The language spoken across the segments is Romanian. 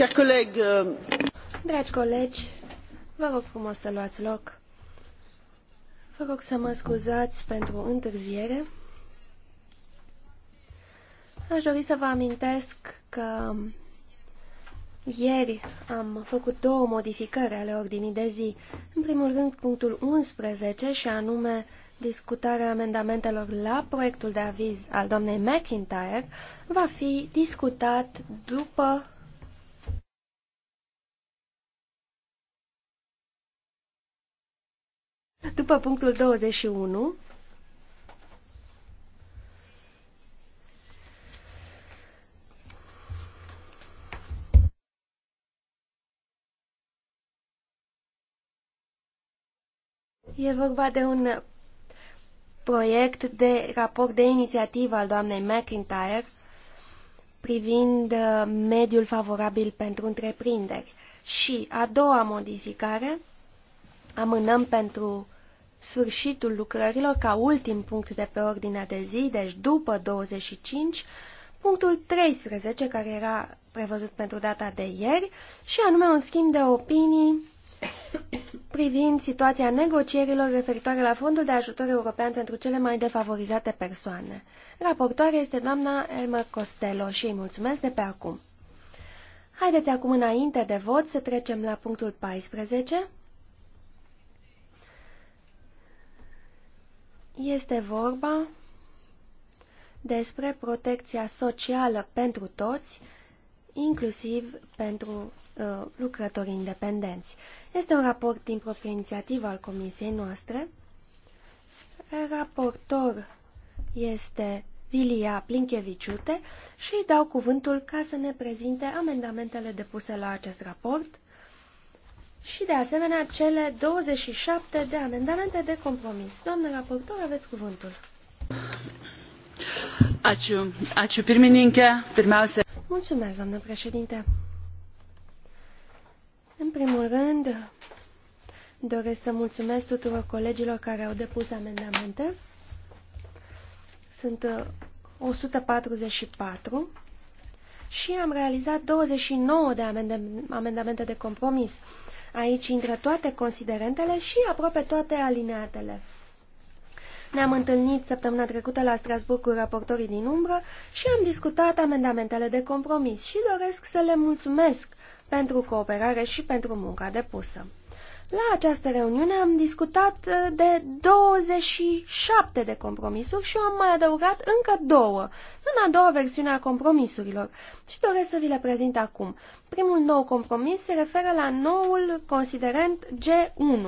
Euh, Dragi colegi, vă rog frumos să luați loc. Vă rog să mă scuzați pentru întârziere. Aș dori să vă amintesc că ieri am făcut două modificări ale ordinii de zi. În primul rând, punctul 11, și anume discutarea amendamentelor la proiectul de aviz al doamnei McIntyre, va fi discutat după După punctul 21, E vorba de un proiect de raport de inițiativă al doamnei McIntyre privind uh, mediul favorabil pentru întreprinderi. Și a doua modificare amânăm pentru sfârșitul lucrărilor ca ultim punct de pe ordinea de zi, deci după 25, punctul 13 care era prevăzut pentru data de ieri și anume un schimb de opinii privind situația negocierilor referitoare la Fondul de Ajutor European pentru cele mai defavorizate persoane. Raportoare este doamna Elmer Costello și îi mulțumesc de pe acum. Haideți acum înainte de vot să trecem la punctul 14, Este vorba despre protecția socială pentru toți, inclusiv pentru uh, lucrătorii independenți. Este un raport din proprie inițiativă al comisiei noastre. Raportor este Vilia Plinkeviciute și îi dau cuvântul ca să ne prezinte amendamentele depuse la acest raport și, de asemenea, cele 27 de amendamente de compromis. Doamnă raportor, aveți cuvântul. Aciu, aciu pirmininche, pirmeause. Mulțumesc, doamnă președinte. În primul rând, doresc să mulțumesc tuturor colegilor care au depus amendamente. Sunt 144 uh, și am realizat 29 de amendamente de compromis Aici intră toate considerentele și aproape toate alineatele. Ne-am întâlnit săptămâna trecută la Strasburg cu raportorii din umbră și am discutat amendamentele de compromis și doresc să le mulțumesc pentru cooperare și pentru munca depusă. La această reuniune am discutat uh, de 27 de compromisuri și am mai adăugat încă două, în a doua versiune a compromisurilor, și doresc să vi le prezint acum. Primul nou compromis se referă la noul considerent G1.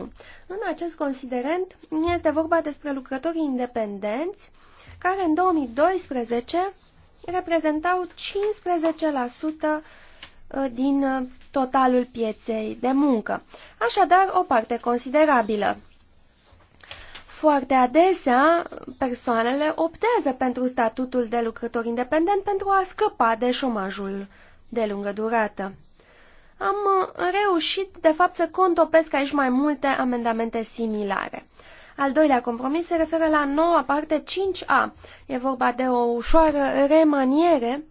În acest considerent este vorba despre lucrătorii independenți, care în 2012 reprezentau 15% Uh, din uh, totalul pieței de muncă, așadar o parte considerabilă. Foarte adesea, persoanele optează pentru statutul de lucrător independent pentru a scăpa de șomajul de lungă durată. Am uh, reușit, de fapt, să contopesc aici mai multe amendamente similare. Al doilea compromis se referă la noua parte 5A. E vorba de o ușoară remaniere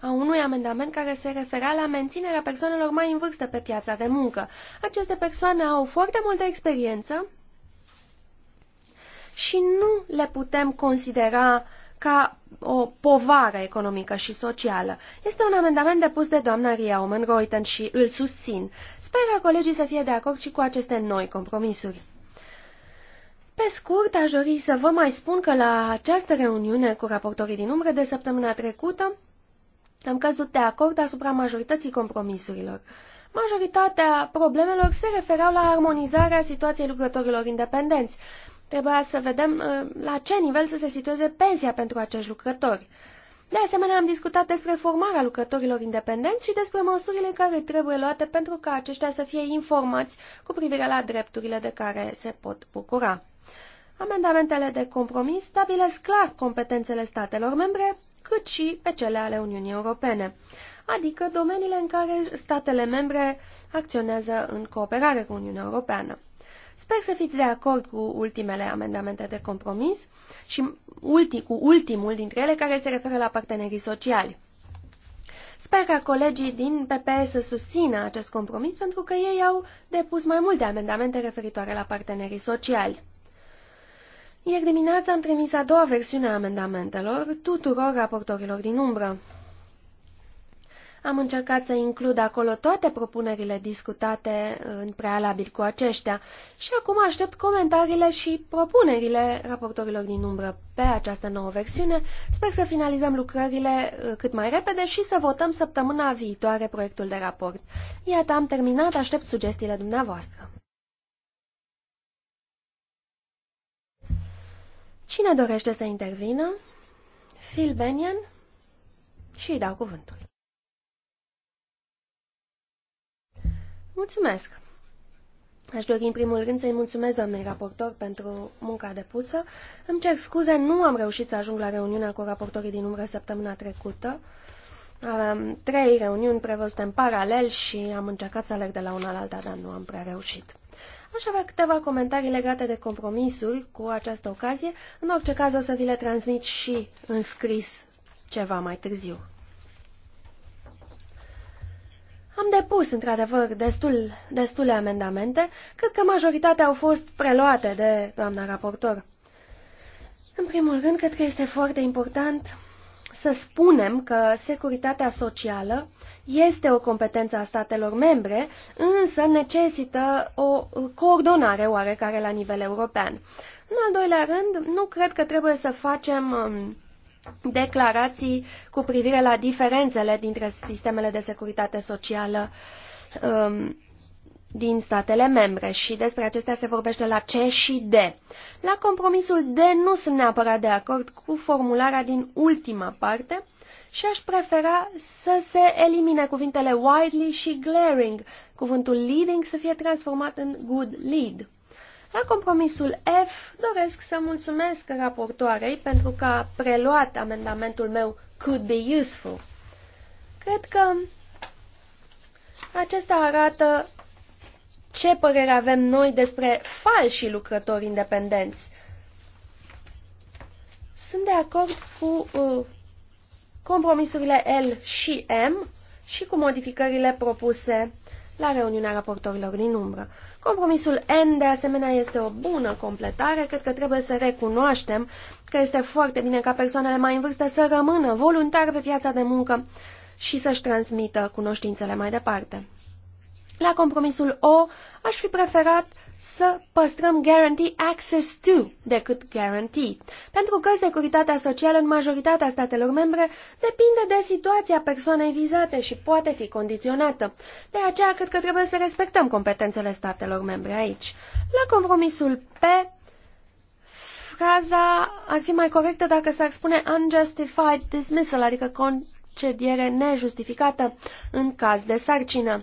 a unui amendament care se refera la menținerea persoanelor mai în vârstă pe piața de muncă. Aceste persoane au foarte multă experiență și nu le putem considera ca o povară economică și socială. Este un amendament depus de doamna Ria Omen Reuten și îl susțin. Sper ca colegii să fie de acord și cu aceste noi compromisuri. Pe scurt, aș dori să vă mai spun că la această reuniune cu raportorii din umbră de săptămâna trecută am căzut de acord asupra majorității compromisurilor. Majoritatea problemelor se refereau la armonizarea situației lucrătorilor independenți. Trebuia să vedem uh, la ce nivel să se situeze pensia pentru acești lucrători. De asemenea, am discutat despre formarea lucrătorilor independenți și despre măsurile care trebuie luate pentru ca aceștia să fie informați cu privire la drepturile de care se pot bucura. Amendamentele de compromis stabilesc clar competențele statelor membre cât și pe cele ale Uniunii Europene, adică domeniile în care statele membre acționează în cooperare cu Uniunea Europeană. Sper să fiți de acord cu ultimele amendamente de compromis și ulti, cu ultimul dintre ele care se referă la partenerii sociali. Sper ca colegii din PPE să susțină acest compromis pentru că ei au depus mai multe amendamente referitoare la partenerii sociali. Ieri dimineața am trimis a doua versiune a amendamentelor tuturor raportorilor din umbră. Am încercat să includ acolo toate propunerile discutate în prealabil cu aceștia și acum aștept comentariile și propunerile raportorilor din umbră pe această nouă versiune. Sper să finalizăm lucrările uh, cât mai repede și să votăm săptămâna viitoare proiectul de raport. Iată, am terminat, aștept sugestiile dumneavoastră. Cine dorește să intervină? Phil Benyon? Și îi dau cuvântul. Mulțumesc! Aș dori în primul rând să-i mulțumesc doamnei raportor pentru munca depusă. Îmi cer scuze, nu am reușit să ajung la reuniunea cu raportorii din umbră săptămâna trecută. Aveam trei reuniuni prevăzute în paralel și am încercat să alerg de la una la alta, dar nu am prea reușit. Aș avea câteva comentarii legate de compromisuri cu această ocazie. În orice caz o să vi le transmit și în scris ceva mai târziu. Am depus, într-adevăr, destul, destule amendamente. Cred că majoritatea au fost preluate de doamna raportor. În primul rând, cred că este foarte important să spunem că securitatea socială este o competență a statelor membre, însă necesită o coordonare oarecare la nivel european. În al doilea rând, nu cred că trebuie să facem um, declarații cu privire la diferențele dintre sistemele de securitate socială um, din statele membre și despre acestea se vorbește la C și D. La compromisul D nu sunt neapărat de acord cu formularea din ultima parte, și aș prefera să se elimine cuvintele widely și glaring, cuvântul leading să fie transformat în good lead. La compromisul F doresc să mulțumesc raportoarei pentru că a preluat amendamentul meu could be useful. Cred că acesta arată ce părere avem noi despre falși lucrători independenți. Sunt de acord cu uh, compromisurile L și M și cu modificările propuse la reuniunea raportorilor din umbră. Compromisul N, de asemenea, este o bună completare. Cred că trebuie să recunoaștem că este foarte bine ca persoanele mai în vârstă să rămână voluntare pe piața de muncă și să-și transmită cunoștințele mai departe. La compromisul O aș fi preferat să păstrăm guarantee access to decât guarantee, pentru că securitatea socială în majoritatea statelor membre depinde de situația persoanei vizate și poate fi condiționată. De aceea cred că trebuie să respectăm competențele statelor membre aici. La compromisul P, fraza ar fi mai corectă dacă s-ar spune unjustified dismissal, adică concediere nejustificată în caz de sarcină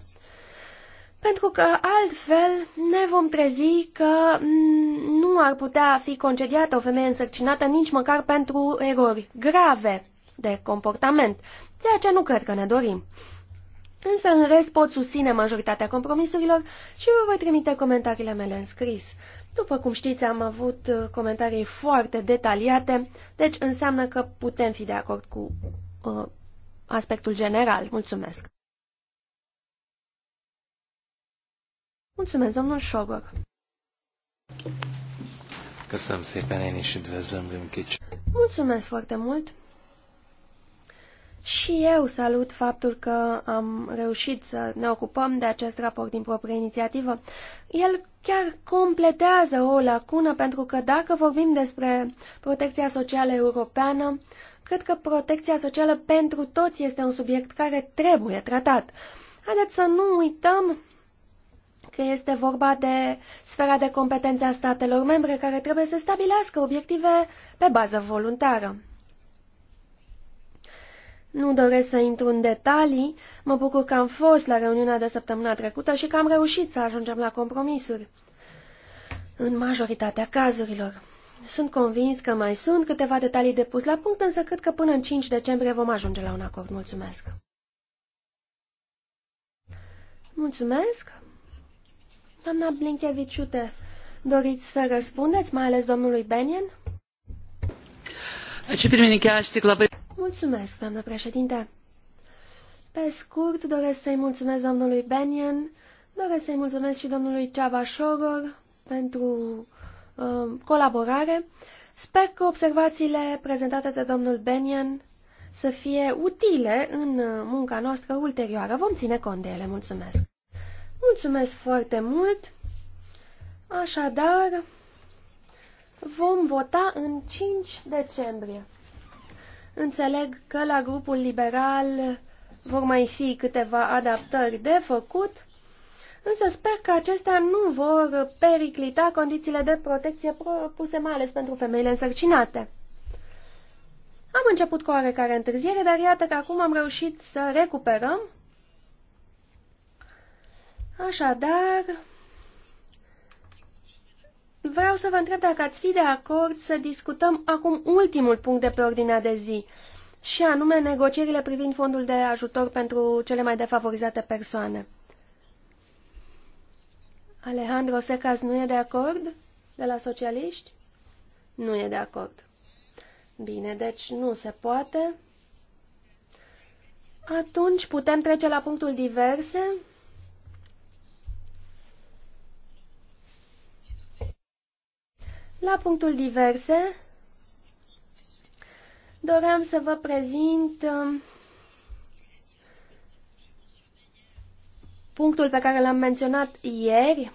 pentru că altfel ne vom trezi că mm, nu ar putea fi concediată o femeie însărcinată nici măcar pentru erori grave de comportament, ceea ce nu cred că ne dorim. Însă, în rest, pot susține majoritatea compromisurilor și vă voi trimite comentariile mele în scris. După cum știți, am avut uh, comentarii foarte detaliate, deci înseamnă că putem fi de acord cu uh, aspectul general. Mulțumesc! Mulțumesc, domnul Șogor. Köszönöm szépen, én is üdvözlöm Lümkics. Mulțumesc foarte mult. Și eu salut faptul că am reușit să ne ocupăm de acest raport din proprie inițiativă. El chiar completează o lacună pentru că dacă vorbim despre protecția socială europeană, cred că protecția socială pentru toți este un subiect care trebuie tratat. Haideți să nu uităm că este vorba de sfera de competențe a statelor membre care trebuie să stabilească obiective pe bază voluntară. Nu doresc să intru în detalii, mă bucur că am fost la reuniunea de săptămâna trecută și că am reușit să ajungem la compromisuri. În majoritatea cazurilor. Sunt convins că mai sunt câteva detalii de pus la punct, însă cred că până în 5 decembrie vom ajunge la un acord. Mulțumesc! Mulțumesc! Doamna Blinkeviciute, doriți să răspundeți, mai ales domnului Benien? Mulțumesc, doamnă președinte. Pe scurt, doresc să-i mulțumesc domnului Benien, doresc să-i mulțumesc și domnului Ceabașoror pentru uh, colaborare. Sper că observațiile prezentate de domnul Benien să fie utile în uh, munca noastră ulterioară. Vom ține cont de ele. Mulțumesc! Mulțumesc foarte mult! Așadar, vom vota în 5 decembrie. Înțeleg că la grupul liberal vor mai fi câteva adaptări de făcut, însă sper că acestea nu vor periclita condițiile de protecție puse mai ales pentru femeile însărcinate. Am început cu oarecare întârziere, dar iată că acum am reușit să recuperăm Așadar, vreau să vă întreb dacă ați fi de acord să discutăm acum ultimul punct de pe ordinea de zi, și anume negocierile privind fondul de ajutor pentru cele mai defavorizate persoane. Alejandro Secas nu e de acord? De la socialiști? Nu e de acord. Bine, deci nu se poate. Atunci putem trece la punctul diverse. La punctul diverse, doream să vă prezint um, punctul pe care l-am menționat ieri,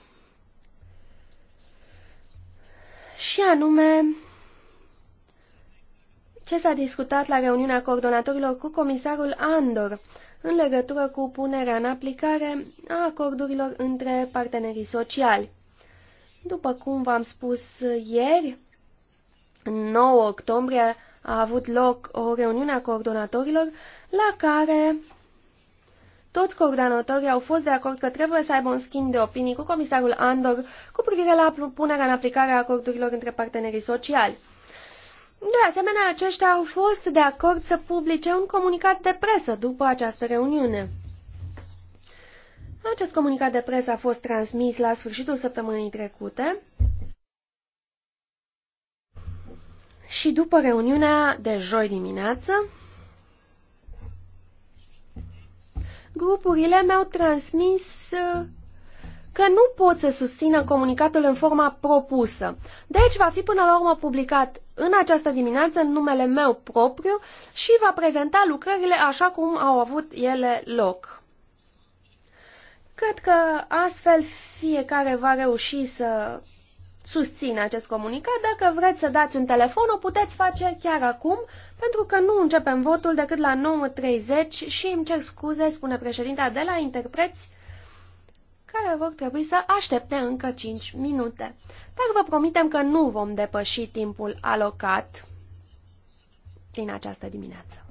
și anume ce s-a discutat la reuniunea coordonatorilor cu comisarul Andor în legătură cu punerea în aplicare a acordurilor între partenerii sociali. După cum v-am spus ieri, în 9 octombrie a avut loc o reuniune a coordonatorilor la care toți coordonatorii au fost de acord că trebuie să aibă un schimb de opinii cu comisarul Andor cu privire la punerea în aplicare a acordurilor între partenerii sociali. De asemenea, aceștia au fost de acord să publice un comunicat de presă după această reuniune. Acest comunicat de presă a fost transmis la sfârșitul săptămânii trecute și după reuniunea de joi dimineață, grupurile mi-au transmis uh, că nu pot să susțină comunicatul în forma propusă. Deci va fi până la urmă publicat în această dimineață în numele meu propriu și va prezenta lucrările așa cum au avut ele loc. Cred că astfel fiecare va reuși să susțină acest comunicat. Dacă vreți să dați un telefon, o puteți face chiar acum, pentru că nu începem votul decât la 9.30 și îmi cer scuze, spune președinta de la interpreți, care vor trebui să aștepte încă 5 minute. Dar vă promitem că nu vom depăși timpul alocat din această dimineață.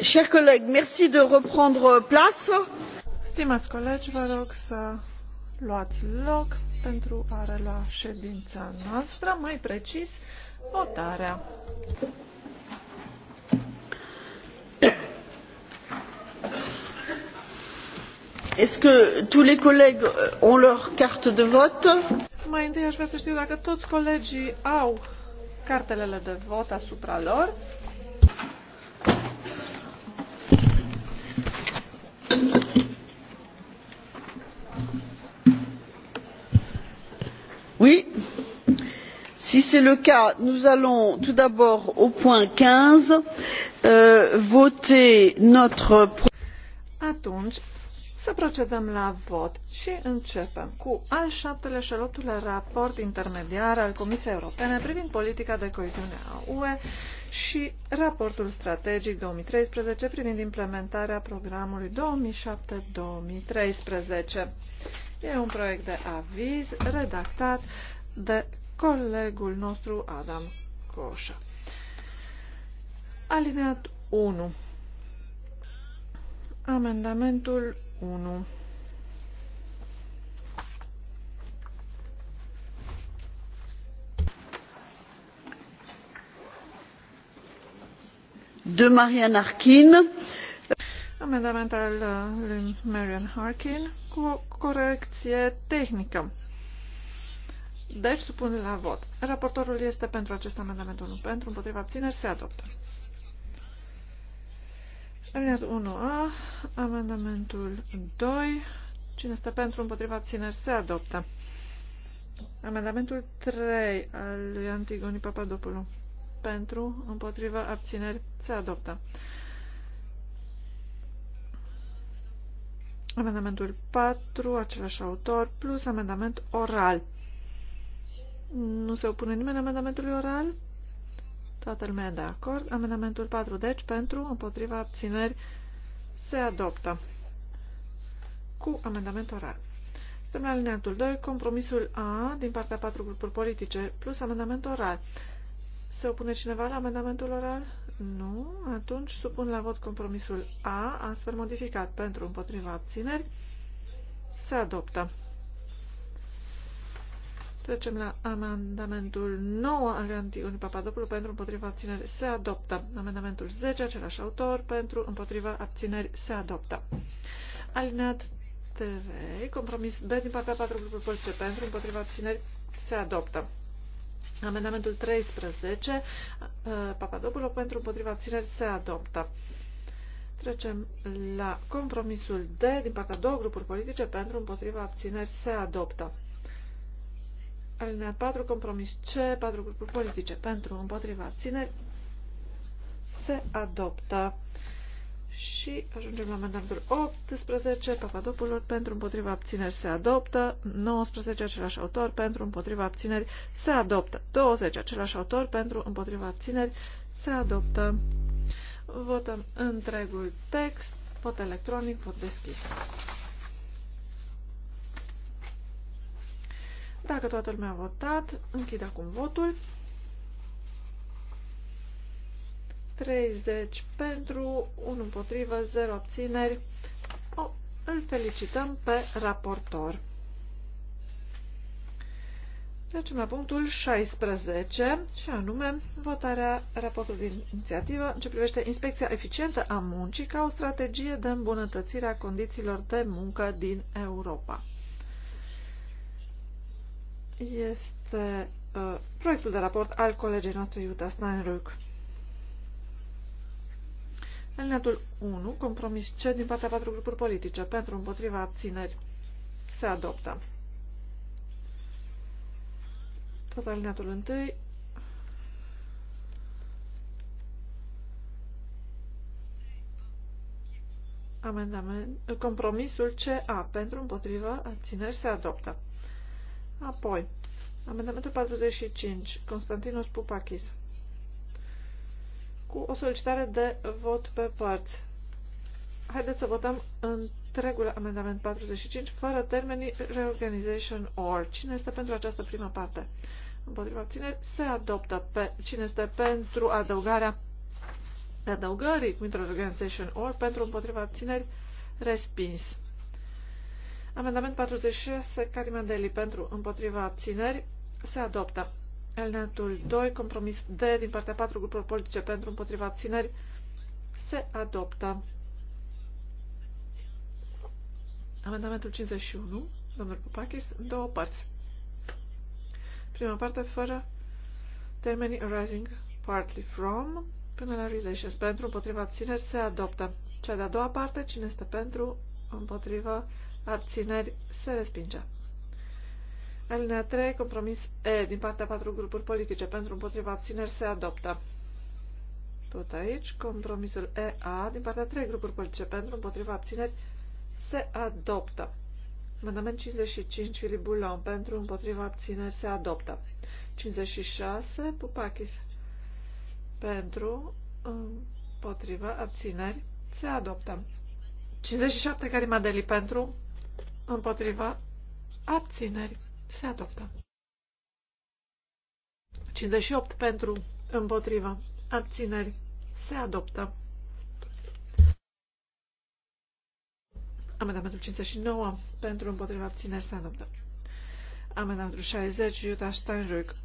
chers collègues merci de reprendre place. stimați colegi vă rog să luați loc pentru a relua ședința noastră mai precis votarea. est ce que tous les collègues ont leur carte de vote? mai întâi aș vrea să știu dacă toți colegii au cartelele de vot asupra lor. si c'est le cas nous allons tout d'abord au point quinze euh, voter notre atunci să procedăm la vot și începem cu al șaptelea și al optulea raport intermediar al Comisiei Europene privind politica de coeziune a UE și raportul strategic 2013 privind implementarea programului 2007-2013. E un proiect de aviz redactat de colegul nostru Adam Coșa. Alineat 1. Amendamentul 1. de Marian Harkin. Amendament al lui Marian Harkin cu corecție tehnică. Deci, supun la vot. Raportorul este pentru acest amendament 1. Pentru, împotriva, abțineri, se adoptă. Alineatul 1A, amendamentul 2. Cine este pentru, împotriva, abțineri, se adoptă. Amendamentul 3 al lui Antigoni Papadopoulou. Pentru, împotriva, abțineri, se adoptă. Amendamentul 4, același autor, plus amendament oral. Nu se opune nimeni amendamentului oral? Toată lumea de acord. Amendamentul 4, deci, pentru, împotriva, abțineri, se adoptă. Cu amendament oral. Suntem la alineatul 2, compromisul A, din partea 4 grupuri politice, plus amendament oral. Se opune cineva la amendamentul oral? Nu. Atunci supun la vot compromisul A, astfel modificat pentru împotriva abțineri. Se adoptă. Trecem la amendamentul 9 al Antigonii Papadopoulou pentru împotriva abțineri se adoptă. Amendamentul 10, același autor, pentru împotriva abțineri se adoptă. Alineat 3, compromis B din partea 4 grupuri politice pentru împotriva abțineri se adoptă. Amendamentul 13, uh, Papadopoulou pentru împotriva abțineri se adoptă. Trecem la compromisul D din partea două grupuri politice pentru împotriva abțineri se adoptă. Alinea 4, compromis C, 4 grupuri politice pentru, împotriva, abțineri, se adoptă. Și ajungem la amendamentul 18, Papadopoulos, pentru împotriva abțineri se adoptă, 19, același autor, pentru împotriva abțineri se adoptă, 20, același autor, pentru împotriva abțineri se adoptă. Votăm întregul text, vot electronic, vot deschis. Dacă toată lumea a votat, închid acum votul. 30 pentru, 1 împotrivă, 0 abțineri. O, îl felicităm pe raportor. Trecem la punctul 16 și anume votarea raportului de inițiativă în ce privește inspecția eficientă a muncii ca o strategie de îmbunătățire a condițiilor de muncă din Europa este uh, proiectul de raport al colegii noastre Iuta Steinruck. Alineatul 1, compromis C din partea patru grupuri politice pentru împotriva abțineri se adoptă. Tot alineatul 1 amendament, compromisul CA pentru împotriva abțineri se adoptă. Apoi, amendamentul 45, Constantinos Pupakis, cu o solicitare de vot pe părți. Haideți să votăm întregul amendament 45, fără termenii reorganization or. Cine este pentru această prima parte? Împotriva abțineri, se adoptă pe cine este pentru adăugarea adăugării cu organization or, pentru împotriva obțineri respins. Amendament 46, Carimandeli, pentru împotriva abțineri, se adoptă. Alineatul 2, compromis D din partea 4 grupuri politice pentru împotriva abțineri, se adoptă. Amendamentul 51, domnul Pupakis, în două părți. Prima parte fără termenii arising partly from până la relations. Pentru împotriva abțineri se adoptă. Cea de-a doua parte, cine este pentru împotriva abțineri abțineri, se respinge. Alinea 3, compromis E, din partea patru grupuri politice, pentru împotriva abțineri, se adoptă. Tot aici, compromisul EA, din partea trei grupuri politice, pentru împotriva abțineri, se adoptă. Amendament 55, Filip Bulon, pentru împotriva abțineri, se adoptă. 56, Pupakis pentru împotriva abțineri, se adoptă. 57, Karimadeli, pentru împotriva, abțineri, se adoptă. 58 pentru, împotriva, abțineri, se adoptă. Amendamentul 59 pentru, împotriva, abțineri, se adoptă. Amendamentul 60, Iuta Steinrück,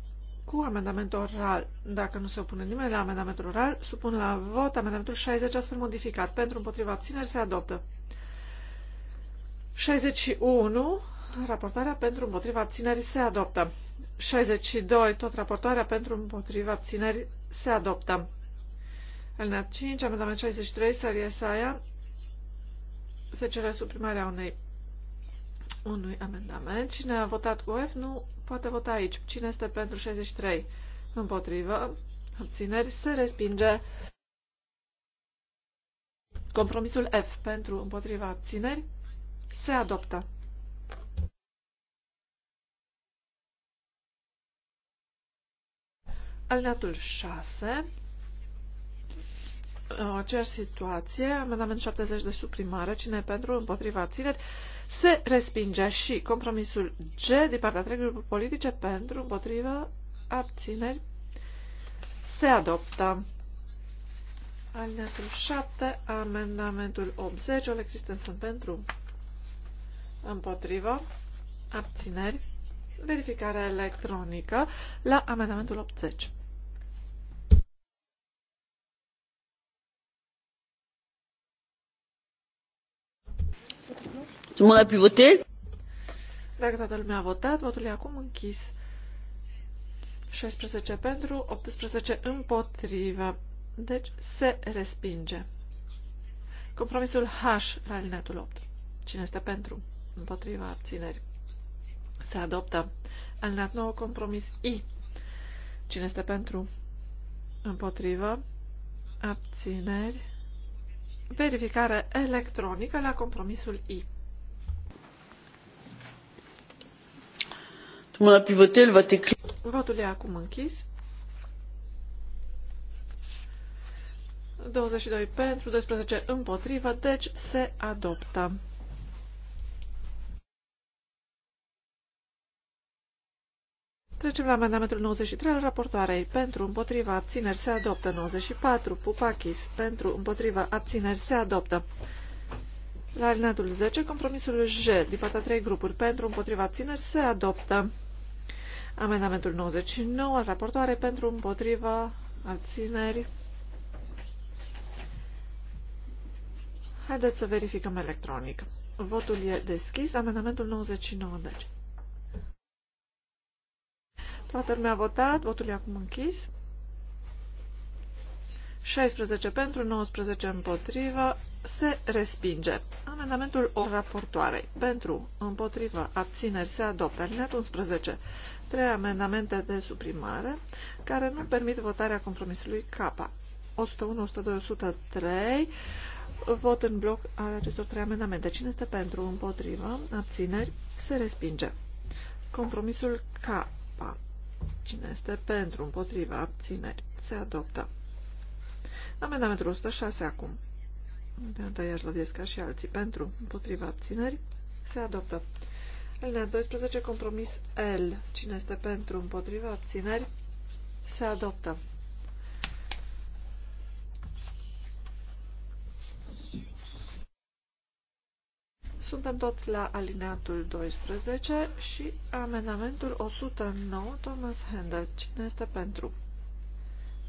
cu amendament oral. Dacă nu se opune nimeni la amendamentul oral, supun la vot amendamentul 60 astfel modificat. Pentru împotriva abțineri se adoptă. 61. Raportarea pentru împotriva abținerii se adoptă. 62. Tot raportarea pentru împotriva abținerii se adoptă. Alineat 5, amendament 63, Saria Saia. Se cere suprimarea unei, unui amendament. Cine a votat cu F nu poate vota aici. Cine este pentru 63? Împotrivă. Abțineri. Se respinge. Compromisul F pentru împotriva abțineri se adoptă. Alineatul 6. cer situație, amendament 70 de suprimare, cine pentru, împotriva țineri, se respinge și compromisul G din partea trei grupuri politice pentru, împotriva, abțineri, se adoptă. Alineatul 7, amendamentul 80, Ole Christensen pentru, Împotrivă. Abțineri. Verificare electronică la amendamentul 80. Tout le monde a Dacă toată lumea a votat, votul e acum închis. 16 pentru, 18 împotrivă. Deci se respinge. Compromisul H la alineatul 8. Cine este pentru? împotriva abțineri. Se adoptă. Alineat nou compromis I. Cine este pentru? Împotrivă. Abțineri. Verificare electronică la compromisul I. Votul e acum închis. 22 pentru, 12 împotrivă, deci se adoptă. Trecem la amendamentul 93 al raportoarei. Pentru, împotriva, abțineri se adoptă. 94, Pupachis. Pentru, împotriva, abțineri se adoptă. La alineatul 10, compromisul J, din partea 3 grupuri. Pentru, împotriva, abțineri se adoptă. Amendamentul 99 al raportoarei. Pentru, împotriva, abțineri. Haideți să verificăm electronic. Votul e deschis. Amendamentul 99, deci. Toată lumea a votat, votul e acum închis. 16 pentru, 19 împotrivă, se respinge. Amendamentul o raportoarei. Pentru, împotrivă, abțineri se adoptă. Alineat 11. Trei amendamente de suprimare care nu permit votarea compromisului K. 101, 102, 103. Vot în bloc al acestor trei amendamente. Cine este pentru, împotrivă, abțineri, se respinge. Compromisul K. Cine este pentru, împotriva, abțineri, se adoptă. Amendamentul 106 acum. De Iașloviesca și alții. Pentru, împotriva, abțineri, se adoptă. Alinea 12, compromis L. Cine este pentru, împotriva, abțineri, se adoptă. Suntem tot la alineatul 12 și amendamentul 109, Thomas Handel. Cine este pentru?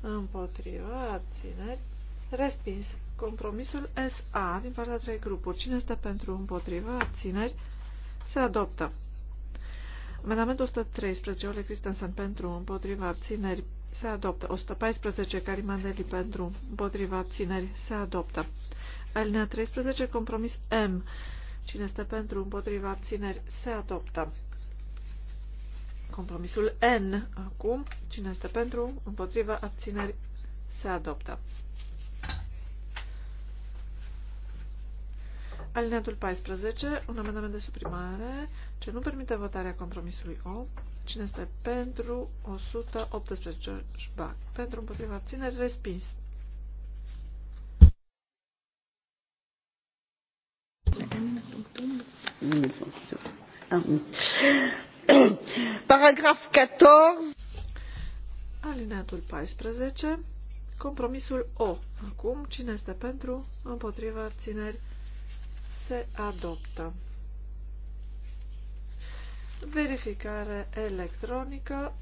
Împotrivă, abțineri, respins. Compromisul SA din partea trei grupuri. Cine este pentru împotrivă, abțineri, se adoptă. Amendamentul 113, Ole Christensen pentru împotriva abțineri, se adoptă. 114, Carimandeli pentru împotriva abțineri, se adoptă. Alinea 13, compromis M Cine este pentru, împotriva, abțineri, se adoptă. Compromisul N acum. Cine este pentru, împotriva, abțineri, se adoptă. Alineatul 14, un amendament de suprimare ce nu permite votarea compromisului O. Cine este pentru 118 bac? Pentru împotriva abțineri, respins. Alineatul 14. Compromisul O. Acum, cine este pentru, împotriva, abțineri, se adoptă. Verificare electronică.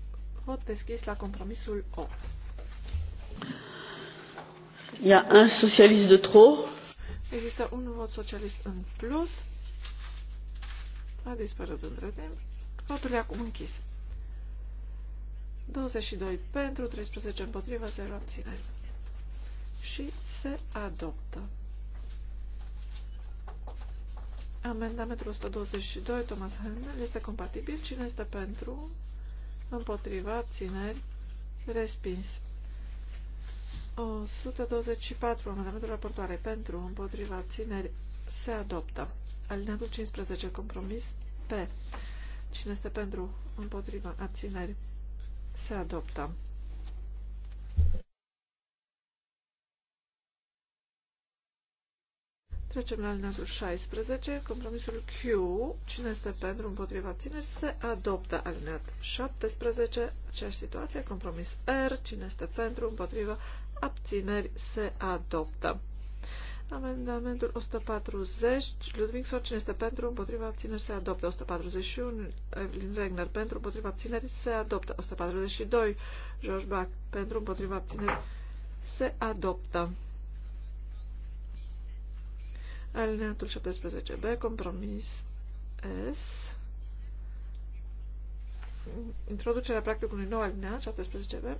Vot deschis la compromisul O. Il y a un socialiste de trop. Există un vot socialist în plus. A dispărut între timp. Votul e acum închis. 22 pentru, 13 împotriva, 0 abțineri. Și se adoptă. Amendamentul 122, Thomas Hennel, este compatibil. Cine este pentru? Împotriva, abțineri, respins. 124. Amendamentul raportoare pentru, împotriva țineri se adoptă. Alineatul 15. Compromis P. Cine este pentru, împotriva abțineri se adoptă. Trecem la alineatul 16, compromisul Q, cine este pentru, împotriva, abțineri, se adoptă alineat 17, aceeași situație, compromis R, cine este pentru, împotriva, abțineri se adoptă. Amendamentul 140, Ludwig Sorcin este pentru, împotriva abțineri se adoptă. 141, Evelyn Regner pentru, împotriva abțineri se adoptă. 142, George Bach pentru, împotriva abțineri se adoptă. Alineatul 17b, compromis S. Introducerea practicului nou alineat 17b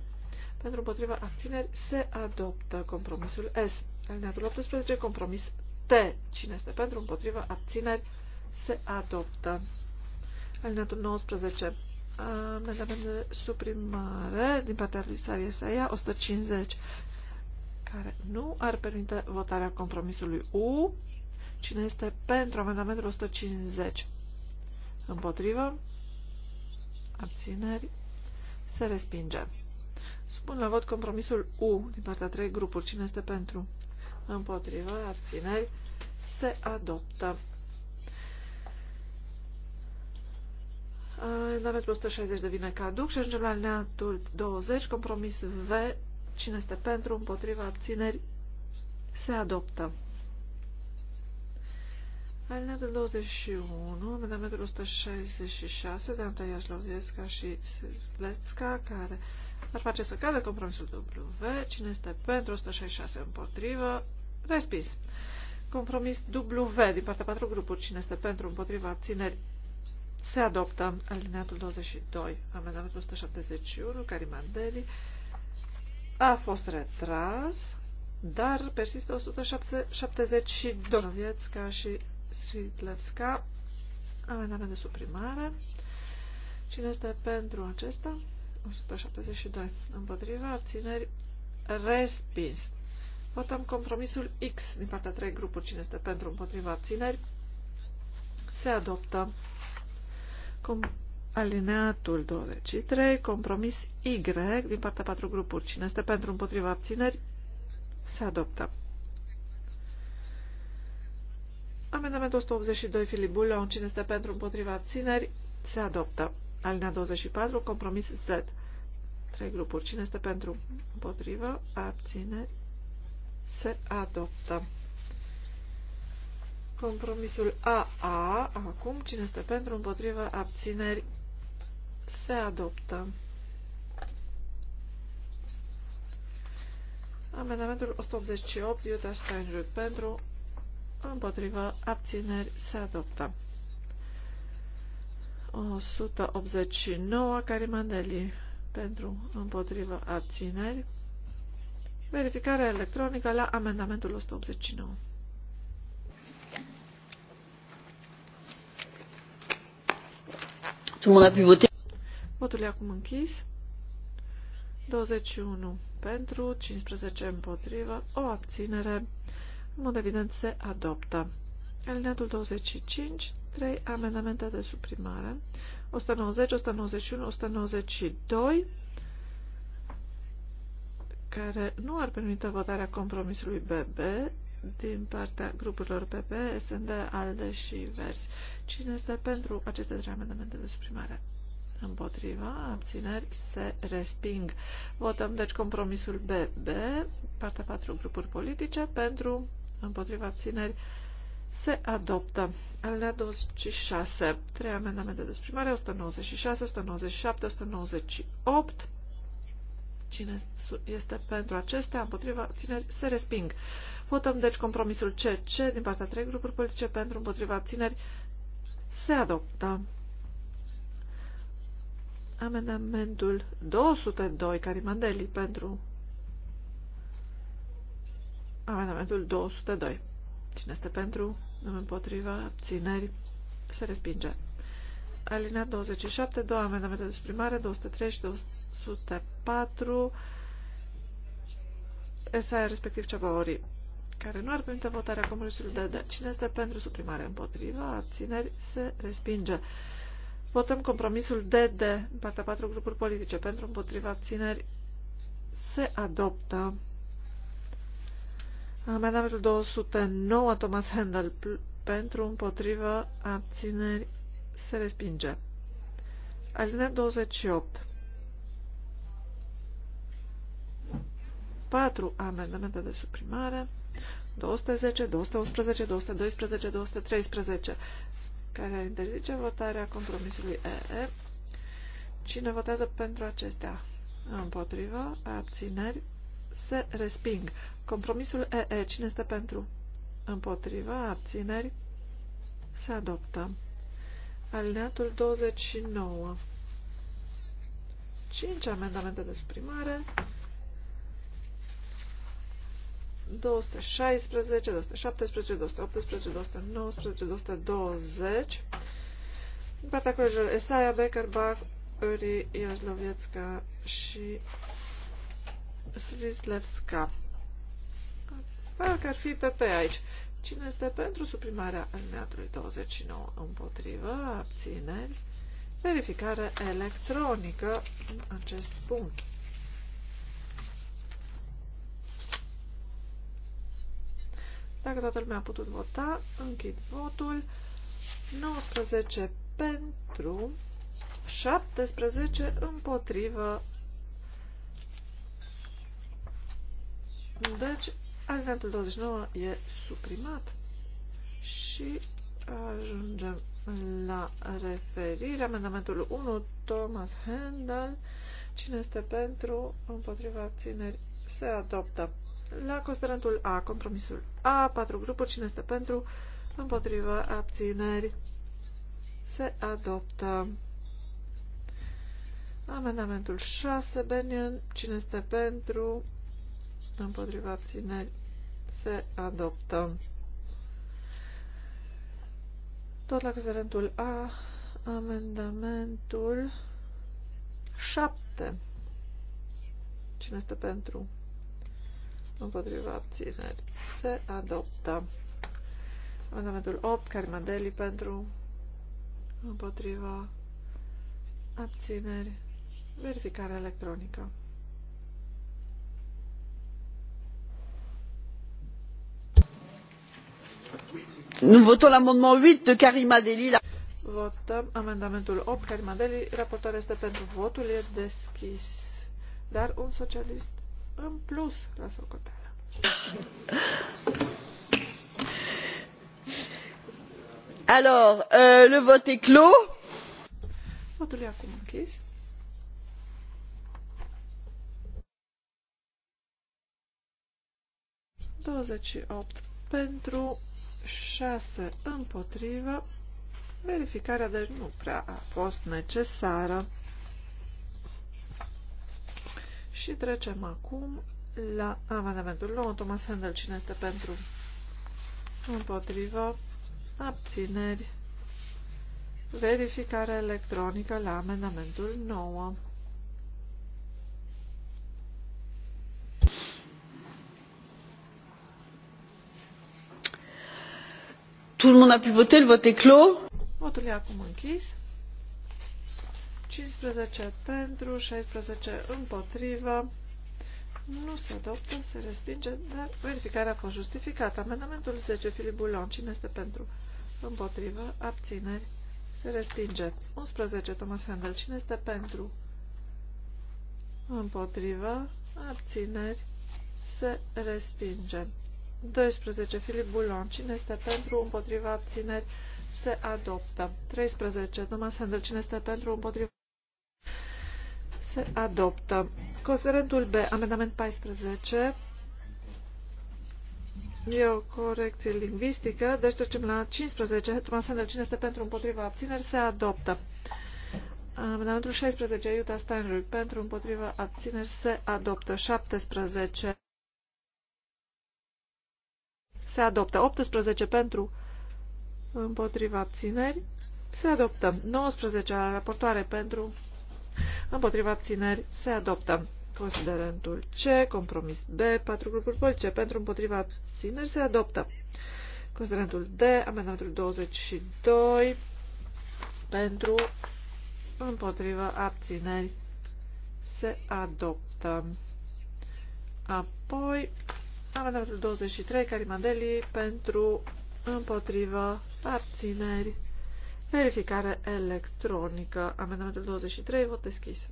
pentru împotriva abțineri se adoptă compromisul S. Alineatul 18, compromis T. Cine este pentru împotriva abțineri se adoptă. Alineatul 19, amendament de suprimare din partea lui Saia, 150, care nu ar permite votarea compromisului U. Cine este pentru amendamentul 150? Împotrivă? Abțineri? Se respinge. Spun la vot compromisul U din partea 3 grupuri. Cine este pentru? Împotriva, abțineri, se adoptă. Amendamentul 160 devine caduc și ajungem la alineatul 20, compromis V. Cine este pentru, împotriva, abțineri, se adoptă. Alinatul 21, amendamentul 166 de Antaia Șlovieska și Sletska, care ar face să cadă compromisul W. Cine este pentru 166 împotrivă? Respins. Compromis W din partea patru grupuri. Cine este pentru împotriva abțineri? Se adoptă alineatul 22, amendamentul 171, Carimandeli. A fost retras, dar persistă 172 Noviețca și Svitlevska, amendament de suprimare. Cine este pentru acesta? 172. Împotriva abțineri respins. Votăm compromisul X din partea 3 grupuri. Cine este pentru împotriva abțineri? Se adoptă Com alineatul 23, compromis Y din partea 4 grupuri. Cine este pentru împotriva abțineri? Se adoptă. Amendamentul 182, Filip Bulon, cine este pentru împotriva abțineri, se adoptă. Alinea 24, compromis Z. Trei grupuri. Cine este pentru împotriva abțineri, se adoptă. Compromisul AA, acum, cine este pentru împotriva abțineri, se adoptă. Amendamentul 188, Iuta Steinruck, pentru împotriva, abțineri, se adoptă. 189 Carimandeli pentru împotriva abțineri. Verificare electronică la amendamentul 189. Votul e acum închis. 21 pentru, 15 împotrivă, o abținere în mod evident se adoptă. Alineatul 25, 3 amendamente de suprimare, 190, 191, 192, care nu ar permite votarea compromisului BB din partea grupurilor PP, SND, ALDE și VERS. Cine este pentru aceste trei amendamente de suprimare? Împotriva, abțineri, se resping. Votăm deci compromisul BB, partea 4 grupuri politice, pentru împotriva abțineri se adoptă. Alinea 26, trei amendamente de exprimare, 196, 197, 198. Cine este pentru acestea, împotriva abțineri, se resping. Votăm deci compromisul CC din partea trei grupuri politice pentru împotriva abțineri se adoptă. Amendamentul 202 Carimandeli pentru Amendamentul 202. Cine este pentru? Împotriva. Abțineri. Se respinge. Alinea 27. Două amendamente de suprimare. 203 și 204. SAE respectiv Ceabaorii care nu ar permite votarea Comunistului de, de cine este pentru suprimare împotriva, abțineri, se respinge. Votăm compromisul DD În partea patru grupuri politice pentru împotriva abțineri se adoptă. Amendamentul 209, Thomas Handel, pentru, împotrivă, abțineri, se respinge. Alinea 28. 4 amendamente de suprimare. 210, 211, 212, 213, care interzice votarea compromisului EE. Cine votează pentru acestea? Împotrivă, abțineri, se resping. Compromisul EE, cine este pentru? Împotriva, abțineri, se adoptă. Alineatul 29. 5 amendamente de suprimare. 216, 217, 218, 219, 220. Din partea colegilor Esaia, Becker, Bach, Uri, Iazlovietska și Svislevska. că ar fi PP aici. Cine este pentru suprimarea alineatului 29 împotrivă? Abțineri. Verificare electronică în acest punct. Dacă toată lumea a putut vota, închid votul. 19 pentru, 17 împotrivă, Deci, alineatul 29 e suprimat și ajungem la referire. Amendamentul 1, Thomas Handel. Cine este pentru? Împotriva abțineri. Se adoptă. La considerentul A, compromisul A, patru grupuri. Cine este pentru? Împotriva abțineri. Se adoptă. Amendamentul 6, Benion. Cine este pentru? împotriva abțineri se adoptă. Tot la considerentul A, amendamentul 7. Cine este pentru? Împotriva abțineri. Se adoptă. Amendamentul 8, Carmadeli pentru împotriva abțineri. Verificare electronică. nous votons l'amendement huit de karima delli. votăm amendamentul opt karima delli raportoarea este pentru votul e deschis dar un socialist în plus la socoteală. Alors, euh, le vote est clos. Votul e acum închis. Douăzeci opt pentru 6 împotrivă. Verificarea deci nu prea a fost necesară. Și trecem acum la amendamentul 9. Thomas Handel, cine este pentru? Împotrivă. Abțineri. Verificare electronică la amendamentul 9. votul le a pu voter, vot vote est Votul e acum închis. 15 pentru, 16 împotrivă. Nu se adoptă, se respinge, dar verificarea a fost justificată. Amendamentul 10, Filip Bulon, cine este pentru? Împotrivă, abțineri, se respinge. 11, Thomas Handel, cine este pentru? Împotrivă, abțineri, se respinge. 12. Filip Bulon. Cine este pentru, împotriva, abțineri, se adoptă. 13. Thomas Handel. Cine este pentru, împotriva, se adoptă. Considerentul B, amendament 14, e o corecție lingvistică, deci trecem la 15, Thomas Handel, cine este pentru împotriva abțineri, se adoptă. Amendamentul 16, Iuta Steinrück, pentru împotriva abțineri, se adoptă. 17, se adoptă. 18 pentru, împotriva abțineri, se adoptă. 19 la raportoare pentru, împotriva abțineri, se adoptă. Considerentul C, compromis B, 4 grupuri politice pentru, împotriva abțineri, se adoptă. Considerentul D, amendamentul 22 pentru, împotriva abțineri, se adoptă. Apoi, Amendamentul 23, Carimandeli, pentru, împotrivă, abțineri, verificare electronică. Amendamentul 23, vot deschis.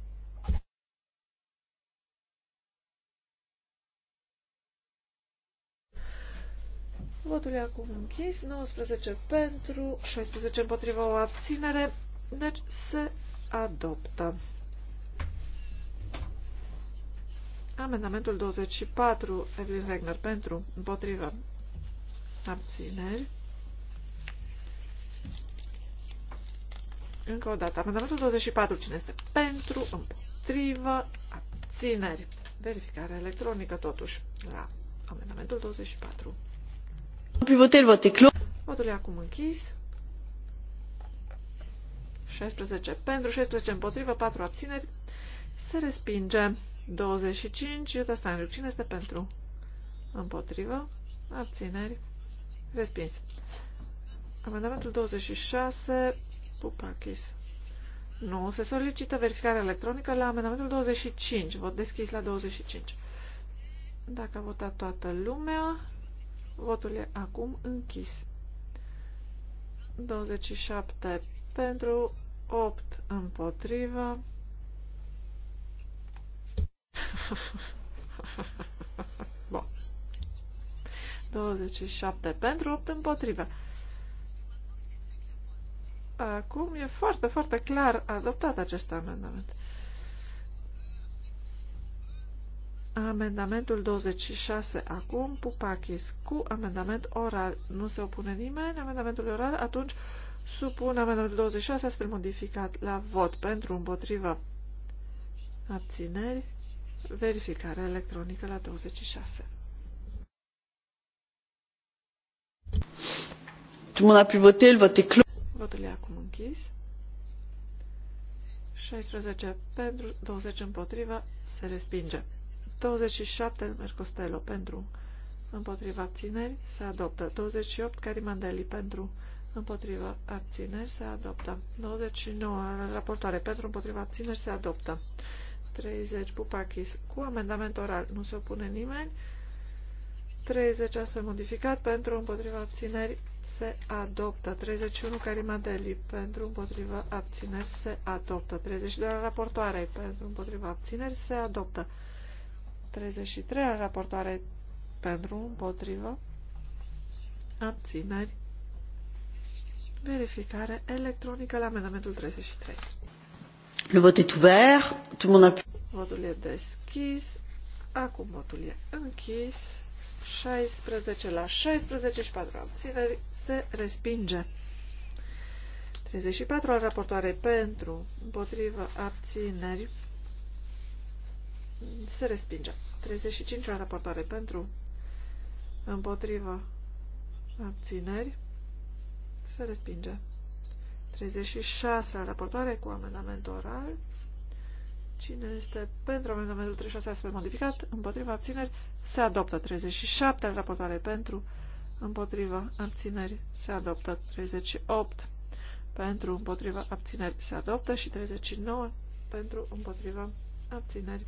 Votul e acum închis, 19 pentru, 16 împotriva o abținere, deci se adoptă. Amendamentul 24, Evelyn Regner, pentru, împotrivă, abțineri. Încă o dată, amendamentul 24, cine este pentru, împotrivă, abțineri. Verificare electronică, totuși, la amendamentul 24. Votul e acum închis. 16 pentru, 16 împotrivă, 4 abțineri. Se respinge. 25, Iuta Steinruck. Cine este pentru? Împotrivă. Abțineri. Respins. Amendamentul 26, Pupachis. Nu, se solicită verificare electronică la amendamentul 25. Vot deschis la 25. Dacă a votat toată lumea, votul e acum închis. 27 pentru, 8 împotrivă, Bun. 27 pentru, 8 împotrivă. Acum e foarte, foarte clar adoptat acest amendament. Amendamentul 26 acum, Pupachis, cu amendament oral. Nu se opune nimeni amendamentul oral, atunci supun amendamentul 26 astfel modificat la vot pentru împotrivă abțineri. Verificare electronică la 26. Tout le monde a pu voter, le vote est clos. Votul e acum închis. 16 pentru, 20 împotriva, se respinge. 27 Mercostello pentru, împotriva abțineri, se adoptă. 28 Carimandeli pentru, împotriva abțineri, se adoptă. 29 raportoare pentru, împotriva abțineri, se adoptă. 30 Bupachis, cu amendament oral. Nu se opune nimeni. 30 astfel modificat pentru împotriva abțineri se adoptă. 31 Carimadeli pentru împotriva abțineri se adoptă. 32 al raportoarei pentru împotriva abțineri se adoptă. 33 al raportoarei pentru împotriva abțineri verificare electronică la amendamentul 33. Le vote est ouvert. Tout le monde a pu... Votul e deschis. Acum votul e închis. 16 la 16 și 4 abțineri se respinge. 34 al raportoarei pentru, împotrivă, abțineri se respinge. 35 al raportoare pentru, împotrivă, abțineri se respinge. 36 Raportare raportoare cu amendament oral. Cine este pentru amendamentul 36 astfel modificat? Împotriva abțineri se adoptă 37 Raportare raportoare pentru. Împotriva abțineri se adoptă 38 pentru împotriva abțineri se adoptă și 39 pentru împotriva abțineri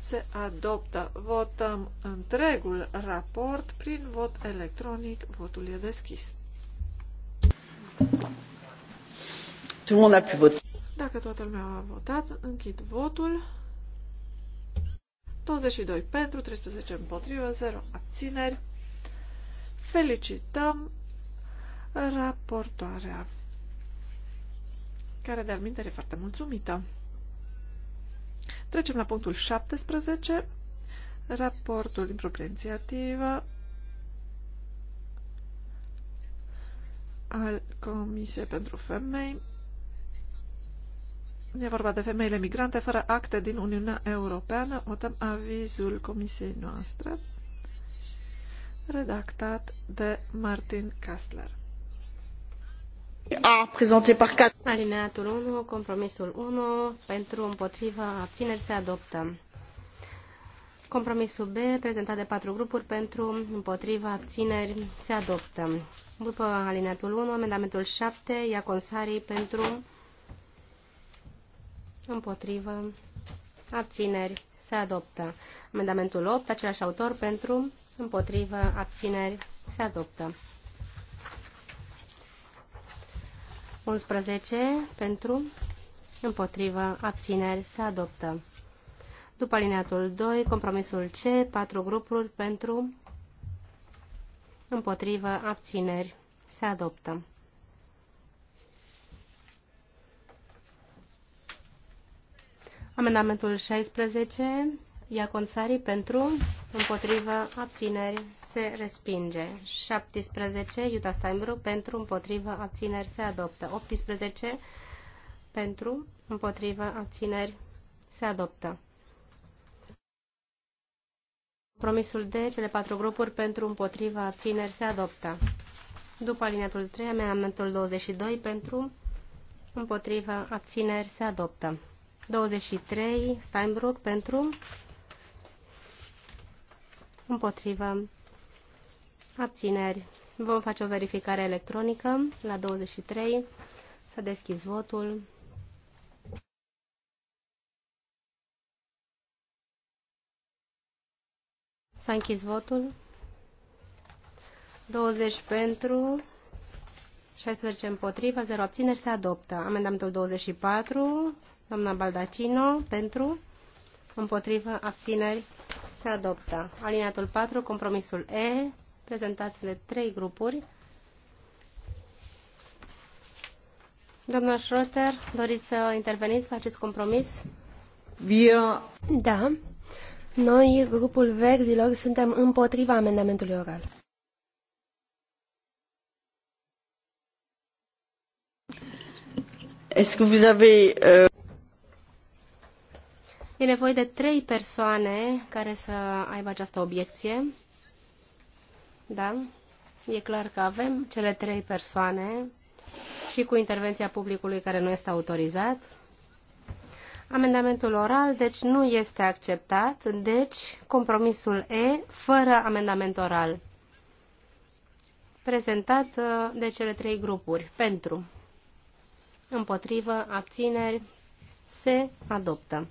se adoptă. Votăm întregul raport prin vot electronic. Votul e deschis. Tout le monde a pu voter. Dacă toată lumea a votat, închid votul. 22 pentru, 13 împotrivă, 0 abțineri. Felicităm raportoarea, care de-al e foarte mulțumită. Trecem la punctul 17, raportul din proprie inițiativă al Comisiei pentru Femei E vorba de femeile migrante fără acte din Uniunea Europeană. Votăm avizul comisiei noastre, redactat de Martin Kastler. A prezentat par 4. Alineatul 1, compromisul 1, pentru împotriva abțineri se adoptă. Compromisul B, prezentat de patru grupuri pentru, împotriva, abțineri, se adoptă. După alineatul 1, amendamentul 7, Iaconsari pentru, împotrivă, abțineri, se adoptă. Amendamentul 8, același autor, pentru, împotrivă, abțineri, se adoptă. 11, pentru, împotrivă, abțineri, se adoptă. După alineatul 2, compromisul C, 4 grupuri, pentru, împotrivă, abțineri, se adoptă. Amendamentul 16, Iaconsari pentru, împotrivă, abțineri, se respinge. 17, Iuta Steinbrück pentru, împotrivă, abțineri, se adoptă. 18, pentru, împotrivă, abțineri, se adoptă. Promisul de cele patru grupuri pentru, împotriva abțineri, se adoptă. După alineatul 3, amendamentul 22 pentru, împotriva abțineri, se adoptă. 23, Steinbrück pentru, împotrivă, abțineri. Vom face o verificare electronică la 23. Să deschizi deschis votul. S-a închis votul. 20 pentru, 16 împotriva, 0 abțineri, se adoptă. Amendamentul 24, Doamna Baldacino, pentru, împotrivă, abțineri, se adoptă. Alineatul 4, compromisul E, prezentat de trei grupuri. Doamna Schroeter, doriți să interveniți, faceți compromis? Via. Da. Noi, grupul verzilor, suntem împotriva amendamentului oral. Est-ce que vous avez... Euh... E nevoie de trei persoane care să aibă această obiecție. Da? E clar că avem cele trei persoane și cu intervenția publicului care nu este autorizat. Amendamentul oral, deci, nu este acceptat, deci compromisul E fără amendament oral. Prezentat uh, de cele trei grupuri. Pentru, împotrivă, abțineri, se adoptă.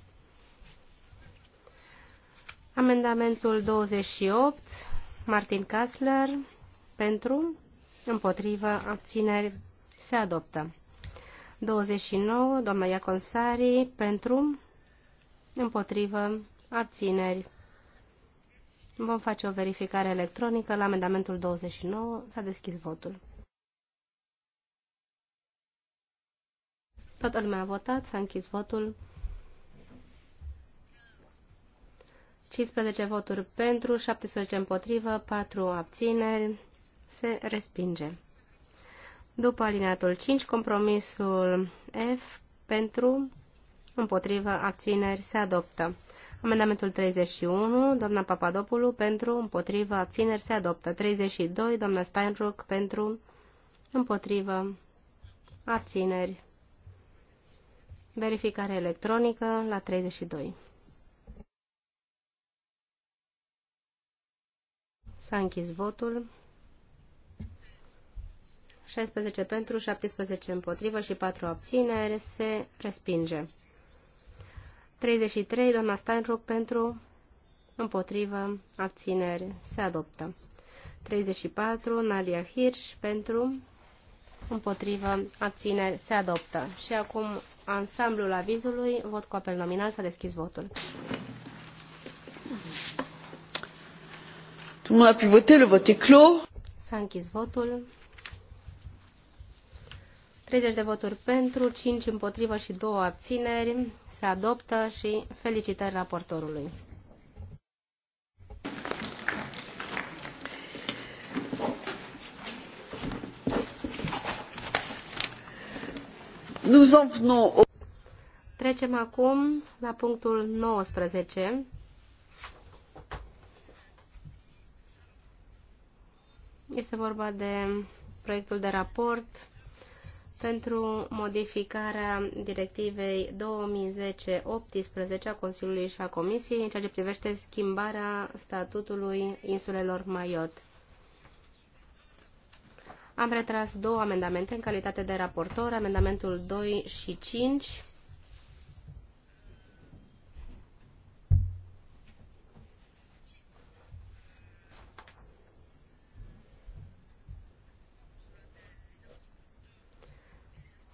Amendamentul 28, Martin Kassler, pentru, împotrivă, abțineri, se adoptă. 29, doamna Iaconsari, pentru, împotrivă, abțineri. Vom face o verificare electronică la amendamentul 29. S-a deschis votul. Toată lumea a votat, s-a închis votul. 15 voturi pentru, 17 împotrivă, 4 abțineri. Se respinge. După alineatul 5, compromisul F pentru, împotrivă, abțineri se adoptă. Amendamentul 31, doamna Papadopoulou, pentru, împotrivă, abțineri se adoptă. 32, doamna Steinruck, pentru, împotrivă, abțineri. Verificare electronică la 32. S-a închis votul. 16 pentru, 17 împotrivă și 4 abținere. Se respinge. 33, doamna Steinruck pentru, împotrivă, abțineri Se adoptă. 34, Nadia Hirsch pentru, împotrivă, abțineri, se adoptă. Și acum ansamblul avizului, vot cu apel nominal, s-a deschis votul. Tout le monde a pu voter, le vote est clos. S'a a închis votul. 30 de voturi pentru, 5 împotrivă și 2 abțineri. Se adoptă și felicitări raportorului. Nous en venons au... Trecem acum la punctul 19 Este vorba de proiectul de raport pentru modificarea directivei 2010-18 a Consiliului și a Comisiei în ceea ce privește schimbarea statutului insulelor Maiot. Am retras două amendamente în calitate de raportor, amendamentul 2 și 5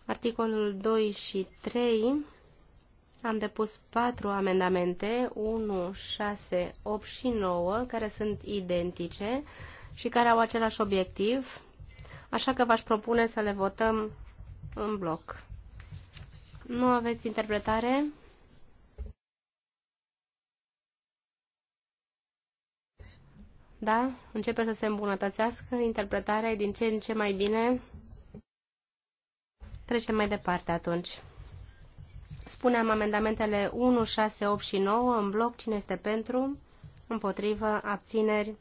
Articolul 2 și 3 am depus patru amendamente, 1, 6, 8 și 9, care sunt identice și care au același obiectiv, așa că v-aș propune să le votăm în bloc. Nu aveți interpretare? Da? Începe să se îmbunătățească interpretarea din ce în ce mai bine. Trecem mai departe atunci. Spuneam amendamentele 1, 6, 8 și 9 în bloc. Cine este pentru? Împotrivă? Abțineri?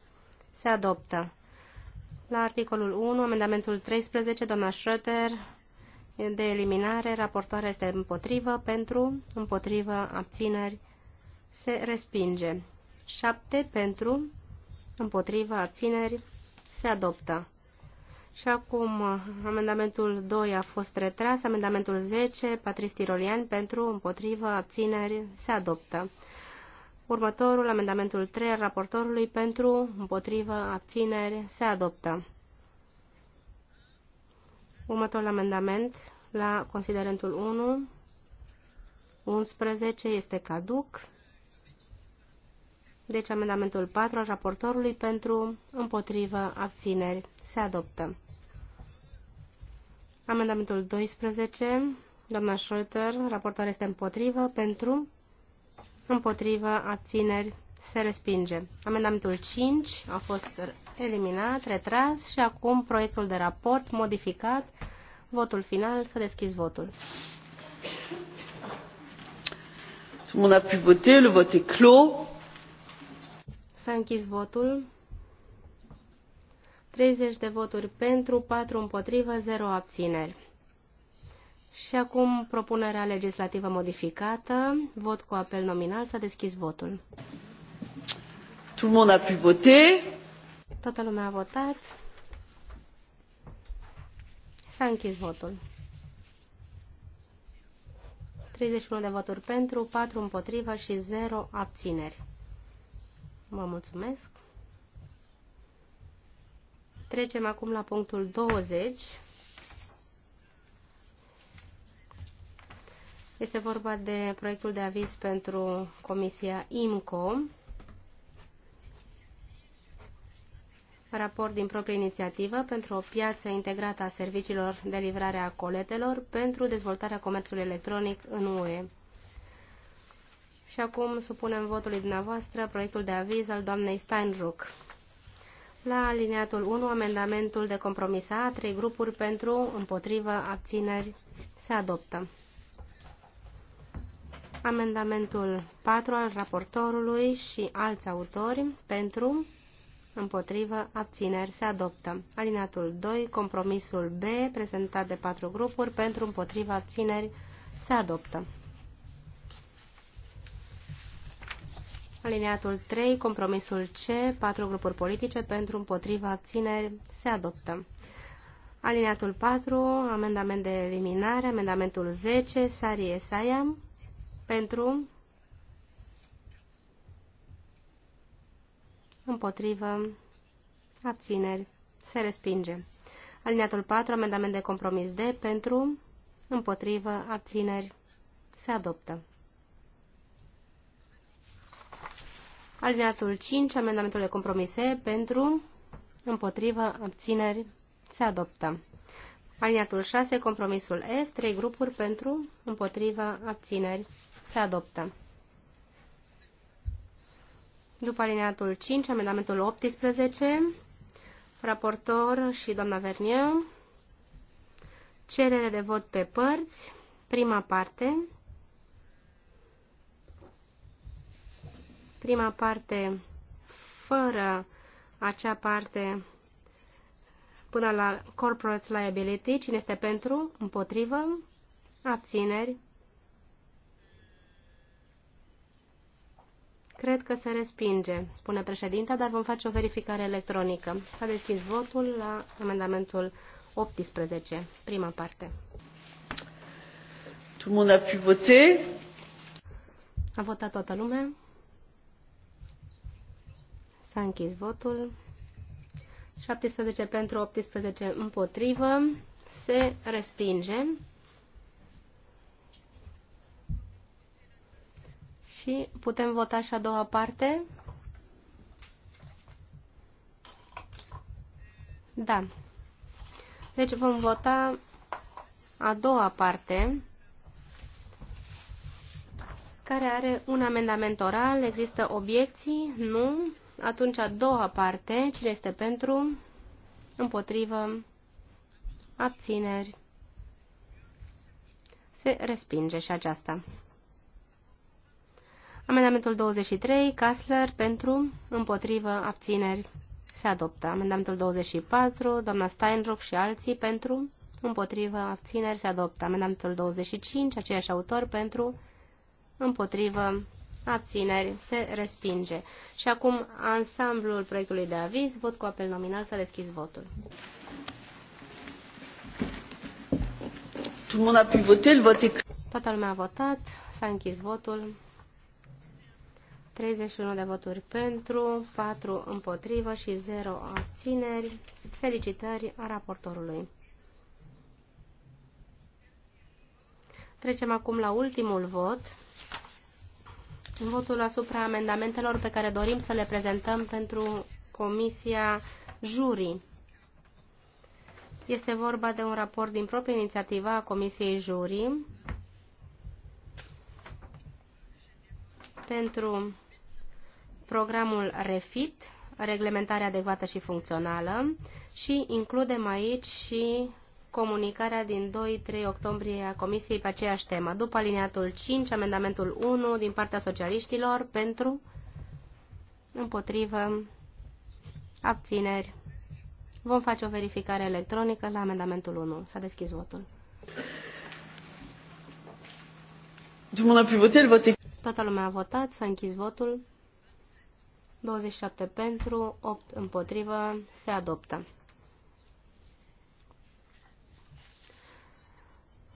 Se adoptă. La articolul 1, amendamentul 13, doamna Schröter, de eliminare, raportoarea este împotrivă, pentru, împotrivă, abțineri, se respinge. 7 pentru, împotrivă, abțineri, se adoptă. Și acum amendamentul 2 a fost retras, amendamentul 10, Patris Tirolian, pentru, împotrivă, abțineri, se adoptă. Următorul, amendamentul 3 al raportorului, pentru, împotrivă, abțineri, se adoptă. Următorul amendament la considerentul 1, 11 este caduc. Deci amendamentul 4 al raportorului pentru, împotrivă, abțineri, se adoptă. Amendamentul 12. Doamna Schroeter, raportarea este împotrivă. Pentru, împotrivă, abțineri, se respinge. Amendamentul 5 a fost eliminat, retras și acum proiectul de raport modificat. Votul final, să deschis votul. a clos. S-a închis votul. 30 de voturi pentru, 4 împotrivă, 0 abțineri. Și acum propunerea legislativă modificată. Vot cu apel nominal. S-a deschis votul. Tout le monde a pu voter. Toată lumea a votat. S-a închis votul. 31 de voturi pentru, 4 împotrivă și 0 abțineri. Vă mulțumesc. Trecem acum la punctul 20. Este vorba de proiectul de aviz pentru Comisia IMCO, raport din proprie inițiativă pentru o piață integrată a serviciilor de livrare a coletelor pentru dezvoltarea comerțului electronic în UE. Și acum supunem votului dumneavoastră proiectul de aviz al doamnei Steinruck. La alineatul 1, amendamentul de compromis A, trei grupuri pentru, împotrivă, abțineri, se adoptă. Amendamentul 4 al raportorului și alți autori pentru, împotrivă, abțineri, se adoptă. Alineatul 2, compromisul B, prezentat de patru grupuri, pentru, împotrivă, abțineri, se adoptă. Alineatul 3, compromisul C, patru grupuri politice pentru împotriva abțineri se adoptă. Alineatul 4, amendament de eliminare, amendamentul 10, Sarie Saia, pentru împotrivă abțineri se respinge. Alineatul 4, amendament de compromis D, pentru împotrivă abțineri se adoptă. Alineatul 5, amendamentul de compromise pentru, împotrivă, abțineri, se adoptă. Aliniatul 6, compromisul F, 3 grupuri pentru, împotrivă, abțineri, se adoptă. După alineatul 5, amendamentul 18, raportor și doamna Vernier, cerere de vot pe părți, prima parte, prima parte fără acea parte până la corporate liability. Cine este pentru? Împotrivă? Abțineri? Cred că se respinge, spune președinta, dar vom face o verificare electronică. S-a deschis votul la amendamentul 18, prima parte. Tout le monde a pu voter. A votat toată lumea. S-a închis votul. 17 pentru 18 împotrivă. Se respinge. Și putem vota și a doua parte. Da. Deci vom vota a doua parte care are un amendament oral. Există obiecții? Nu. Atunci a doua parte, cine este pentru, împotrivă, abțineri, se respinge și aceasta. Amendamentul 23, Kassler, pentru, împotrivă, abțineri, se adoptă. Amendamentul 24, doamna Steinruck și alții, pentru, împotrivă, abțineri, se adoptă. Amendamentul 25, aceiași autor, pentru, împotrivă, abțineri, se respinge. Și acum ansamblul proiectului de aviz, vot cu apel nominal, s-a deschis votul. a Toată lumea a votat, s-a închis votul. 31 de voturi pentru, 4 împotrivă și 0 abțineri. Felicitări a raportorului. Trecem acum la ultimul vot votul asupra amendamentelor pe care dorim să le prezentăm pentru Comisia Jurii. Este vorba de un raport din proprie inițiativă a Comisiei Jurii pentru programul REFIT, reglementare adecvată și funcțională, și includem aici și comunicarea din 2-3 octombrie a Comisiei pe aceeași temă. După alineatul 5, amendamentul 1 din partea socialiștilor pentru, împotrivă, abțineri. Vom face o verificare electronică la amendamentul 1. S-a deschis votul. Toată lumea a votat, s-a închis votul. 27 pentru, 8 împotrivă, se adoptă.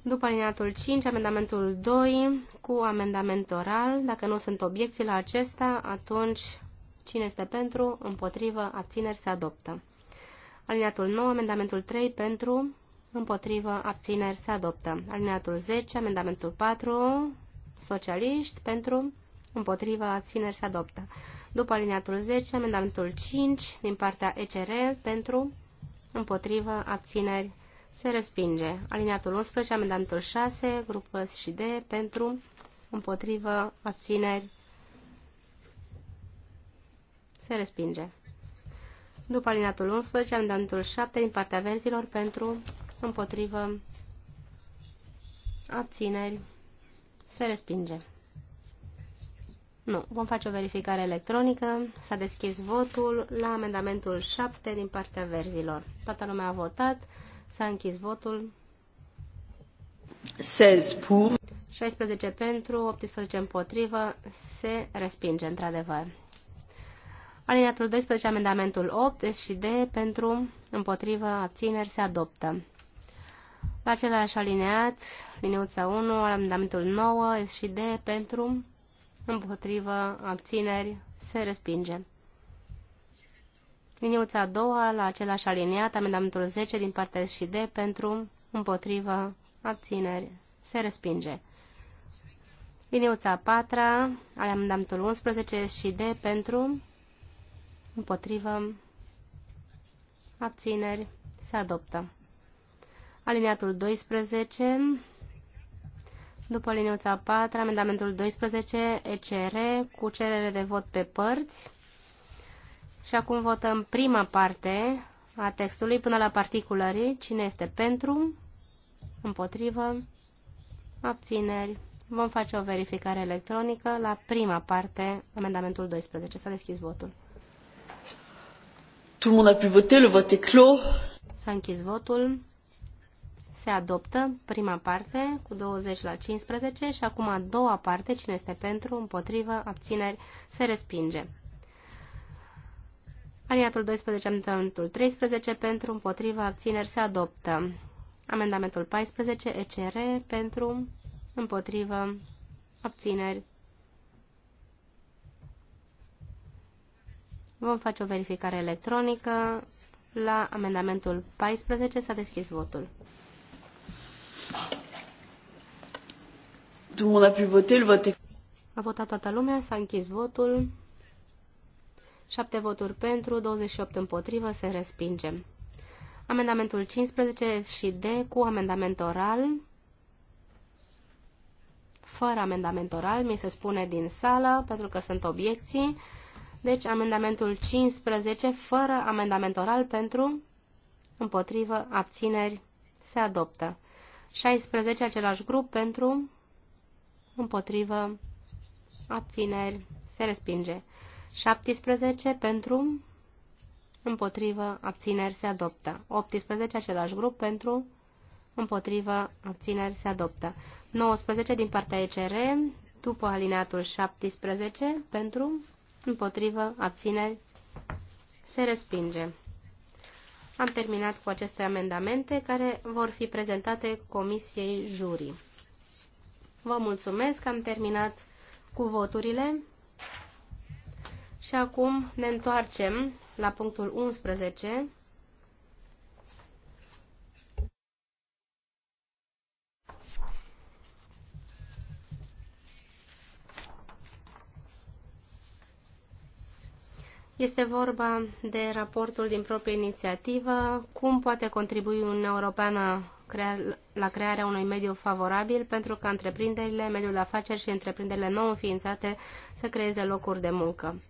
După alineatul 5, amendamentul 2 cu amendament oral. Dacă nu sunt obiecții la acesta, atunci cine este pentru, împotrivă, abțineri, se adoptă. Alineatul 9, amendamentul 3 pentru, împotrivă, abțineri, se adoptă. Alineatul 10, amendamentul 4, socialiști, pentru, împotrivă, abțineri, se adoptă. După alineatul 10, amendamentul 5 din partea ECR pentru, împotrivă, abțineri, se se respinge. Alineatul 11, amendamentul 6, grupul S și D, pentru, împotrivă, abțineri, se respinge. După alineatul 11, amendamentul 7 din partea verzilor pentru, împotrivă, abțineri, se respinge. Nu, vom face o verificare electronică. S-a deschis votul la amendamentul 7 din partea verzilor. Toată lumea a votat. S-a închis votul. 16 pour. 16 pentru, 18 împotrivă, se respinge într-adevăr. Alineatul 12, amendamentul 8, S și D, pentru, împotrivă, abțineri, se adoptă. La același alineat, liniuța 1, amendamentul 9, S și D, pentru, împotrivă, abțineri, se respinge. Liniuța a doua, la același aliniat, amendamentul 10 din partea și de pentru, împotrivă, abțineri, se respinge. Liniuța a patra, amendamentul 11 și de pentru, împotrivă, abțineri, se adoptă. Aliniatul 12, după liniuța 4, amendamentul 12, ECR, cu cerere de vot pe părți, și acum votăm prima parte a textului până la particulări. Cine este pentru? Împotrivă? Abțineri? Vom face o verificare electronică la prima parte, amendamentul 12. S-a deschis votul. Tout le monde a pu voter, le vote est clos. S-a închis votul. Se adoptă prima parte cu 20 la 15 și acum a doua parte, cine este pentru, împotrivă, abțineri, se respinge. Aliatul 12, amendamentul 13 pentru împotriva abțineri se adoptă. Amendamentul 14, ECR pentru împotriva abțineri. Vom face o verificare electronică. La amendamentul 14 s-a deschis votul. A votat toată lumea, s-a închis votul. 7 voturi pentru, 28 împotrivă, se respinge. Amendamentul 15 și D cu amendament oral. Fără amendament oral, mi se spune din sală, pentru că sunt obiecții. Deci amendamentul 15 fără amendament oral pentru, împotrivă, abțineri, se adoptă. 16 același grup pentru, împotrivă, abțineri, se respinge. 17 pentru, împotrivă, abțineri se adoptă. 18, același grup, pentru, împotrivă, abțineri se adoptă. 19 din partea ECR, după alineatul 17, pentru, împotrivă, abțineri se respinge. Am terminat cu aceste amendamente care vor fi prezentate Comisiei Jurii. Vă mulțumesc, am terminat cu voturile. Și acum ne întoarcem la punctul 11. Este vorba de raportul din proprie inițiativă, cum poate contribui Uniunea Europeană la crearea unui mediu favorabil pentru ca întreprinderile, mediul de afaceri și întreprinderile nou înființate să creeze locuri de muncă.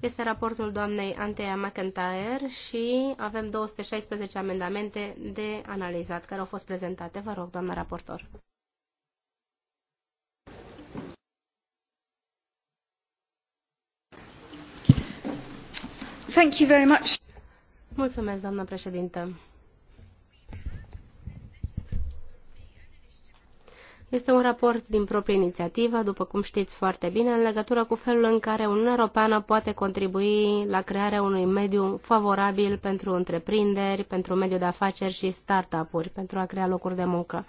Este raportul doamnei Antea McIntyre și avem 216 amendamente de analizat care au fost prezentate. Vă rog, doamna raportor. Thank you very much. Mulțumesc, doamna președintă. Este un raport din proprie inițiativă, după cum știți foarte bine, în legătură cu felul în care Uniunea Europeană poate contribui la crearea unui mediu favorabil pentru întreprinderi, pentru mediul de afaceri și up uri pentru a crea locuri de muncă.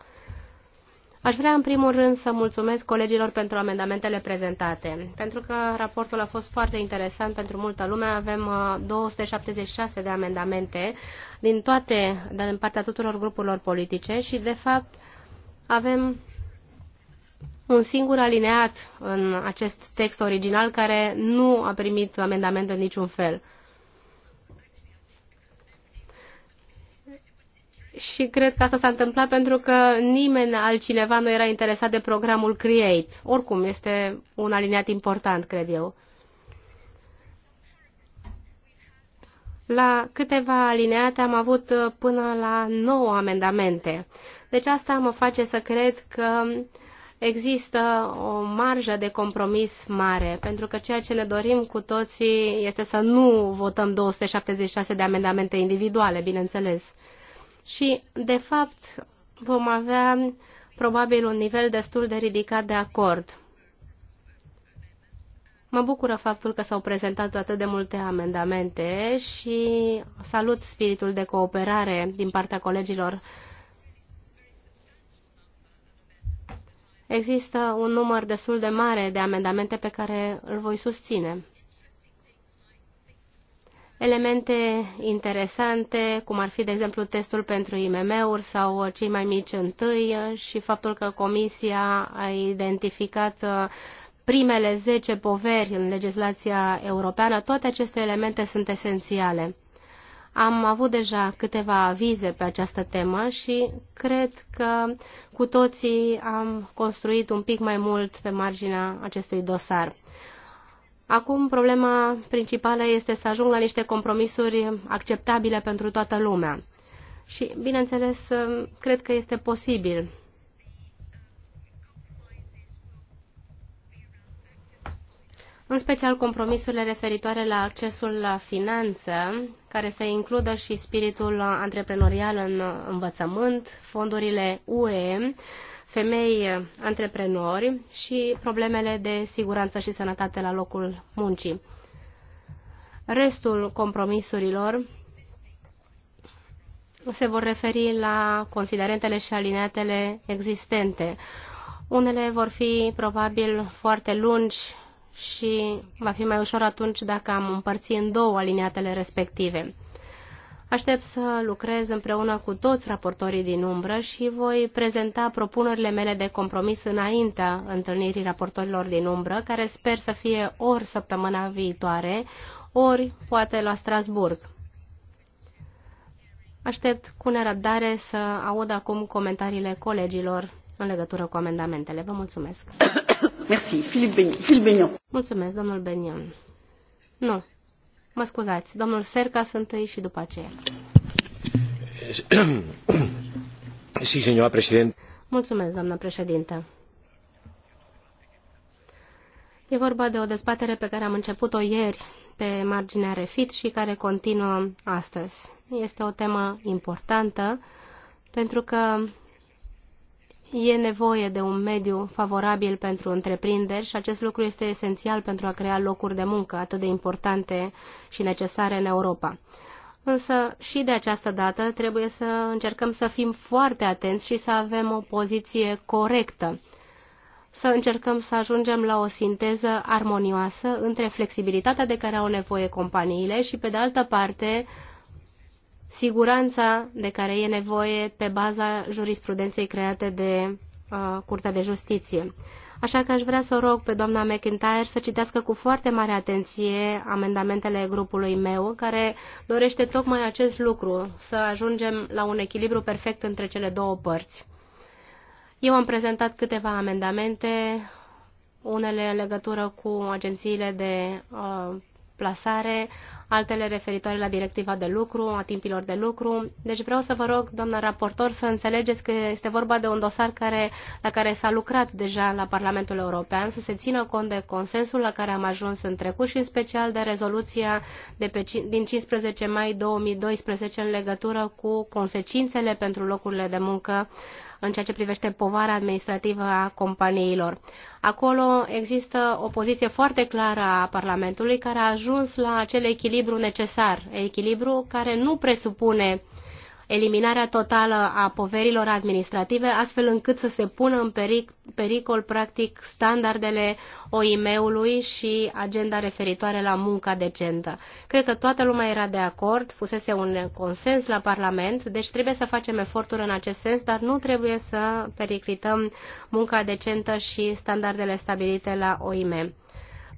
Aș vrea în primul rând să mulțumesc colegilor pentru amendamentele prezentate, pentru că raportul a fost foarte interesant pentru multă lume. Avem 276 uh, de amendamente din toate, din partea tuturor grupurilor politice și, de fapt, avem un singur alineat în acest text original care nu a primit amendament în niciun fel. Și cred că asta s-a întâmplat pentru că nimeni altcineva nu era interesat de programul Create. Oricum, este un aliniat important, cred eu. La câteva alineate am avut uh, până la 9 amendamente. Deci asta mă face să cred că există o marjă de compromis mare, pentru că ceea ce ne dorim cu toții este să nu votăm 276 de amendamente individuale, bineînțeles. Și, de fapt, vom avea probabil un nivel destul de ridicat de acord. Mă bucură faptul că s-au prezentat atât de multe amendamente și salut spiritul de cooperare din partea colegilor Există un număr destul de mare de amendamente pe care îl voi susține. Elemente interesante, cum ar fi, de exemplu, testul pentru IMM-uri sau cei mai mici întâi și faptul că Comisia a identificat uh, primele 10 poveri în legislația europeană, toate aceste elemente sunt esențiale. Am avut deja câteva avize pe această temă și cred că cu toții am construit un pic mai mult pe marginea acestui dosar. Acum problema principală este să ajung la niște compromisuri acceptabile pentru toată lumea. Și, bineînțeles, cred că este posibil în special compromisurile referitoare la accesul la finanță, care să includă și spiritul antreprenorial în învățământ, fondurile UE, femei antreprenori și problemele de siguranță și sănătate la locul muncii. Restul compromisurilor se vor referi la considerentele și alineatele existente. Unele vor fi probabil foarte lungi și va fi mai ușor atunci dacă am împărțit în două aliniatele respective. Aștept să lucrez împreună cu toți raportorii din umbră și voi prezenta propunerile mele de compromis înaintea întâlnirii raportorilor din umbră, care sper să fie ori săptămâna viitoare, ori poate la Strasburg. Aștept cu nerăbdare să aud acum comentariile colegilor în legătură cu amendamentele. Vă mulțumesc. Merci. Philippe Benion. Mulțumesc, domnul Benion. Nu. Mă scuzați, domnul Serca sunt întâi și după aceea. Si, señora președinte. Mulțumesc, doamnă președintă. E vorba de o dezbatere pe care am început-o ieri pe marginea refit și care continuă astăzi. Este o temă importantă pentru că E nevoie de un mediu favorabil pentru întreprinderi și acest lucru este esențial pentru a crea locuri de muncă atât de importante și necesare în Europa. Însă și de această dată trebuie să încercăm să fim foarte atenți și să avem o poziție corectă. Să încercăm să ajungem la o sinteză armonioasă între flexibilitatea de care au nevoie companiile și, pe de altă parte, siguranța de care e nevoie pe baza jurisprudenței create de uh, Curtea de Justiție. Așa că aș vrea să o rog pe doamna McIntyre să citească cu foarte mare atenție amendamentele grupului meu, care dorește tocmai acest lucru, să ajungem la un echilibru perfect între cele două părți. Eu am prezentat câteva amendamente, unele în legătură cu agențiile de uh, plasare, altele referitoare la directiva de lucru, a timpilor de lucru. Deci vreau să vă rog, doamna raportor, să înțelegeți că este vorba de un dosar care, la care s-a lucrat deja la Parlamentul European, să se țină cont de consensul la care am ajuns în trecut și în special de rezoluția de pe, din 15 mai 2012 în legătură cu consecințele pentru locurile de muncă în ceea ce privește povara administrativă a companiilor. Acolo există o poziție foarte clară a Parlamentului care a ajuns la acel echilibru necesar, echilibru care nu presupune uh, eliminarea totală a poverilor administrative, astfel încât să se pună în peric, pericol, practic, standardele OIM-ului și agenda referitoare la munca decentă. Cred că toată lumea era de acord, fusese un consens la Parlament, deci trebuie să facem eforturi în acest sens, dar nu trebuie să periclităm munca decentă și standardele stabilite la OIM.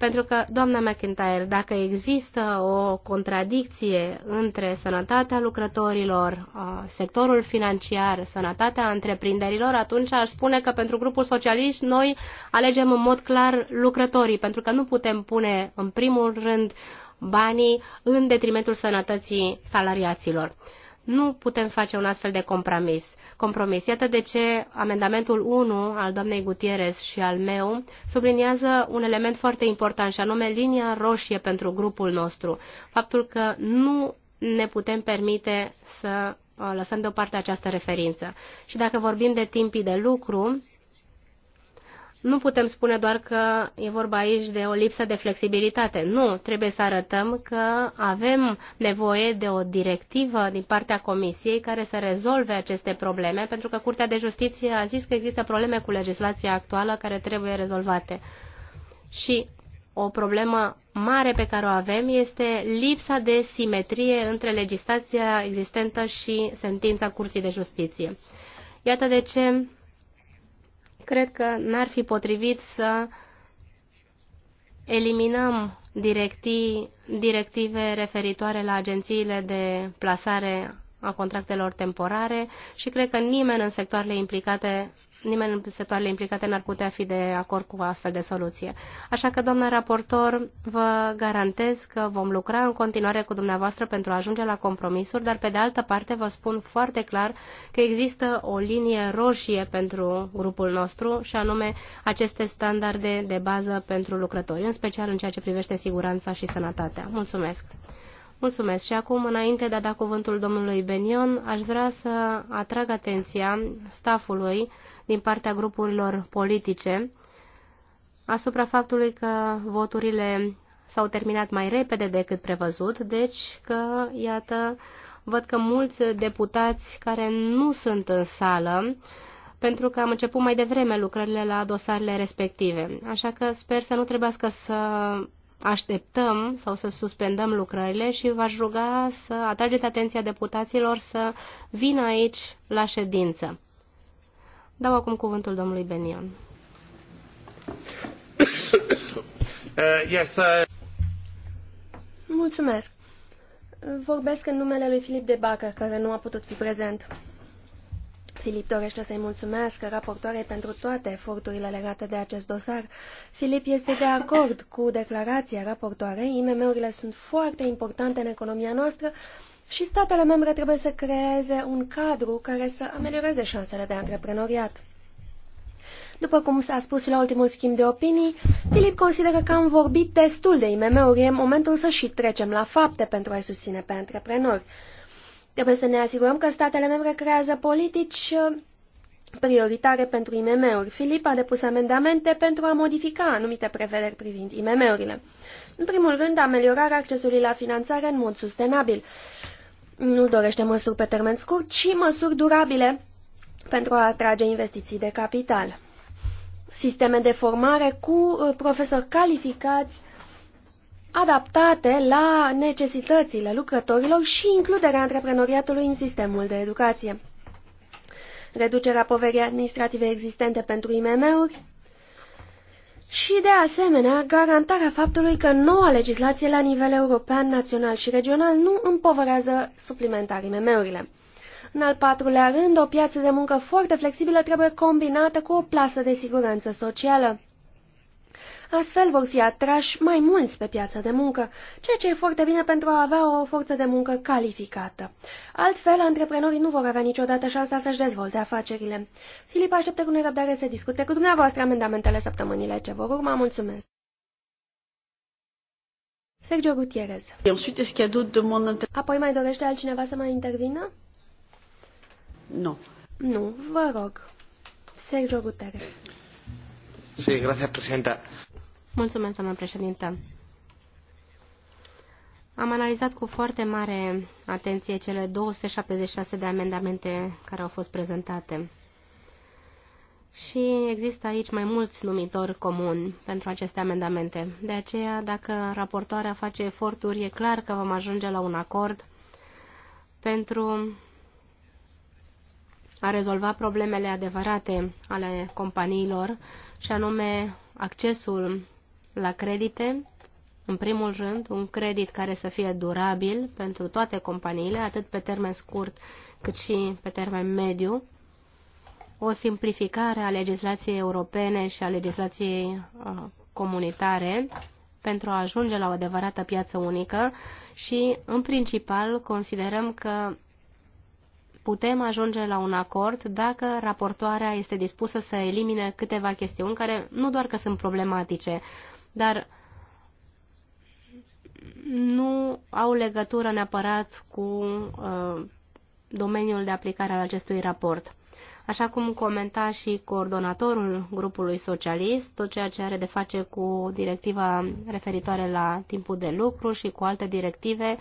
Pentru că, doamna McIntyre, dacă există o contradicție între sănătatea lucrătorilor, uh, sectorul financiar, sănătatea întreprinderilor, atunci aș spune că pentru grupul socialist noi alegem în mod clar lucrătorii, pentru că nu putem pune în primul rând banii în detrimentul sănătății salariaților. Nu putem face un astfel de compromis. compromis. Iată de ce amendamentul 1 al doamnei Gutierrez și al meu subliniază un element foarte important și anume linia roșie pentru grupul nostru. Faptul că nu ne putem permite să uh, lăsăm deoparte această referință. Și dacă vorbim de timpii de lucru, nu putem spune doar că e vorba aici de o lipsă de flexibilitate. Nu, trebuie să arătăm că avem nevoie de o directivă din partea Comisiei care să rezolve aceste probleme, pentru că Curtea de Justiție a zis că există probleme cu legislația actuală care trebuie rezolvate. Și o problemă mare pe care o avem este lipsa de simetrie între legislația existentă și sentința Curții de Justiție. Iată de ce cred că n-ar fi potrivit să eliminăm directii, directive referitoare la agențiile de plasare a contractelor temporare și cred că nimeni în sectoarele implicate nimeni în sectoarele implicate n-ar putea fi de acord cu astfel de soluție. Așa că, doamnă raportor, vă garantez că vom lucra în continuare cu dumneavoastră pentru a ajunge la compromisuri, dar pe de altă parte vă spun foarte clar că există o linie roșie pentru grupul nostru și anume aceste standarde de bază pentru lucrători, în special în ceea ce privește siguranța și sănătatea. Mulțumesc! Mulțumesc. Și acum, înainte de a da cuvântul domnului Benion, aș vrea să atrag atenția staffului din partea grupurilor politice asupra faptului că voturile s-au terminat mai repede decât prevăzut, deci că, iată, văd că mulți deputați care nu sunt în sală, pentru că am început mai devreme lucrările la dosarele respective. Așa că sper să nu trebuiască să așteptăm sau să suspendăm lucrările și v-aș ruga să atrageți atenția deputaților să vină aici la ședință. Dau acum cuvântul domnului Benion. Uh, yes, uh... Mulțumesc. Vorbesc în numele lui Filip de Bacă, care nu a putut fi prezent. Filip dorește să-i mulțumesc raportoarei pentru toate eforturile legate de acest dosar. Filip este de acord cu declarația raportoarei. IMM-urile sunt foarte importante în economia noastră și statele membre trebuie să creeze un cadru care să amelioreze șansele de antreprenoriat. După cum s-a spus și la ultimul schimb de opinii, Filip consideră că am vorbit destul de IMM-uri, e momentul să și trecem la fapte pentru a-i susține pe antreprenori. Trebuie să ne asigurăm că statele membre creează politici uh, prioritare pentru IMM-uri. Filip a depus amendamente pentru a modifica anumite prevederi privind IMM-urile. În primul rând, ameliorarea accesului la finanțare în mod sustenabil nu dorește măsuri pe termen scurt, ci măsuri durabile pentru a atrage investiții de capital. Sisteme de formare cu uh, profesori calificați adaptate la necesitățile lucrătorilor și includerea antreprenoriatului în sistemul de educație. Reducerea poverii administrative existente pentru IMM-uri, și, de asemenea, garantarea faptului că noua legislație la nivel european, național și regional nu împovărează suplimentar imm-urile. În al patrulea rând, o piață de muncă foarte flexibilă trebuie combinată cu o plasă de siguranță socială. Astfel vor fi atrași mai mulți pe piața de muncă, ceea ce e foarte bine pentru a avea o forță de muncă calificată. Altfel, antreprenorii nu vor avea niciodată șansa să-și dezvolte afacerile. Filip așteptă cu nerăbdare să discute cu dumneavoastră amendamentele săptămânile ce vor urma. Mulțumesc! Sergio Gutierrez. Apoi mai dorește altcineva să mai intervină? Nu. Nu, vă rog. Sergio Gutierrez. Sí, gracias, presidenta. Mulțumesc, doamnă președintă. Am analizat cu foarte mare atenție cele 276 de amendamente care au fost prezentate. Și există aici mai mulți numitori comuni pentru aceste amendamente. De aceea, dacă raportoarea face eforturi, e clar că vom ajunge la un acord pentru a rezolva problemele adevărate ale companiilor, și anume accesul la credite. În primul rând, un credit care să fie durabil pentru toate companiile, atât pe termen scurt cât și pe termen mediu. O simplificare a legislației europene și a legislației uh, comunitare pentru a ajunge la o adevărată piață unică și, în principal, considerăm că putem ajunge la un acord dacă raportoarea este dispusă să elimine câteva chestiuni care nu doar că sunt problematice, dar nu au legătură neapărat cu uh, domeniul de aplicare al acestui raport. Așa cum comenta și coordonatorul grupului socialist, tot ceea ce are de face cu directiva referitoare la timpul de lucru și cu alte directive,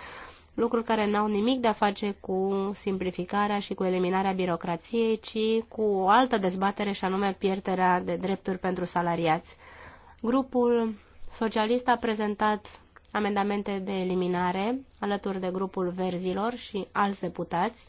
lucruri care n-au nimic de a face cu simplificarea și cu eliminarea birocrației, ci cu o altă dezbatere și anume pierderea de drepturi pentru salariați. Grupul socialist a prezentat amendamente de eliminare alături de grupul verzilor și alți deputați,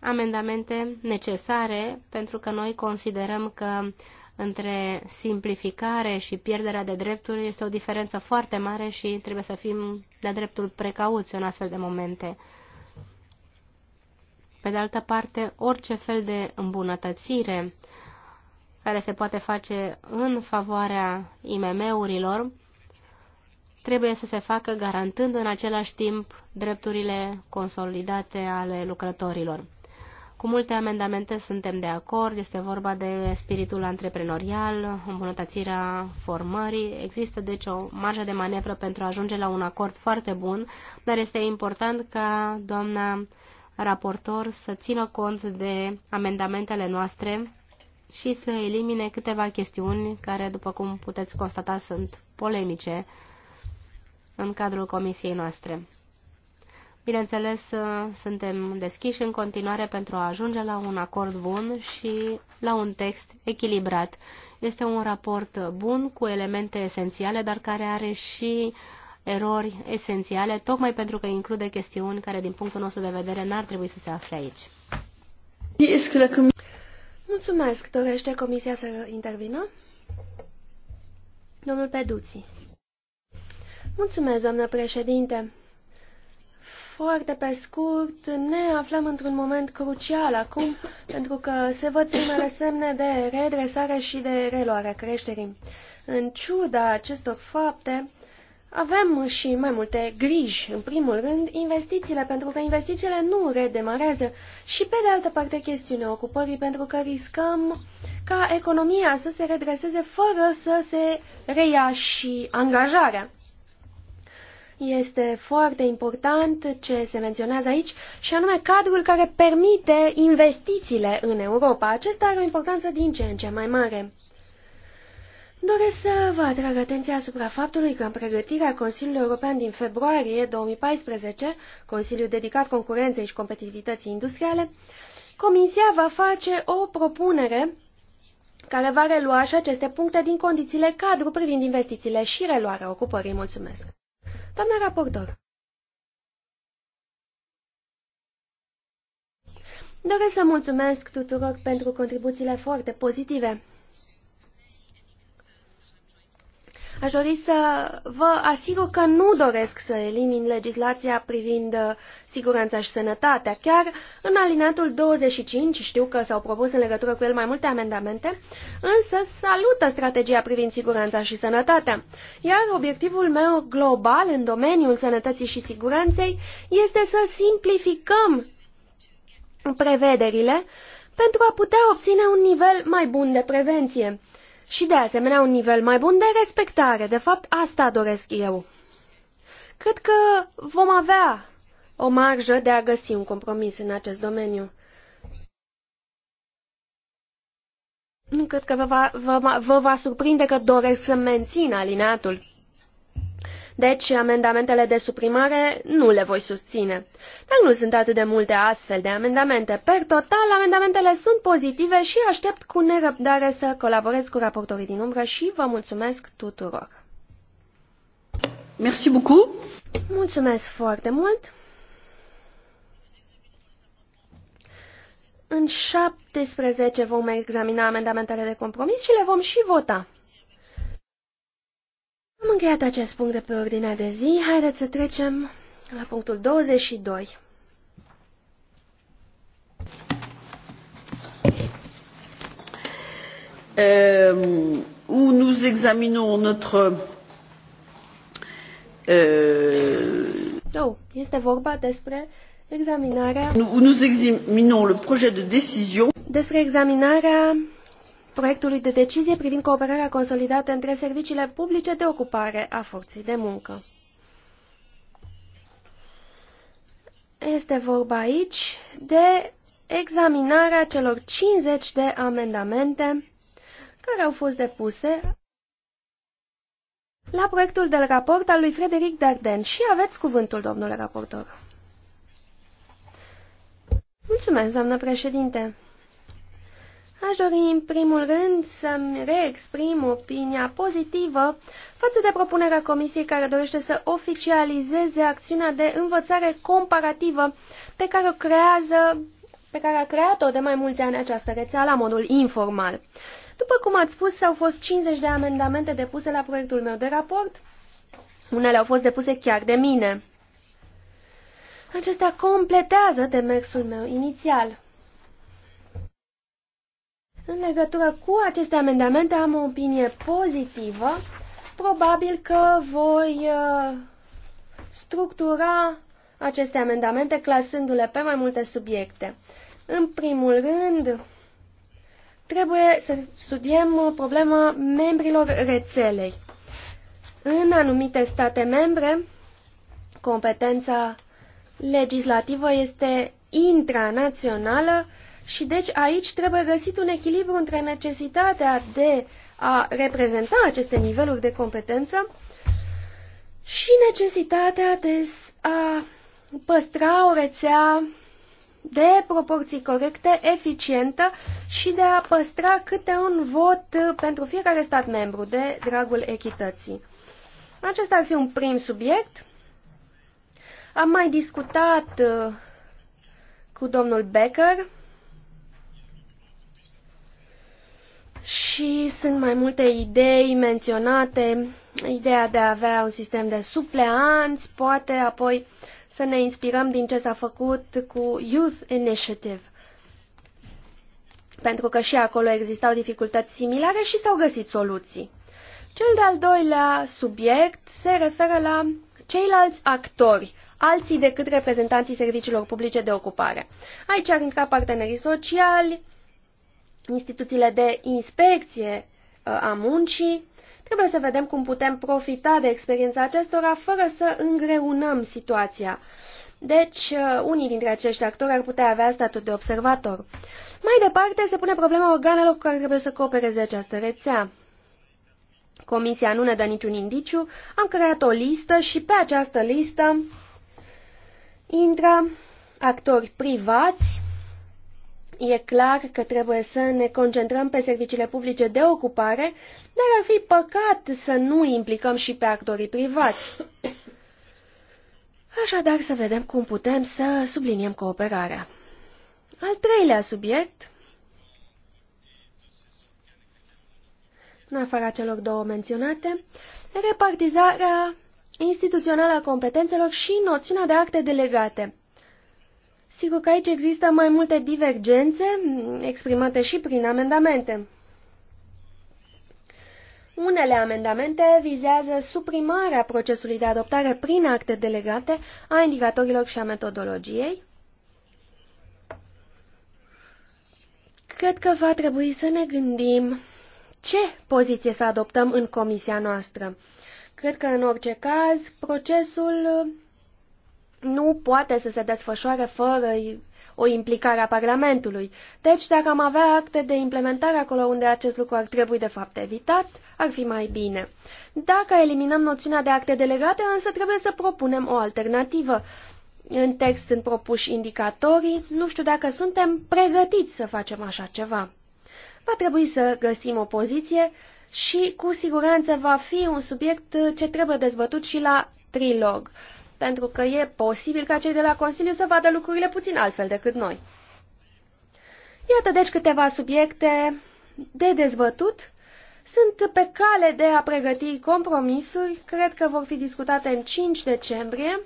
amendamente necesare pentru că noi considerăm că între simplificare și pierderea de drepturi este o diferență foarte mare și trebuie să fim de dreptul precauți în astfel de momente. Pe de altă parte, orice fel de îmbunătățire care se poate face în favoarea IMM-urilor trebuie să se facă garantând în același timp drepturile consolidate ale lucrătorilor. Cu multe amendamente suntem de acord, este vorba de spiritul antreprenorial, îmbunătățirea formării. Există deci o marjă de manevră pentru a ajunge la un acord foarte bun, dar este important ca doamna raportor să țină cont de amendamentele noastre și să elimine câteva chestiuni care, după cum puteți constata, sunt polemice în cadrul comisiei noastre. Bineînțeles, suntem deschiși în continuare pentru a ajunge la un acord bun și la un text echilibrat. Este un raport bun cu elemente esențiale, dar care are și erori esențiale, tocmai pentru că include chestiuni care, din punctul nostru de vedere, n-ar trebui să se afle aici. Mulțumesc. Dorește Comisia să intervină? Domnul Peduții. Mulțumesc, doamnă președinte. Foarte pe scurt, ne aflăm într-un moment crucial acum, pentru că se văd primele semne de redresare și de reluare creșterii. În ciuda acestor fapte, avem și mai multe griji. În primul rând, investițiile, pentru că investițiile nu redemarează și, pe de altă parte, chestiunea ocupării, pentru că riscăm ca economia să se redreseze fără să se reia și angajarea. Este foarte important ce se menționează aici și anume cadrul care permite investițiile în Europa. Acesta are o importanță din ce în ce mai mare. Doresc să vă atrag atenția asupra faptului că în pregătirea Consiliului European din februarie 2014, Consiliul dedicat concurenței și competitivității industriale, Comisia va face o propunere care va relua și aceste puncte din condițiile cadru privind investițiile și reluarea ocupării. Mulțumesc. Doamna raportor. Doresc să mulțumesc tuturor pentru contribuțiile foarte pozitive Aș dori să vă asigur că nu doresc să elimin legislația privind uh, siguranța și sănătatea. Chiar în alineatul 25, știu că s-au propus în legătură cu el mai multe amendamente, însă salută strategia privind siguranța și sănătatea. Iar obiectivul meu global în domeniul sănătății și siguranței este să simplificăm prevederile pentru a putea obține un nivel mai bun de prevenție și de asemenea un nivel mai bun de respectare. De fapt, asta doresc eu. Cred că vom avea o marjă de a găsi un compromis în acest domeniu. Nu cred că vă va, vă, vă va surprinde că doresc să mențin alineatul. Deci, amendamentele de suprimare nu le voi susține. Dar nu sunt atât de multe astfel de amendamente. Per total, amendamentele sunt pozitive și aștept cu nerăbdare să colaborez cu raportorii din umbră și vă mulțumesc tuturor. Merci beaucoup. Mulțumesc foarte mult. În 17 vom examina amendamentele de compromis și le vom și vota. Am încheiat acest punct de pe ordinea de zi. Haideți să trecem la punctul 22. Euh, où nous examinons notre euh, oh, este vorba despre examinarea où nous examinons le projet de décision despre examinarea proiectului de decizie privind cooperarea consolidată între serviciile publice de ocupare a forței de muncă. Este vorba aici de examinarea celor 50 de amendamente care au fost depuse la proiectul de raport al lui Frederic Darden și aveți cuvântul, domnule raportor. Mulțumesc, doamnă președinte. Aș dori în primul rând să-mi reexprim opinia pozitivă față de propunerea Comisiei care dorește să oficializeze acțiunea de învățare comparativă pe care o creează pe care a creat-o de mai mulți ani această rețea la modul informal. După cum ați spus, au fost 50 de amendamente depuse la proiectul meu de raport. Unele au fost depuse chiar de mine. Acestea completează demersul meu inițial. În legătură cu aceste amendamente am o opinie pozitivă. Probabil că voi uh, structura aceste amendamente clasându-le pe mai multe subiecte. În primul rând, trebuie să studiem problema membrilor rețelei. În anumite state membre, competența legislativă este intranațională și deci aici trebuie găsit un echilibru între necesitatea de a reprezenta aceste niveluri de competență și necesitatea de a păstra o rețea de proporții corecte, eficientă și de a păstra câte un vot pentru fiecare stat membru de dragul echității. Acesta ar fi un prim subiect. Am mai discutat uh, cu domnul Becker Și sunt mai multe idei menționate, ideea de a avea un sistem de supleanți, poate apoi să ne inspirăm din ce s-a făcut cu Youth Initiative. Pentru că și acolo existau dificultăți similare și s-au găsit soluții. Cel de-al doilea subiect se referă la ceilalți actori, alții decât reprezentanții serviciilor publice de ocupare. Aici ar intra partenerii sociali, instituțiile de inspecție uh, a muncii, trebuie să vedem cum putem profita de experiența acestora fără să îngreunăm situația. Deci, uh, unii dintre acești actori ar putea avea statut de observator. Mai departe, se pune problema organelor cu care trebuie să coopereze această rețea. Comisia nu ne dă niciun indiciu, am creat o listă și pe această listă intră actori privați E clar că trebuie să ne concentrăm pe serviciile publice de ocupare, dar ar fi păcat să nu implicăm și pe actorii privați. Așadar, să vedem cum putem să subliniem cooperarea. Al treilea subiect, în afara celor două menționate, repartizarea instituțională a competențelor și noțiunea de acte delegate. Sigur că aici există mai multe divergențe mm, exprimate și prin amendamente. Unele amendamente vizează suprimarea procesului de adoptare prin acte delegate a indicatorilor și a metodologiei. Cred că va trebui să ne gândim ce poziție să adoptăm în comisia noastră. Cred că, în orice caz, procesul nu poate să se desfășoare fără o implicare a Parlamentului. Deci, dacă am avea acte de implementare acolo unde acest lucru ar trebui de fapt evitat, ar fi mai bine. Dacă eliminăm noțiunea de acte delegate, însă trebuie să propunem o alternativă. În text sunt propuși indicatorii, nu știu dacă suntem pregătiți să facem așa ceva. Va trebui să găsim o poziție și cu siguranță va fi un subiect ce trebuie dezbătut și la trilog pentru că e posibil ca cei de la Consiliu să vadă lucrurile puțin altfel decât noi. Iată deci câteva subiecte de dezbătut. Sunt pe cale de a pregăti compromisuri, cred că vor fi discutate în 5 decembrie,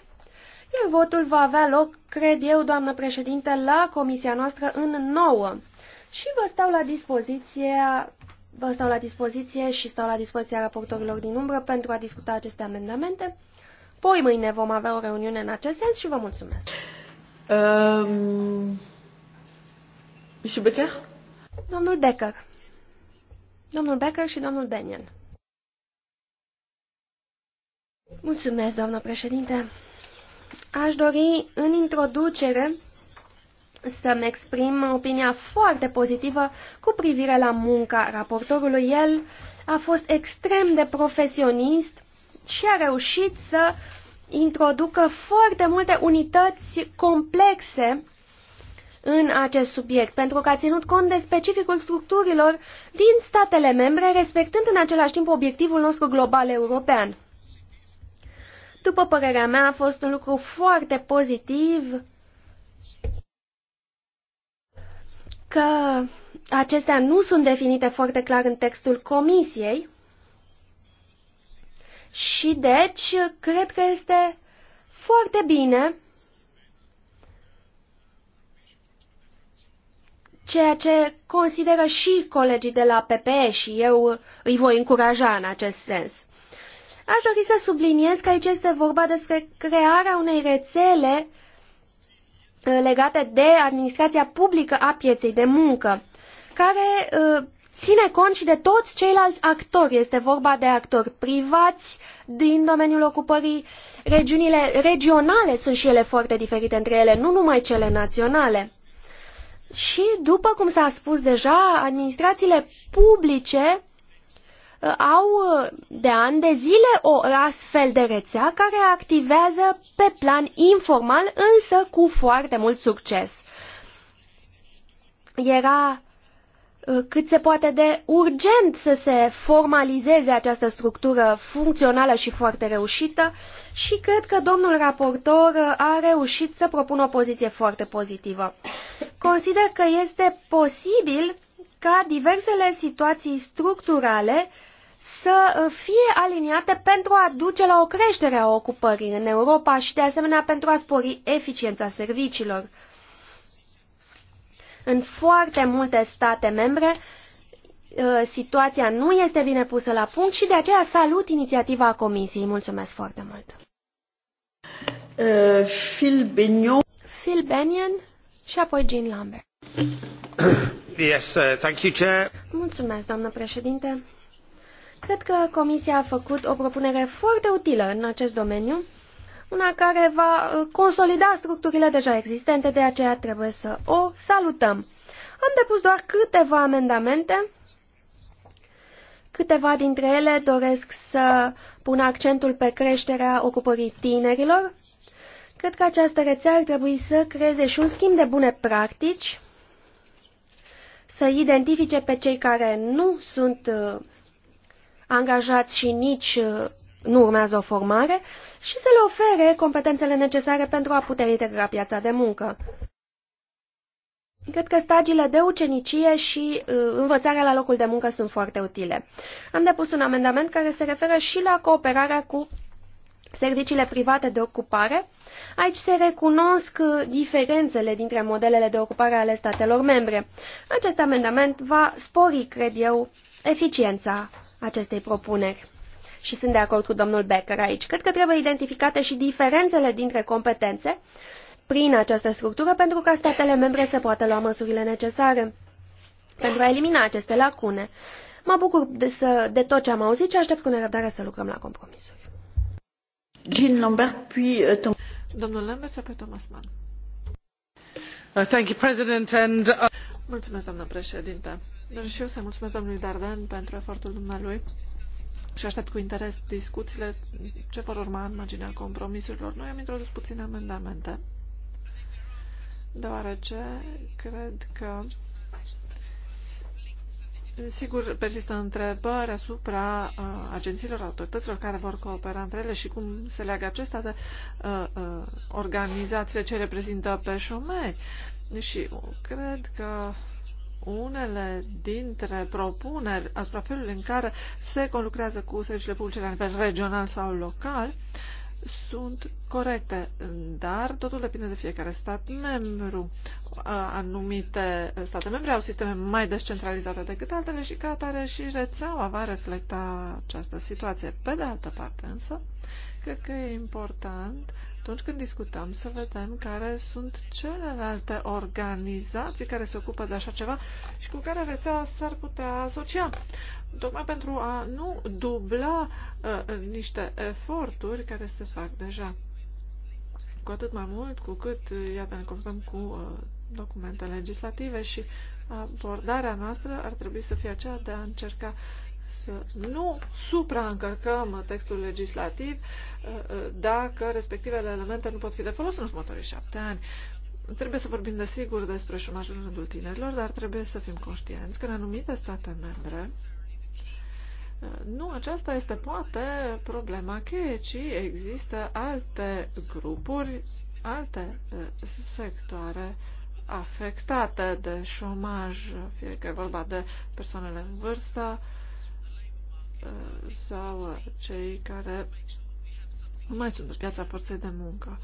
iar votul va avea loc, cred eu, doamnă președinte, la comisia noastră în 9. Și vă stau la dispoziție Vă stau la dispoziție și stau la dispoziția raportorilor din umbră pentru a discuta aceste amendamente. Poi mâine vom avea o reuniune în acest sens și vă mulțumesc. Um, ehm, și Becker? Domnul Becker. Domnul Becker și domnul Benion. Mulțumesc, doamnă președinte. Aș dori, în introducere, să-mi exprim opinia foarte pozitivă cu privire la munca raportorului. El a fost extrem de profesionist și a reușit să introducă foarte multe unități complexe în acest subiect, pentru că a ținut cont de specificul structurilor din statele membre, respectând în același timp obiectivul nostru global european. După părerea mea, a fost un lucru foarte pozitiv că acestea nu sunt definite foarte clar în textul comisiei și deci, cred că este foarte bine ceea ce consideră și colegii de la PPE și eu îi voi încuraja în acest sens. Aș dori să subliniez că aici este vorba despre crearea unei rețele uh, legate de administrația publică a pieței de muncă, care uh, ține cont și de toți ceilalți actori. Este vorba de actori privați din domeniul ocupării. Regiunile regionale sunt și ele foarte diferite între ele, nu numai cele naționale. Și, după cum s-a spus deja, administrațiile publice uh, au uh, de ani de zile o astfel de rețea care activează pe plan informal, însă cu foarte mult succes. Era Uh, cât se poate de urgent să se formalizeze această structură funcțională și foarte reușită și cred că domnul raportor uh, a reușit să propună o poziție foarte pozitivă. Consider că este posibil ca diversele situații structurale să uh, fie aliniate pentru a duce la o creștere a ocupării în Europa și de asemenea pentru a spori eficiența serviciilor. În foarte multe state membre, uh, situația nu este bine pusă la punct și de aceea salut inițiativa Comisiei. Mulțumesc foarte mult! Uh, Phil Benyon. Phil Benyon și apoi Jean Lambert. yes, uh, thank you, Chair. Mulțumesc, doamnă președinte. Cred că Comisia a făcut o propunere foarte utilă în acest domeniu una care va uh, consolida structurile deja existente, de aceea trebuie să o salutăm. Am depus doar câteva amendamente. Câteva dintre ele doresc să pun accentul pe creșterea ocupării tinerilor. Cred că această rețea ar trebui să creeze și un schimb de bune practici, să identifice pe cei care nu sunt uh, angajați și nici uh, nu urmează o formare și să le ofere competențele necesare pentru a putea integra piața de muncă. Cred că stagiile de ucenicie și uh, învățarea la locul de muncă sunt foarte utile. Am depus un amendament care se referă și la cooperarea cu serviciile private de ocupare. Aici se recunosc uh, diferențele dintre modelele de ocupare ale statelor membre. Acest amendament va spori, cred eu, eficiența acestei propuneri și sunt de acord cu domnul Becker aici. Cred că trebuie identificate și diferențele dintre competențe prin această structură pentru ca statele membre să poată lua măsurile necesare pentru a elimina aceste lacune. Mă bucur de, să, de tot ce am auzit și aștept cu nerăbdare să lucrăm la compromisuri. Jean Lambert, puis, uh, Tom... Domnul Lambert apoi Thomas Mann. Uh, thank you, President, and, uh... Mulțumesc, doamnă președinte. Dar și eu să mulțumesc domnului Darden pentru efortul dumnealui și aștept cu interes discuțiile ce vor urma în marginea compromisurilor. Noi am introdus puține amendamente, deoarece cred că Sigur, persistă întrebări asupra uh, agențiilor, autorităților care vor coopera între ele și cum se leagă acestea de uh, uh, organizațiile ce reprezintă pe șomeri. Și cred că unele dintre propuneri asupra felului în care se conlucrează cu serviciile publice la nivel regional sau local sunt corecte, dar totul depinde de fiecare stat membru. Anumite state membre au sisteme mai descentralizate decât altele și ca atare și rețeaua va reflecta această situație. Pe de altă parte însă, cred că e important atunci când discutăm să vedem care sunt celelalte organizații care se ocupă de așa ceva și cu care rețeaua s-ar putea asocia. Tocmai pentru a nu dubla uh, niște eforturi care se fac deja. Cu atât mai mult cu cât, uh, iată, ne confruntăm cu uh, documente legislative și abordarea noastră ar trebui să fie aceea de a încerca să nu supraîncărcăm textul legislativ uh, uh, dacă respectivele elemente nu pot fi de folos în următorii șapte ani. Trebuie să vorbim desigur despre șumajul în rândul tinerilor, dar trebuie să fim conștienți că în anumite state membre uh, nu, aceasta este poate problema cheie, ci există alte grupuri, alte sectoare afectate de șomaj, fie că e vorba de persoanele în vârstă, Uh, sau cei care nu mai sunt pe piața forței de muncă.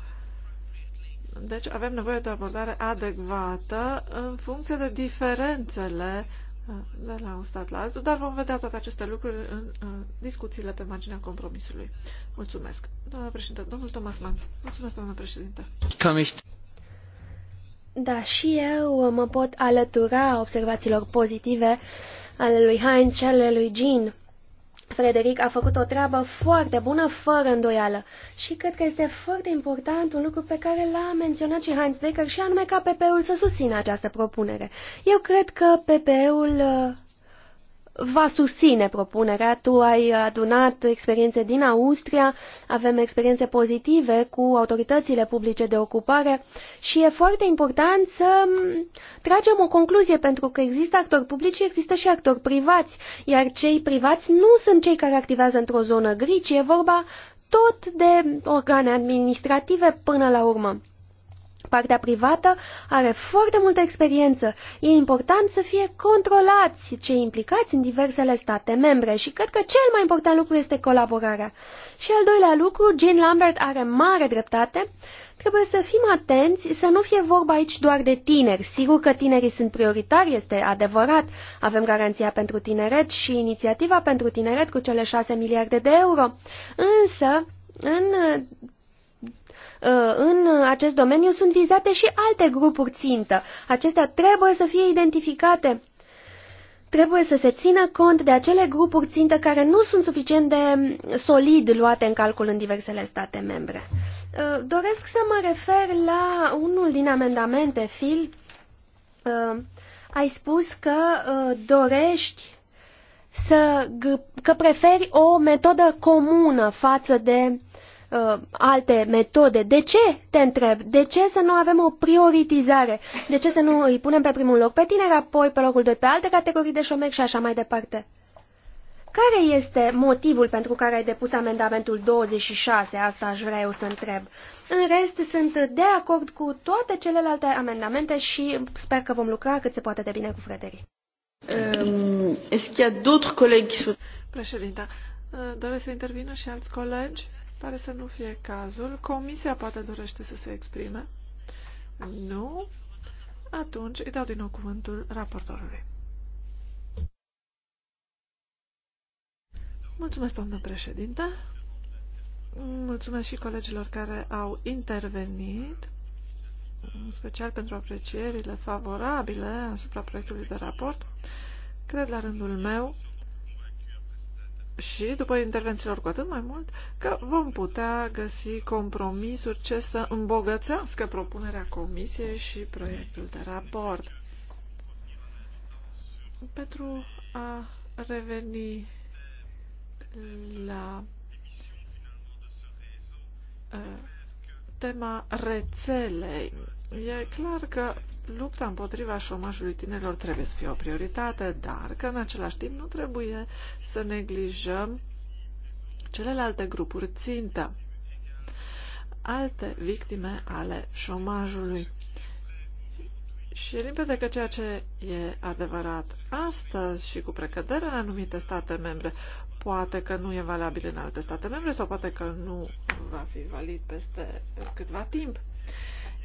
Deci avem nevoie de o abordare adecvată în funcție de diferențele uh, de la un stat la altul, dar vom vedea toate aceste lucruri în uh, discuțiile pe marginea compromisului. Mulțumesc. Doamna președinte, domnul Thomas Mann. Mulțumesc, doamna președinte. Comiști. Da, și eu mă pot alătura observațiilor pozitive ale lui Heinz și ale lui Jean. Frederic a făcut o treabă foarte bună, fără îndoială. Și cred că este foarte important un lucru pe care l-a menționat și Heinz Decker, și anume ca PP-ul să susțină această propunere. Eu cred că PP-ul uh, va susține propunerea. Tu ai adunat experiențe din Austria, avem experiențe pozitive cu autoritățile publice de ocupare și e foarte important să mm, tragem o concluzie pentru că există actori publici și există și actori privați, iar cei privați nu sunt cei care activează într-o zonă gri, ci e vorba tot de organe administrative până la urmă. Partea privată are foarte multă experiență. E important să fie controlați cei implicați în diversele state membre și cred că cel mai important lucru este colaborarea. Și al doilea lucru, Jean Lambert are mare dreptate. Trebuie să fim atenți, să nu fie vorba aici doar de tineri. Sigur că tinerii sunt prioritari, este adevărat. Avem garanția pentru tineret și inițiativa pentru tineret cu cele 6 miliarde de euro. Însă, în Uh, în acest domeniu sunt vizate și alte grupuri țintă. Acestea trebuie să fie identificate. Trebuie să se țină cont de acele grupuri țintă care nu sunt suficient de solid luate în calcul în diversele state membre. Uh, doresc să mă refer la unul din amendamente, Phil. Uh, ai spus că dorești să, că preferi o metodă comună față de uh, alte metode. De ce, te întreb, de ce să nu avem o prioritizare? De ce să nu îi punem pe primul loc pe tineri, apoi pe locul 2 pe alte categorii de șomeri și așa mai departe? Care este motivul pentru care ai depus amendamentul 26? Asta aș vrea eu să întreb. În rest, sunt de acord cu toate celelalte amendamente și sper că vom lucra cât se poate de bine cu Frederic. Um, Președinte, ce doresc să intervină și alți colegi? Pare să nu fie cazul. Comisia poate dorește să se exprime? Nu? Atunci îi dau din nou cuvântul raportorului. Mulțumesc, doamnă președinte. Mulțumesc și colegilor care au intervenit, în special pentru aprecierile favorabile asupra proiectului de raport. Cred la rândul meu și, după intervențiilor cu atât mai mult, că vom putea găsi compromisuri ce să îmbogățească propunerea Comisiei și proiectul de raport. Pentru a reveni la uh, tema rețelei, e clar că lupta împotriva șomajului tinerilor trebuie să fie o prioritate, dar că în același timp nu trebuie să neglijăm celelalte grupuri țintă, alte victime ale șomajului. Și e limpede că ceea ce e adevărat astăzi și cu precădere în anumite state membre, poate că nu e valabil în alte state membre sau poate că nu va fi valid peste câtva timp.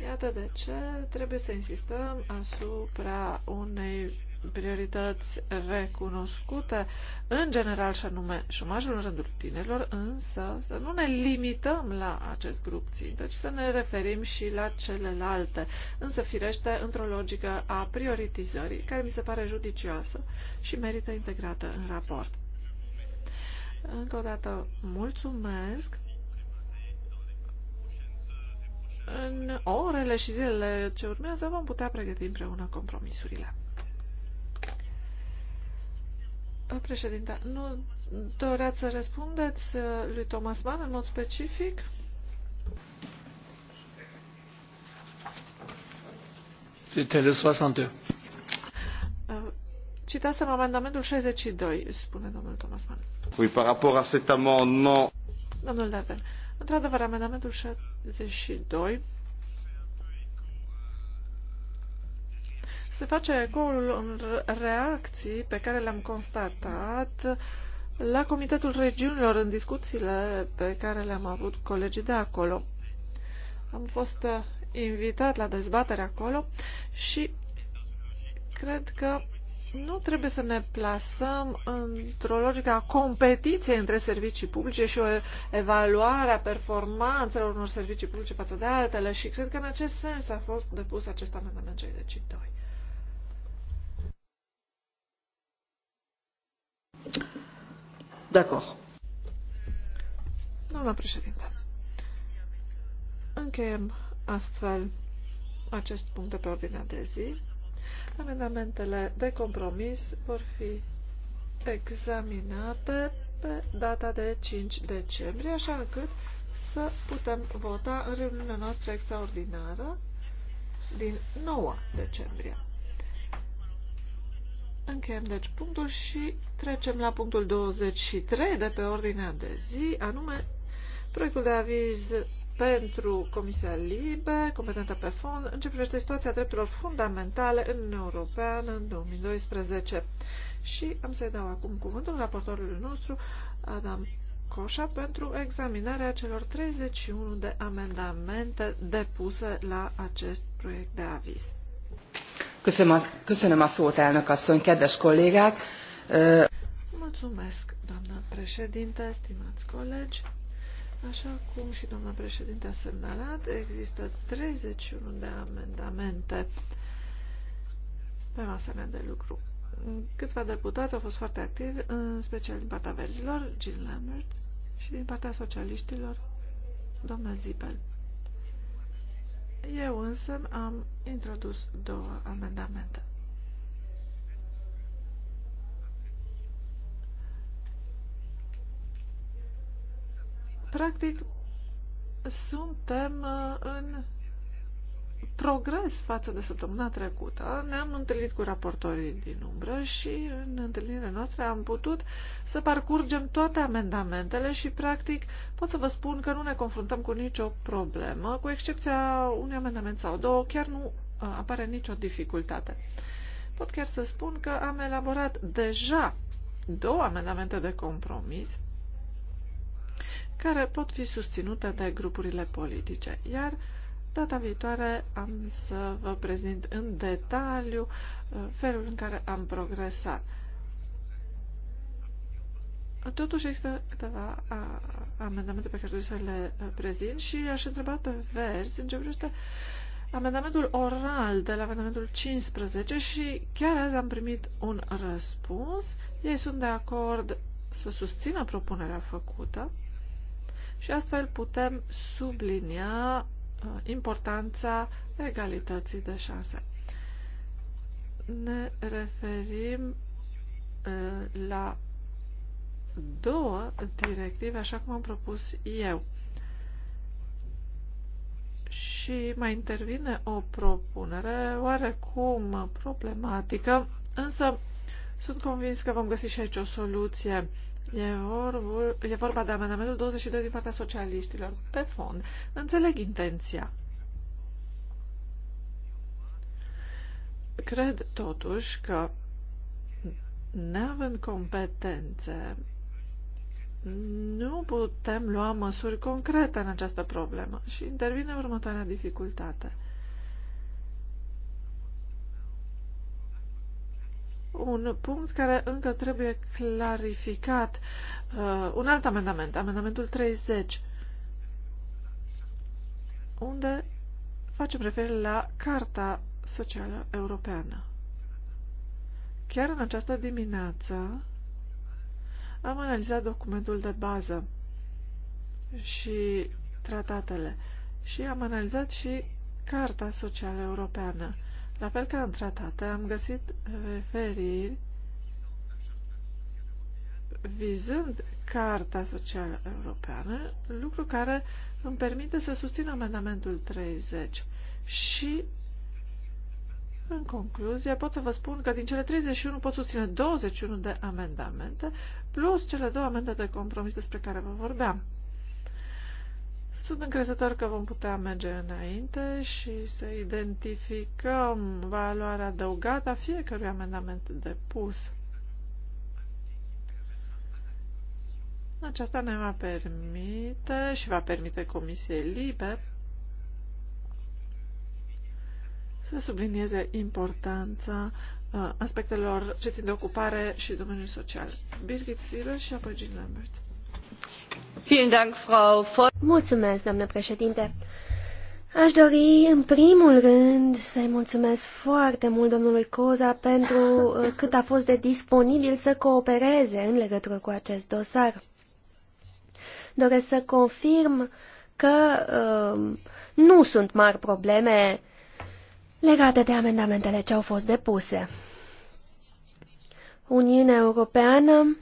Iată de ce trebuie să insistăm asupra unei priorități recunoscute în general și anume șomajul în rândul tinerilor, însă să nu ne limităm la acest grup țintă, ci să ne referim și la celelalte, însă firește într-o logică a prioritizării care mi se pare judicioasă și merită integrată în raport. Încă o dată mulțumesc în orele și zilele ce urmează vom putea pregăti împreună compromisurile. Președinte, nu doreați să răspundeți uh, lui Thomas Mann în mod specific? Citați le 62. Uh, amendamentul 62, spune domnul Thomas Mann. Oui, par rapport à cet amendement... Domnul Darden, într-adevăr, amendamentul 62 22 se face ecoul în reacții pe care le-am constatat la Comitetul Regiunilor în discuțiile pe care le-am avut colegii de acolo. Am fost uh, invitat la dezbatere acolo și cred că nu trebuie să ne plasăm într-o logică a competiției între servicii publice și o evaluare a performanțelor unor servicii publice față de altele și cred că în acest sens a fost depus acest amendament 62. D'accord. Doamna președinte, încheiem astfel acest punct de pe ordinea de zi. Amendamentele de compromis vor fi examinate pe data de 5 decembrie, așa încât să putem vota în reuniunea noastră extraordinară din 9 decembrie. Încheiem deci punctul și trecem la punctul 23 de pe ordinea de zi, anume proiectul de aviz pentru Comisia Libe, competentă pe fond, în ce privește situația drepturilor fundamentale în Uniunea Europeană în 2012. Și am să-i dau acum cuvântul raportorului nostru, Adam Coșa, pentru examinarea celor 31 de amendamente depuse la acest proiect de aviz. Köszönöm a szót, elnök asszony, kedves kollégák! Mulțumesc, doamnă președinte, stimați colegi! Așa cum și doamna președinte a semnalat, există 31 de amendamente pe masa mea de lucru. Câțiva deputați au fost foarte activi, în special din partea verzilor, Jean Lambert, și din partea socialiștilor, doamna Zipel. Eu însă am introdus două amendamente. Practic, suntem uh, în progres față de săptămâna trecută. Ne-am întâlnit cu raportorii din umbră și în întâlnirea noastră am putut să parcurgem toate amendamentele și, practic, pot să vă spun că nu ne confruntăm cu nicio problemă, cu excepția unui amendament sau două, chiar nu uh, apare nicio dificultate. Pot chiar să spun că am elaborat deja două amendamente de compromis care pot fi susținute de grupurile politice. Iar data viitoare am să vă prezint în detaliu uh, felul în care am progresat. Totuși există câteva amendamente pe care trebuie să le uh, prezint și aș întreba pe verzi în ce privește amendamentul oral de la amendamentul 15 și chiar azi am primit un răspuns. Ei sunt de acord să susțină propunerea făcută și astfel putem sublinia uh, importanța egalității de șanse. Ne referim uh, la două directive, așa cum am propus eu. Și mai intervine o propunere oarecum problematică, însă sunt convins că vom găsi și aici o soluție E, vor, e vorba de amendamentul 22 din partea socialiștilor. Pe fond, înțeleg intenția. Cred totuși că neavând competențe, nu putem lua măsuri concrete în această problemă și intervine următoarea dificultate – un punct care încă trebuie clarificat. Uh, un alt amendament, amendamentul 30, unde facem referire la Carta Socială Europeană. Chiar în această dimineață am analizat documentul de bază și tratatele și am analizat și Carta Socială Europeană. La fel ca în tratate, am găsit referiri vizând Carta Socială Europeană, lucru care îmi permite să susțin amendamentul 30 și în concluzie, pot să vă spun că din cele 31 pot susține 21 de amendamente, plus cele două amende de compromis despre care vă vorbeam. Sunt încrezător că vom putea merge înainte și să identificăm valoarea adăugată a fiecărui amendament depus. Aceasta ne va permite și va permite Comisiei Libe să sublinieze importanța uh, aspectelor ce țin de ocupare și domeniul social. Birgit Siller și apoi Jean Lambert. Mulțumesc, doamnă președinte. Aș dori, în primul rând, să-i mulțumesc foarte mult domnului Coza pentru uh, cât a fost de disponibil să coopereze în legătură cu acest dosar. Doresc să confirm că uh, nu sunt mari probleme legate de amendamentele ce au fost depuse. Uniunea Europeană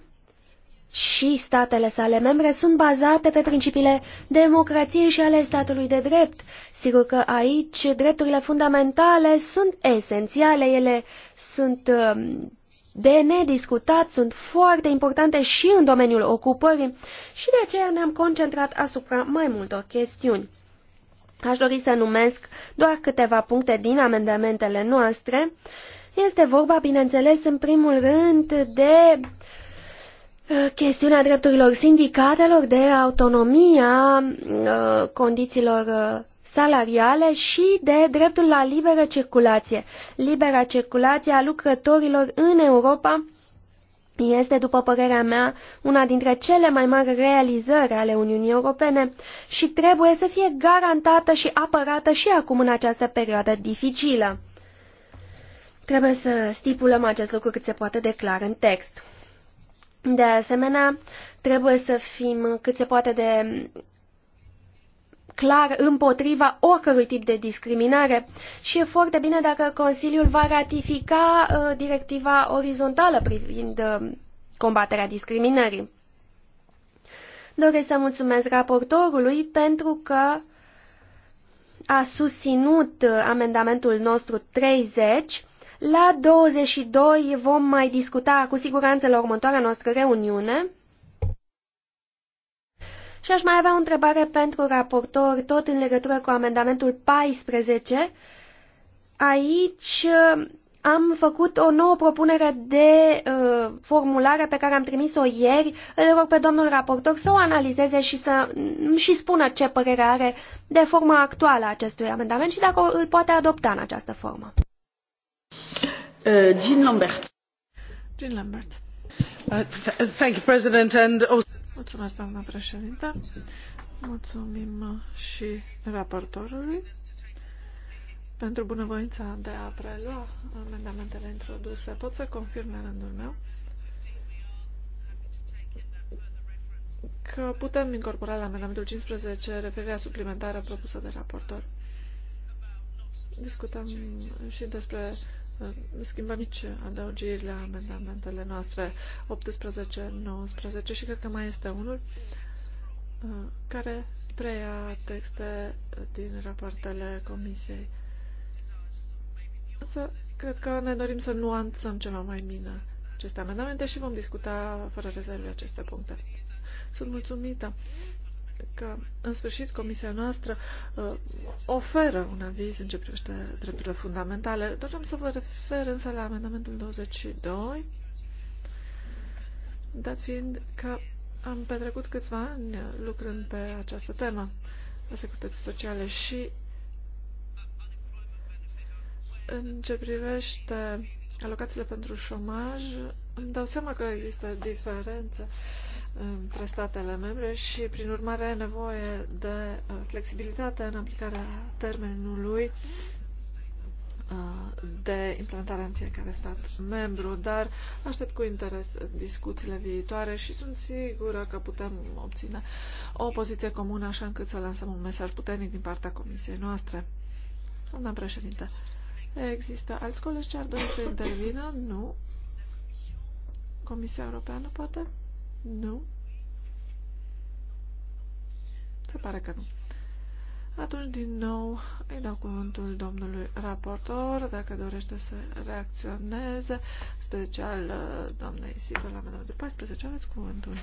și statele sale membre sunt bazate pe principiile democrației și ale statului de drept. Sigur că aici drepturile fundamentale sunt esențiale, ele sunt um, de nediscutat, sunt foarte importante și în domeniul ocupării și de aceea ne-am concentrat asupra mai multor chestiuni. Aș dori să numesc doar câteva puncte din amendamentele noastre. Este vorba, bineînțeles, în primul rând de Uh, chestiunea drepturilor sindicatelor, de autonomia uh, condițiilor uh, salariale și de dreptul la liberă circulație. Libera circulație a lucrătorilor în Europa este, după părerea mea, una dintre cele mai mari realizări ale Uniunii Europene și trebuie să fie garantată și apărată și acum în această perioadă dificilă. Trebuie să stipulăm acest lucru cât se poate declar în text. De asemenea, trebuie să fim cât se poate de clar împotriva oricărui tip de discriminare și e foarte bine dacă Consiliul va ratifica uh, directiva orizontală privind uh, combaterea discriminării. Doresc să mulțumesc raportorului pentru că a susținut uh, amendamentul nostru 30 la 22 vom mai discuta cu siguranță la următoarea noastră reuniune. Și aș mai avea o întrebare pentru raportor, tot în legătură cu amendamentul 14. Aici uh, am făcut o nouă propunere de uh, formulare pe care am trimis-o ieri. Îl rog pe domnul raportor să o analizeze și să mm, și spună ce părere are de forma actuală a acestui amendament și dacă îl poate adopta în această formă. Uh, Jean Lambert. Jean Lambert. Uh, thank you, President, Mulțumim și raportorului pentru bunăvoința de a prelua amendamentele introduse. Pot să confirm în rândul meu că putem incorpora la amendamentul 15 referirea suplimentară propusă de raportor. Discutăm și despre schimbăm mici adăugiri la amendamentele noastre 18, 19 și cred că mai este unul uh, care preia texte din rapoartele comisiei. Însă, cred că ne dorim să nuanțăm ceva mai bine aceste amendamente și vom discuta fără rezerve aceste puncte. Sunt mulțumită că, în sfârșit, Comisia noastră uh, oferă un aviz în ce privește drepturile fundamentale. Doar am să vă refer însă la amendamentul 22, dat fiind că am petrecut câțiva ani lucrând pe această temă a securității sociale și în ce privește alocațiile pentru șomaj, îmi dau seama că există diferențe uh, între statele membre și, prin urmare, e nevoie de uh, flexibilitate în aplicarea termenului uh, de implementare în fiecare stat membru, dar aștept cu interes discuțiile viitoare și sunt sigură că putem obține o poziție comună așa încât să lansăm un mesaj puternic din partea comisiei noastre. Doamna președinte, există alți colegi ce ar dori să intervină? Nu. Comisia Europeană, poate? Nu? Se pare că nu. Atunci, din nou, îi dau cuvântul domnului raportor, dacă dorește să reacționeze, special uh, doamnei Sigur, la de 14, aveți cuvântul.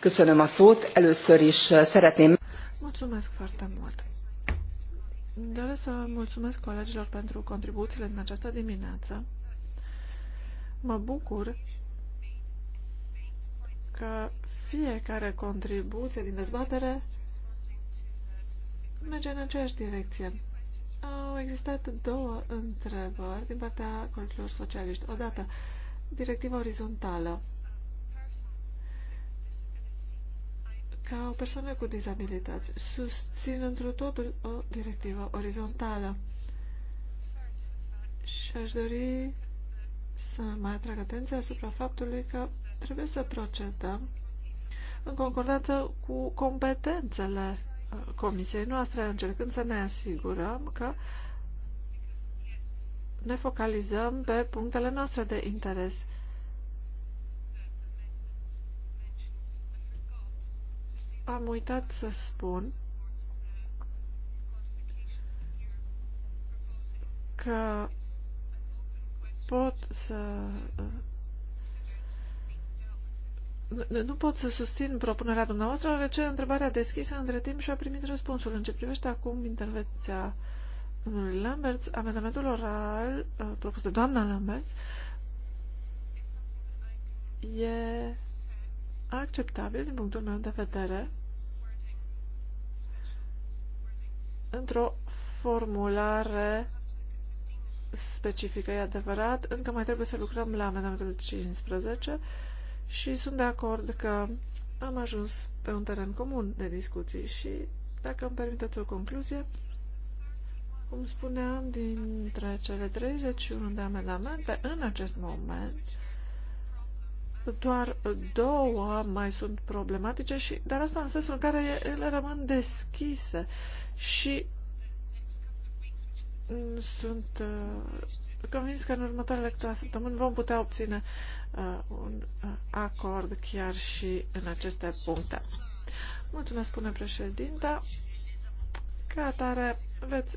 Căsălăm a szót, először is uh, Mulțumesc foarte mult. Doresc să mulțumesc colegilor pentru contribuțiile din această dimineață. Mă bucur că fiecare contribuție din dezbatere merge în aceeași direcție. Au existat două întrebări din partea colegilor socialiști. Odată, directiva orizontală. Ca o persoană cu dizabilități, susțin într totul o directivă orizontală. Și aș dori să mai atrag atenția asupra faptului că Trebuie să procedăm în concordanță cu competențele uh, comisiei noastre, încercând să ne asigurăm că ne focalizăm pe punctele noastre de interes. Am uitat să spun că pot să uh, nu pot să susțin propunerea dumneavoastră, deoarece întrebarea deschisă între timp și-a primit răspunsul. În ce privește acum intervenția domnului Lamberts, amendamentul oral uh, propus de doamna Lamberts e acceptabil din punctul meu de vedere într-o formulare specifică, e adevărat, încă mai trebuie să lucrăm la amendamentul 15 și sunt de acord că am ajuns pe un teren comun de discuții și, dacă îmi permiteți o concluzie, cum spuneam, dintre cele 31 de amendamente, în acest moment, doar două mai sunt problematice, și, dar asta în sensul în care ele rămân deschise și sunt uh, convins că în următoarele câteva săptămâni vom putea obține uh, un uh, acord chiar și în aceste puncte. Mulțumesc, spune președinta. Ca atare, veți,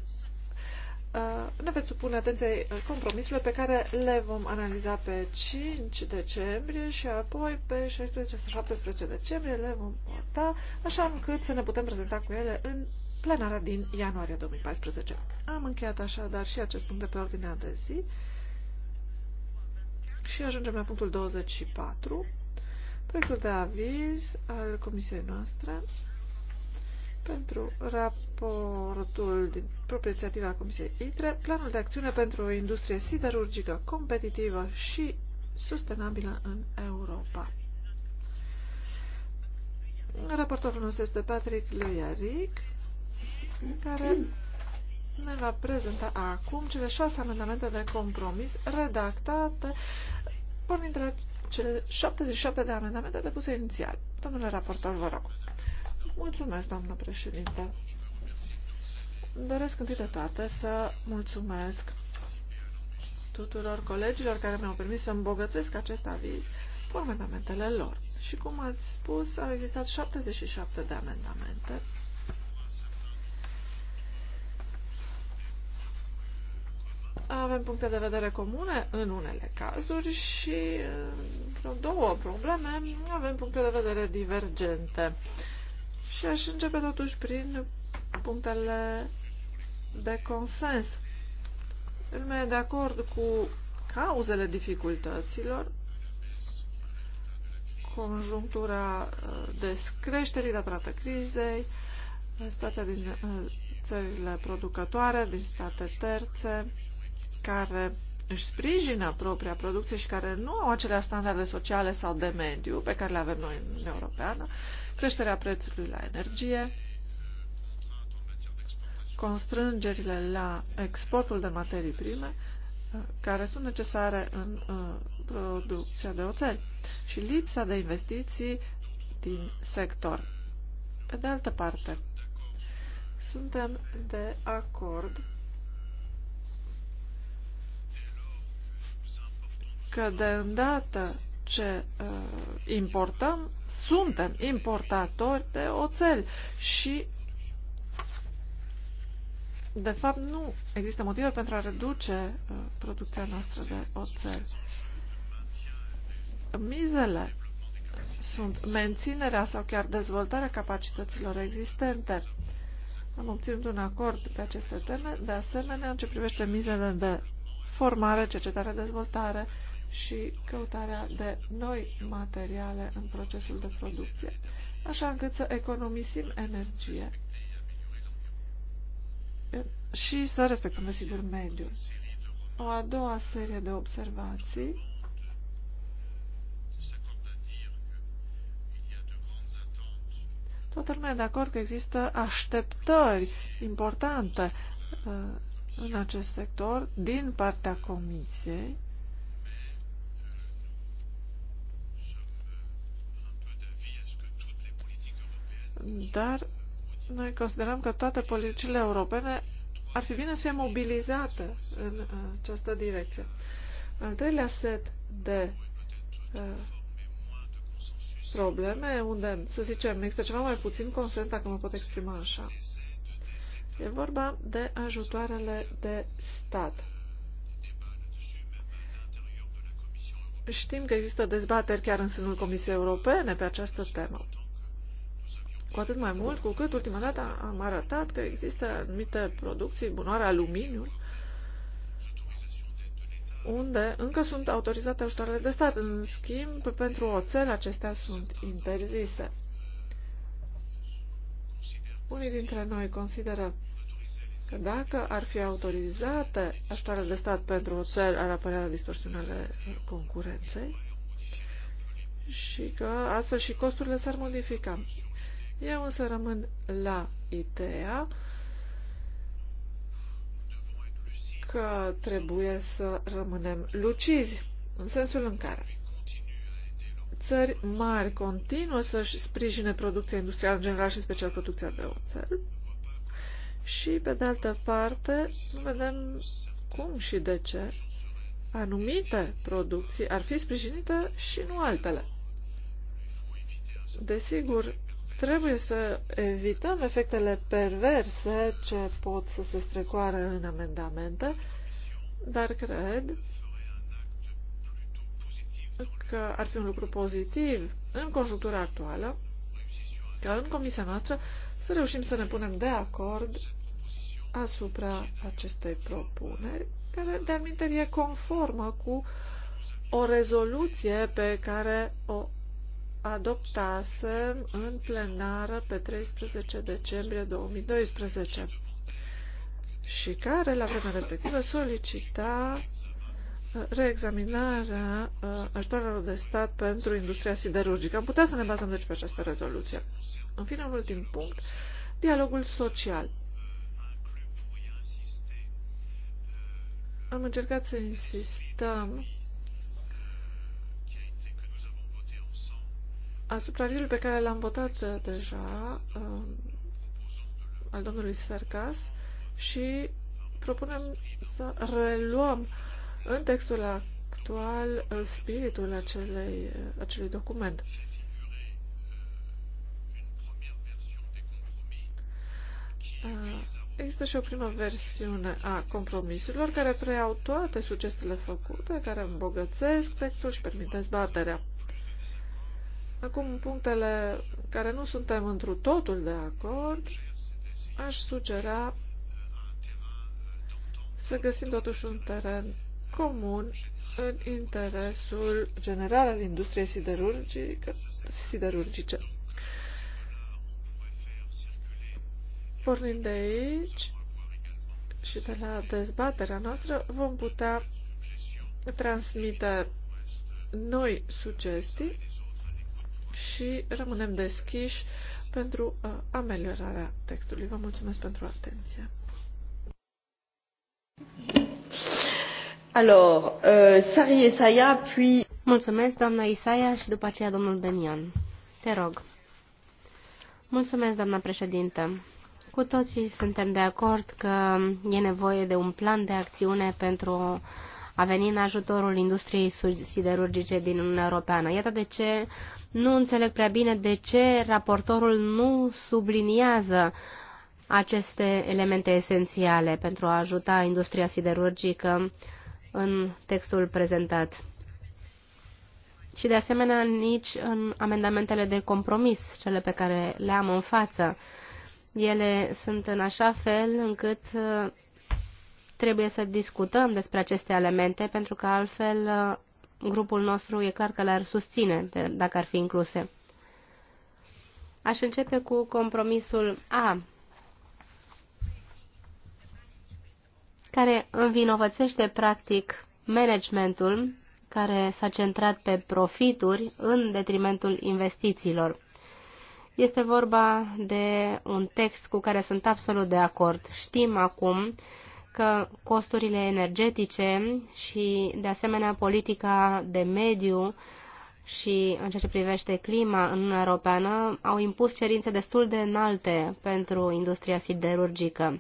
uh, ne veți supune atenției uh, compromisurile pe care le vom analiza pe 5 decembrie și apoi pe 16-17 decembrie le vom vota, așa încât să ne putem prezenta cu ele în plenara din ianuarie 2014. Am încheiat așadar și acest punct de pe ordinea de zi și ajungem la punctul 24, proiectul de aviz al comisiei noastre pentru raportul din propriețativă Comisiei ITRE, planul de acțiune pentru o industrie siderurgică competitivă și sustenabilă în Europa. Raportorul nostru este Patrick Leiaric, care ne va prezenta acum cele șase amendamente de compromis redactate pornind de la cele 77 de amendamente depuse inițial. Domnule raportor, vă rog. Mulțumesc, doamnă președinte. Doresc întâi de toate să mulțumesc tuturor colegilor care mi-au permis să îmbogățesc acest aviz cu amendamentele lor. Și cum ați spus, au existat 77 de amendamente avem puncte de vedere comune în unele cazuri și în două probleme avem puncte de vedere divergente. Și aș începe totuși prin punctele de consens. Lumea e de acord cu cauzele dificultăților, conjunctura uh, descreșterii datorată crizei, uh, situația din uh, țările producătoare, din state terțe, care își sprijină propria producție și care nu au aceleași standarde sociale sau de mediu pe care le avem noi în Uniunea Europeană, creșterea prețului la energie, constrângerile la exportul de materii prime uh, care sunt necesare în uh, producția de oțel și lipsa de investiții din sector. Pe de altă parte, suntem de acord că de îndată ce uh, importăm, suntem importatori de oțel și de fapt nu există motive pentru a reduce uh, producția noastră de oțel. Mizele sunt menținerea sau chiar dezvoltarea capacităților existente. Am obținut un acord pe aceste teme, de asemenea în ce privește mizele de formare, cercetare, dezvoltare, uh, și căutarea de noi materiale în procesul de producție, așa încât să economisim energie și să respectăm, desigur, mediul. O a doua serie de observații Toată lumea e de acord că există așteptări importante uh, în acest sector din partea Comisiei Dar noi considerăm că toate politicile europene ar fi bine să fie mobilizate în uh, această direcție. Al treilea set de uh, probleme, unde, să zicem, există ceva mai puțin consens, dacă mă pot exprima așa. E vorba de ajutoarele de stat. Știm că există dezbateri chiar în sânul Comisiei Europene pe această temă. Cu atât mai mult cu cât ultima dată am arătat că există anumite producții, bunoare, aluminiu, unde încă sunt autorizate ajutoarele de stat. În schimb, pentru oțel, acestea sunt interzise. Unii dintre noi consideră că dacă ar fi autorizate ajutoarele de stat pentru oțel, ar apărea distorsiunile concurenței și că astfel și costurile s-ar modifica. Eu însă rămân la ideea că trebuie să rămânem lucizi, în sensul în care țări mari continuă să-și sprijine producția industrială în general și în special producția de oțel. Și, pe de altă parte, vedem cum și de ce anumite producții ar fi sprijinite și nu altele. Desigur, Trebuie să evităm efectele perverse ce pot să se strecoare în amendamente, dar cred că ar fi un lucru pozitiv în conjunctura actuală că în comisia noastră să reușim să ne punem de acord asupra acestei propuneri, care de anumite e conformă cu o rezoluție pe care o adoptase în plenară pe 13 decembrie 2012 și care, la vremea respectivă, solicita uh, reexaminarea uh, ajutoarelor de stat pentru industria siderurgică. Am putea să ne bazăm, deci, pe această rezoluție. În fine, un ultim punct. Dialogul social. Am încercat să insistăm Asupra avizului pe care l-am votat uh, deja, um, al domnului Sercas, și propunem să reluăm în textul actual uh, spiritul acelei, uh, acelui document. Există și o primă versiune a compromisurilor care preiau toate sugestiile făcute, care îmbogățesc textul și permite dezbaterea. Acum, punctele care nu suntem întru totul de acord, aș sugera să găsim totuși un teren comun în interesul general al industriei siderurgice. siderurgice. Pornind de aici și de la dezbaterea noastră, vom putea transmite noi sugestii și rămânem deschiși pentru uh, ameliorarea textului. Vă mulțumesc pentru atenție. Alors, euh, Sari Isaia, puis... Mulțumesc, doamna Isaia, și după aceea domnul Benian. Te rog. Mulțumesc, doamna președintă. Cu toții suntem de acord că e nevoie de un plan de acțiune pentru a venit în ajutorul industriei siderurgice din Uniunea Europeană. Iată de ce nu înțeleg prea bine de ce raportorul nu subliniază aceste elemente esențiale pentru a ajuta industria siderurgică în textul prezentat. Și de asemenea nici în amendamentele de compromis, cele pe care le am în față. Ele sunt în așa fel încât uh, Trebuie să discutăm despre aceste elemente, pentru că altfel uh, grupul nostru e clar că le-ar susține dacă ar fi incluse. Aș începe cu compromisul A, care învinovățește practic managementul care s-a centrat pe profituri în detrimentul investițiilor. Este vorba de un text cu care sunt absolut de acord. Știm acum că costurile energetice și, de asemenea, politica de mediu și în ceea ce privește clima în Uniunea Europeană au impus cerințe destul de înalte pentru industria siderurgică.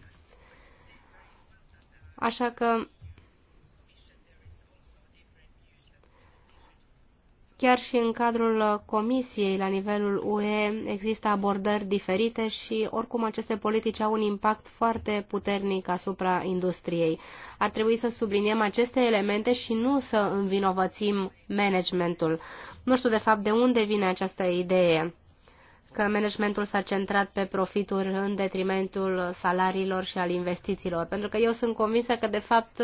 Așa că Chiar și în cadrul uh, Comisiei la nivelul UE există abordări diferite și oricum aceste politici au un impact foarte puternic asupra industriei. Ar trebui să subliniem aceste elemente și nu să învinovățim managementul. Nu știu de fapt de unde vine această idee că managementul s-a centrat pe profituri în detrimentul salariilor și al investițiilor. Pentru că eu sunt convinsă că, de fapt,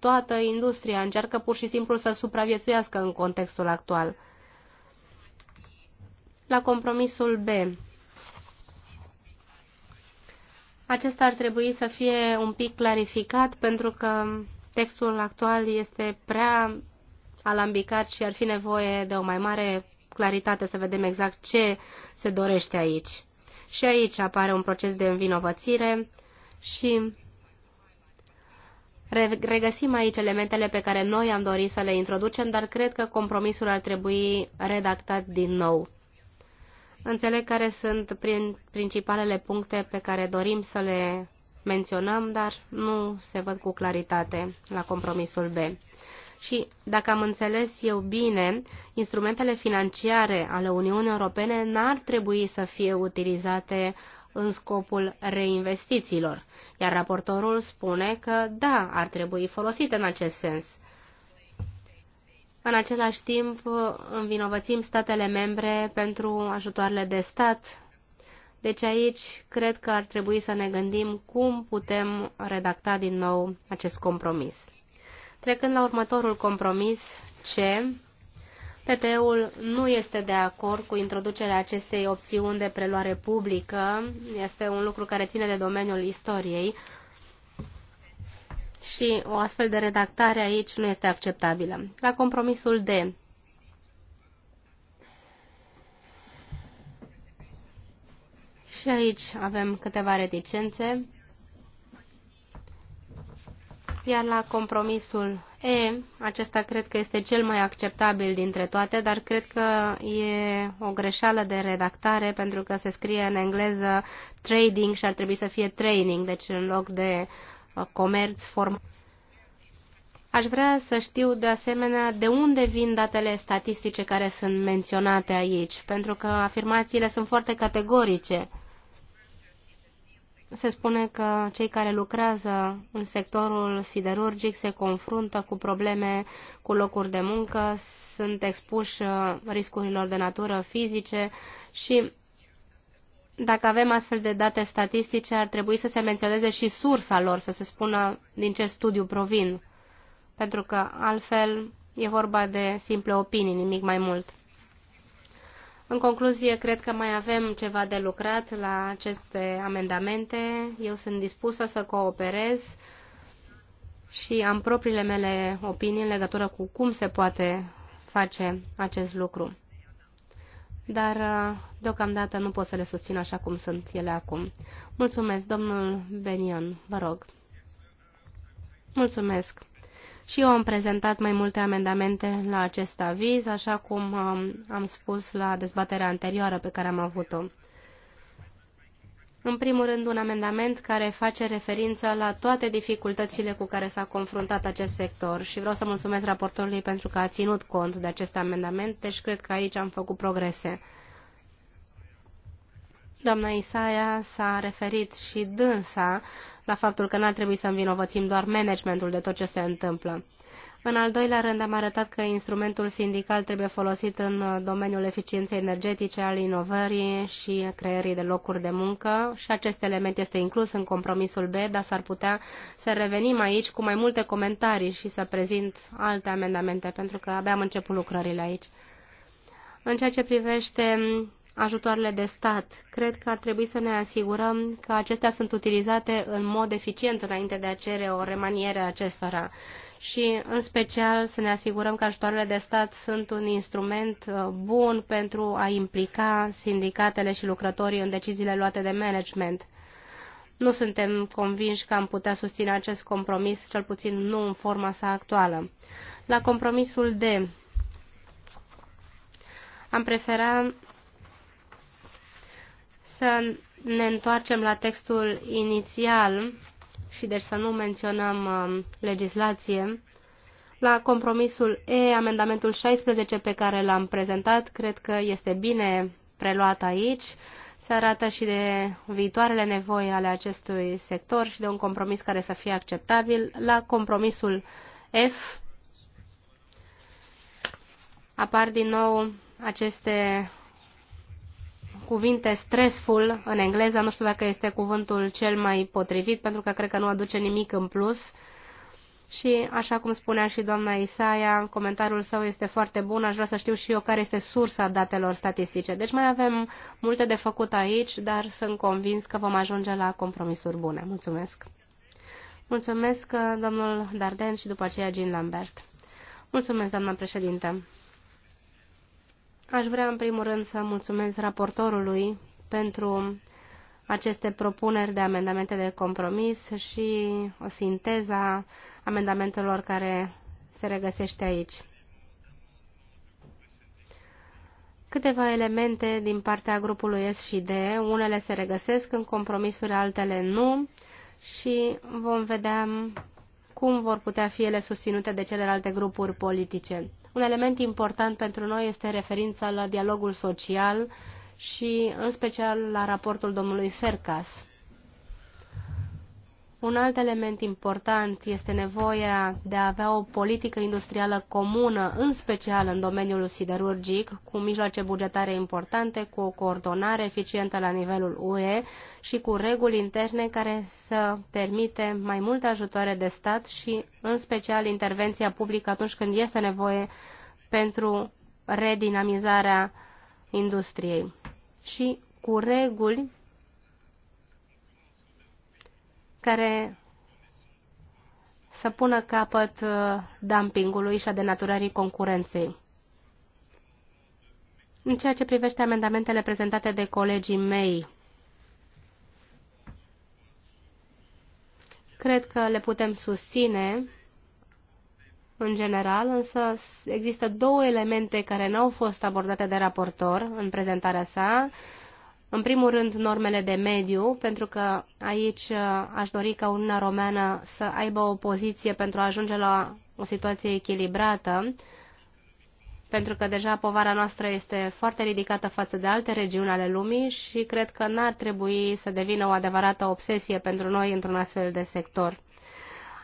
toată industria încearcă pur și simplu să supraviețuiască în contextul actual. La compromisul B. Acesta ar trebui să fie un pic clarificat pentru că textul actual este prea alambicat și ar fi nevoie de o mai mare claritate să vedem exact ce se dorește aici. Și aici apare un proces de învinovățire și Regăsim aici elementele pe care noi am dorit să le introducem, dar cred că compromisul ar trebui redactat din nou. Înțeleg care sunt prin principalele puncte pe care dorim să le menționăm, dar nu se văd cu claritate la compromisul B. Și, dacă am înțeles eu bine, instrumentele financiare ale Uniunii Europene n-ar trebui să fie utilizate în scopul reinvestițiilor, iar raportorul spune că da, ar trebui folosit în acest sens. În același timp, învinovățim statele membre pentru ajutoarele de stat. Deci aici cred că ar trebui să ne gândim cum putem redacta din nou acest compromis. Trecând la următorul compromis, ce PPE-ul nu este de acord cu introducerea acestei opțiuni de preluare publică. Este un lucru care ține de domeniul istoriei și o astfel de redactare aici nu este acceptabilă. La compromisul D. Și aici avem câteva reticențe. Iar la compromisul E, acesta cred că este cel mai acceptabil dintre toate, dar cred că e o greșeală de redactare pentru că se scrie în engleză trading și ar trebui să fie training, deci în loc de uh, comerț formal. Aș vrea să știu de asemenea de unde vin datele statistice care sunt menționate aici, pentru că afirmațiile sunt foarte categorice se spune că cei care lucrează în sectorul siderurgic se confruntă cu probleme cu locuri de muncă, sunt expuși uh, riscurilor de natură fizice și dacă avem astfel de date statistice, ar trebui să se menționeze și sursa lor, să se spună din ce studiu provin, pentru că altfel e vorba de simple opinii, nimic mai mult. În concluzie, cred că mai avem ceva de lucrat la aceste amendamente. Eu sunt dispusă să cooperez și am propriile mele opinii în legătură cu cum se poate face acest lucru. Dar uh, deocamdată nu pot să le susțin așa cum sunt ele acum. Mulțumesc, domnul Benion, vă rog. Mulțumesc. Și eu am prezentat mai multe amendamente la acest aviz, așa cum um, am spus la dezbaterea anterioară pe care am avut-o. În primul rând, un amendament care face referință la toate dificultățile cu care s-a confruntat acest sector și vreau să mulțumesc raportorului pentru că a ținut cont de acest amendament, deci cred că aici am făcut progrese. Doamna Isaia s-a referit și dânsa la faptul că n-ar trebui să învinovățim doar managementul de tot ce se întâmplă. În al doilea rând, am arătat că instrumentul sindical trebuie folosit în domeniul eficienței energetice, al inovării și creării de locuri de muncă și acest element este inclus în compromisul B, dar s-ar putea să revenim aici cu mai multe comentarii și să prezint alte amendamente, pentru că abia am început lucrările aici. În ceea ce privește ajutoarele de stat. Cred că ar trebui să ne asigurăm că acestea sunt utilizate în mod eficient înainte de a cere o remaniere a acestora și, în special, să ne asigurăm că ajutoarele de stat sunt un instrument uh, bun pentru a implica sindicatele și lucrătorii în deciziile luate de management. Nu suntem convinși că am putea susține acest compromis, cel puțin nu în forma sa actuală. La compromisul D, am preferat să ne întoarcem la textul inițial și deci să nu menționăm um, legislație. La compromisul E, amendamentul 16 pe care l-am prezentat, cred că este bine preluat aici. Se arată și de viitoarele nevoi ale acestui sector și de un compromis care să fie acceptabil. La compromisul F apar din nou aceste cuvinte stressful în engleză, nu știu dacă este cuvântul cel mai potrivit, pentru că cred că nu aduce nimic în plus. Și, așa cum spunea și doamna Isaia, comentariul său este foarte bun, aș vrea să știu și eu care este sursa datelor statistice. Deci mai avem multe de făcut aici, dar sunt convins că vom ajunge la compromisuri bune. Mulțumesc! Mulțumesc, domnul Darden și după aceea Jean Lambert. Mulțumesc, doamna președintă! Aș vrea în primul rând să mulțumesc raportorului pentru aceste propuneri de amendamente de compromis și o sinteza amendamentelor care se regăsește aici. Câteva elemente din partea grupului S și D, unele se regăsesc în compromisuri, altele nu și vom vedea cum vor putea fi ele susținute de celelalte grupuri politice. Un element important pentru noi este referința la dialogul social și în special la raportul domnului Sercas. Un alt element important este nevoia de a avea o politică industrială comună, în special în domeniul siderurgic, cu mijloace bugetare importante, cu o coordonare eficientă la nivelul UE și cu reguli interne care să permite mai multe ajutoare de stat și, în special, intervenția publică atunci când este nevoie pentru redinamizarea industriei și cu reguli care să pună capăt uh, dumpingului și a denaturării concurenței. În ceea ce privește amendamentele prezentate de colegii mei, cred că le putem susține în general, însă există două elemente care nu au fost abordate de raportor în prezentarea sa în primul rând, normele de mediu, pentru că aici uh, aș dori ca Uniunea română să aibă o poziție pentru a ajunge la o situație echilibrată, pentru că deja povara noastră este foarte ridicată față de alte regiuni ale lumii și cred că n-ar trebui să devină o adevărată obsesie pentru noi într-un astfel de sector.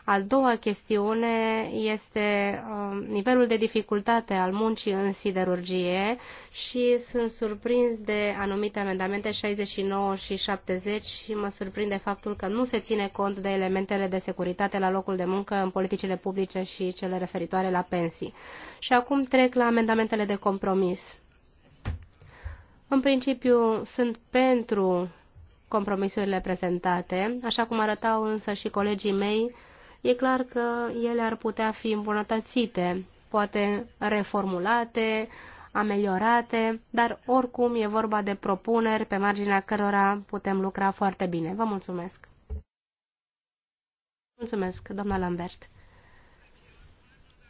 Al doua chestiune este um, nivelul de dificultate al muncii în siderurgie și sunt surprins de anumite amendamente 69 și 70 și mă surprinde faptul că nu se ține cont de elementele de securitate la locul de muncă în politicile publice și cele referitoare la pensii. Și acum trec la amendamentele de compromis. În principiu, sunt pentru compromisurile prezentate, așa cum arătau însă și colegii mei, E clar că ele ar putea fi îmbunătățite, poate reformulate, ameliorate, dar oricum e vorba de propuneri pe marginea cărora putem lucra foarte bine. Vă mulțumesc! Mulțumesc, doamna Lambert!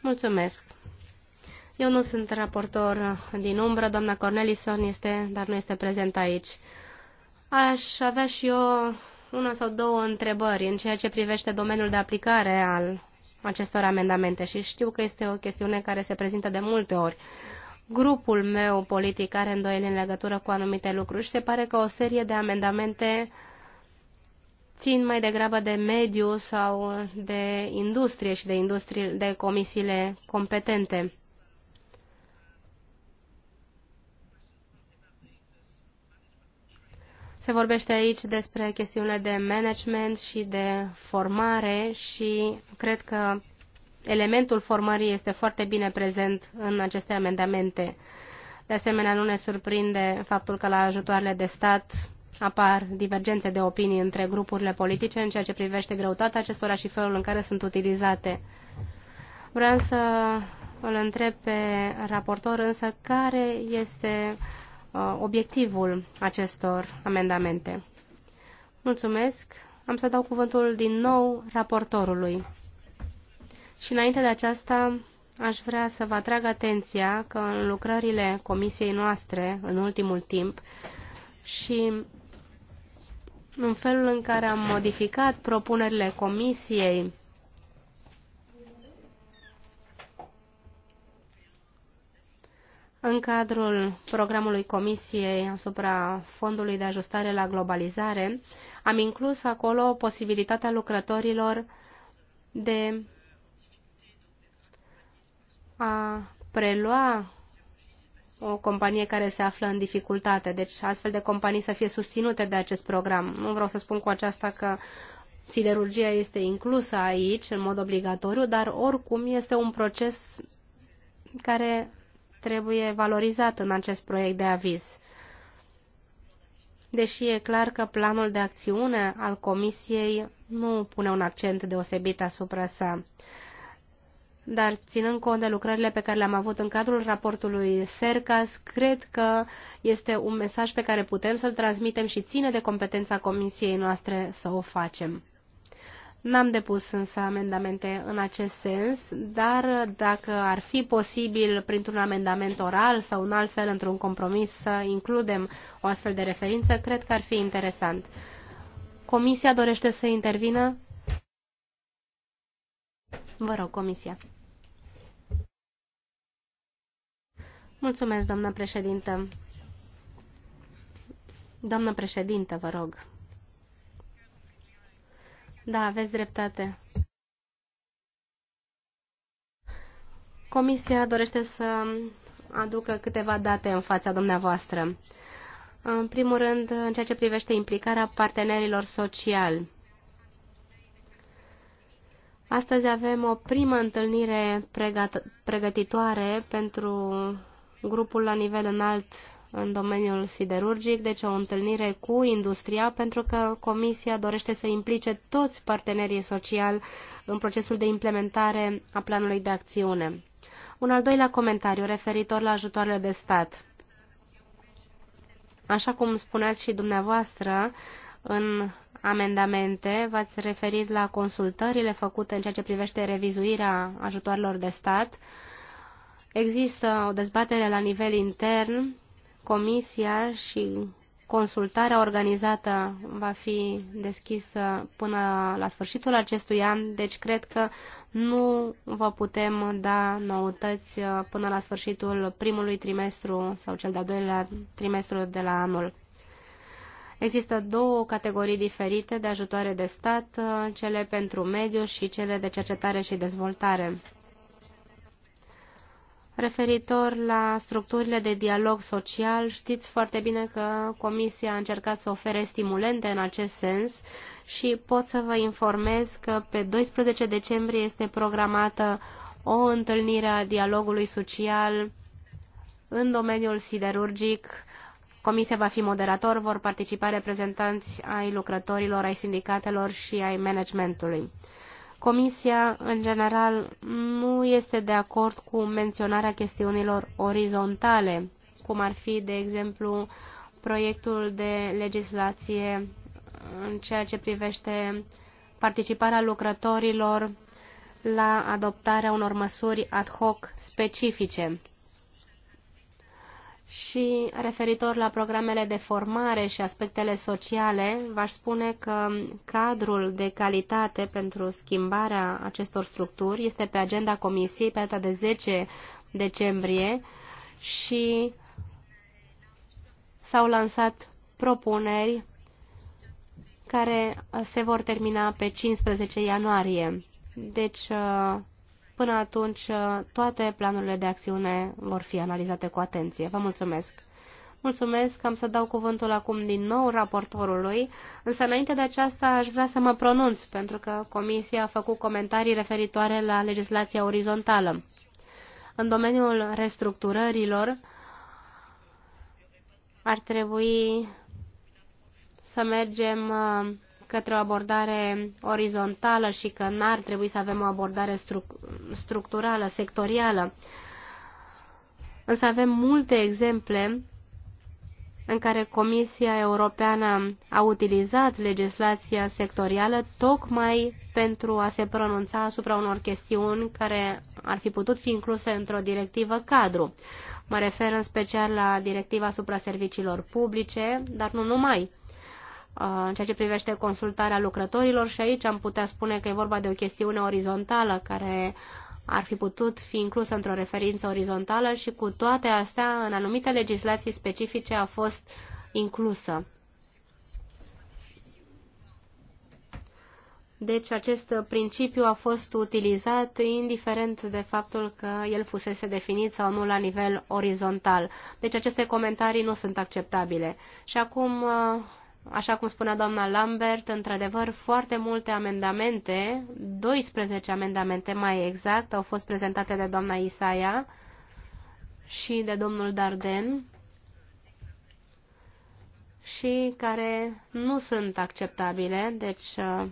Mulțumesc! Eu nu sunt raportor din umbră, doamna Cornelison este, dar nu este prezent aici. Aș avea și eu una sau două întrebări în ceea ce privește domeniul de aplicare al acestor amendamente și știu că este o chestiune care se prezintă de multe ori. Grupul meu politic are îndoieli în legătură cu anumite lucruri și se pare că o serie de amendamente țin mai degrabă de mediu sau de industrie și de, industrie, de comisiile competente. Se vorbește aici despre chestiunile de management și de formare și cred că elementul formării este foarte bine prezent în aceste amendamente. De asemenea, nu ne surprinde faptul că la ajutoarele de stat apar divergențe de opinii între grupurile politice în ceea ce privește greutatea acestora și felul în care sunt utilizate. Vreau să îl întreb pe raportor însă care este Uh, obiectivul acestor amendamente. Mulțumesc. Am să dau cuvântul din nou raportorului. Și înainte de aceasta, aș vrea să vă atrag atenția că în lucrările comisiei noastre, în ultimul timp, și în felul în care am modificat propunerile comisiei În cadrul programului Comisiei asupra Fondului de Ajustare la Globalizare, am inclus acolo posibilitatea lucrătorilor de a prelua o companie care se află în dificultate. Deci astfel de companii să fie susținute de acest program. Nu vreau să spun cu aceasta că siderurgia este inclusă aici în mod obligatoriu, dar oricum este un proces care trebuie valorizat în acest proiect de aviz. Deși e clar că planul de acțiune al Comisiei nu pune un accent deosebit asupra sa, dar ținând cont de lucrările pe care le-am avut în cadrul raportului SERCAS, cred că este un mesaj pe care putem să-l transmitem și ține de competența Comisiei noastre să o facem. N-am depus însă amendamente în acest sens, dar dacă ar fi posibil printr-un amendament oral sau în alt fel într-un compromis să includem o astfel de referință, cred că ar fi interesant. Comisia dorește să intervină? Vă rog, Comisia. Mulțumesc, doamnă președintă. Doamnă președintă, vă rog. Da, aveți dreptate. Comisia dorește să aducă câteva date în fața dumneavoastră. În primul rând, în ceea ce privește implicarea partenerilor sociali. Astăzi avem o primă întâlnire pregătitoare pentru grupul la nivel înalt în domeniul siderurgic, deci o întâlnire cu industria, pentru că Comisia dorește să implice toți partenerii sociali în procesul de implementare a planului de acțiune. Un al doilea comentariu referitor la ajutoarele de stat. Așa cum spuneați și dumneavoastră, în amendamente v-ați referit la consultările făcute în ceea ce privește revizuirea ajutoarelor de stat. Există o dezbatere la nivel intern Comisia și consultarea organizată va fi deschisă până la sfârșitul acestui an, deci cred că nu vă putem da noutăți uh, până la sfârșitul primului trimestru sau cel de-al doilea trimestru de la anul. Există două categorii diferite de ajutoare de stat, uh, cele pentru mediu și cele de cercetare și dezvoltare. Referitor la structurile de dialog social, știți foarte bine că Comisia a încercat să ofere stimulente în acest sens și pot să vă informez că pe 12 decembrie este programată o întâlnire a dialogului social în domeniul siderurgic. Comisia va fi moderator, vor participa reprezentanți ai lucrătorilor, ai sindicatelor și ai managementului. Comisia, în general, nu este de acord cu menționarea chestiunilor orizontale, cum ar fi, de exemplu, proiectul de legislație în ceea ce privește participarea lucrătorilor la adoptarea unor măsuri ad hoc specifice. Și referitor la programele de formare și aspectele sociale, v-aș spune că cadrul de calitate pentru schimbarea acestor structuri este pe agenda Comisiei pe data de 10 decembrie și s-au lansat propuneri care se vor termina pe 15 ianuarie. Deci uh, Până atunci, toate planurile de acțiune vor fi analizate cu atenție. Vă mulțumesc! Mulțumesc, am să dau cuvântul acum din nou raportorului, însă înainte de aceasta aș vrea să mă pronunț, pentru că Comisia a făcut comentarii referitoare la legislația orizontală. În domeniul restructurărilor ar trebui să mergem uh, către o abordare orizontală și că n-ar trebui să avem o abordare stru structurală, sectorială. Însă avem multe exemple în care Comisia Europeană a utilizat legislația sectorială tocmai pentru a se pronunța asupra unor chestiuni care ar fi putut fi incluse într-o directivă cadru. Mă refer în special la directiva asupra serviciilor publice, dar nu numai în ceea ce privește consultarea lucrătorilor și aici am putea spune că e vorba de o chestiune orizontală care ar fi putut fi inclusă într-o referință orizontală și cu toate astea, în anumite legislații specifice a fost inclusă. Deci acest principiu a fost utilizat indiferent de faptul că el fusese definit sau nu la nivel orizontal. Deci aceste comentarii nu sunt acceptabile. Și acum așa cum spunea doamna Lambert, într-adevăr, foarte multe amendamente, 12 amendamente mai exact, au fost prezentate de doamna Isaia și de domnul Darden și care nu sunt acceptabile, deci uh,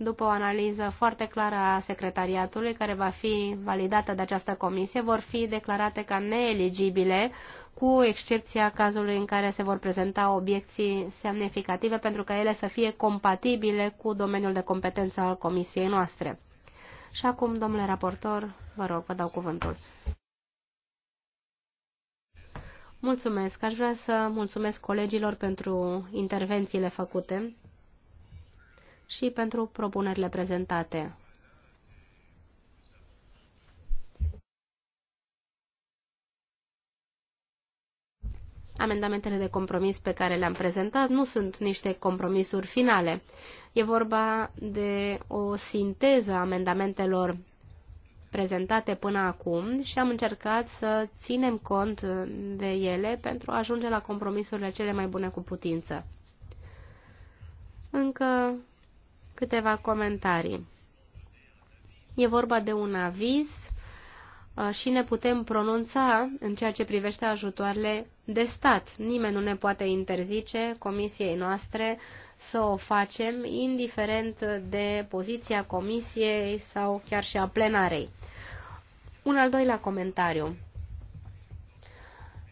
după o analiză foarte clară a secretariatului, care va fi validată de această comisie, vor fi declarate ca neeligibile, cu excepția cazului în care se vor prezenta obiecții semnificative pentru ca ele să fie compatibile cu domeniul de competență al comisiei noastre. Și acum, domnule raportor, vă rog, vă dau cuvântul. Mulțumesc. Aș vrea să mulțumesc colegilor pentru intervențiile făcute și pentru propunerile prezentate. Amendamentele de compromis pe care le-am prezentat nu sunt niște compromisuri finale. E vorba de o sinteză a amendamentelor prezentate până acum și am încercat să ținem cont de ele pentru a ajunge la compromisurile cele mai bune cu putință. Încă câteva comentarii. E vorba de un aviz și ne putem pronunța în ceea ce privește ajutoarele de stat. Nimeni nu ne poate interzice comisiei noastre să o facem, indiferent de poziția comisiei sau chiar și a plenarei. Un al doilea comentariu.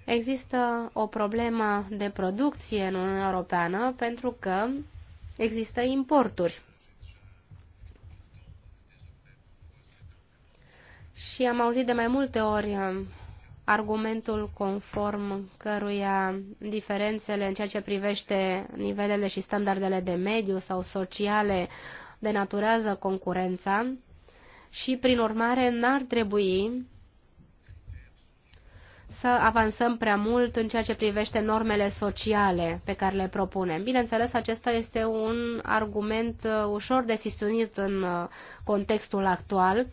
Există o problemă de producție în Uniunea Europeană pentru că există importuri Și am auzit de mai multe ori um, argumentul conform căruia diferențele în ceea ce privește nivelele și standardele de mediu sau sociale denaturează concurența și, prin urmare, n-ar trebui să avansăm prea mult în ceea ce privește normele sociale pe care le propunem. Bineînțeles, acesta este un argument uh, ușor de în uh, contextul actual,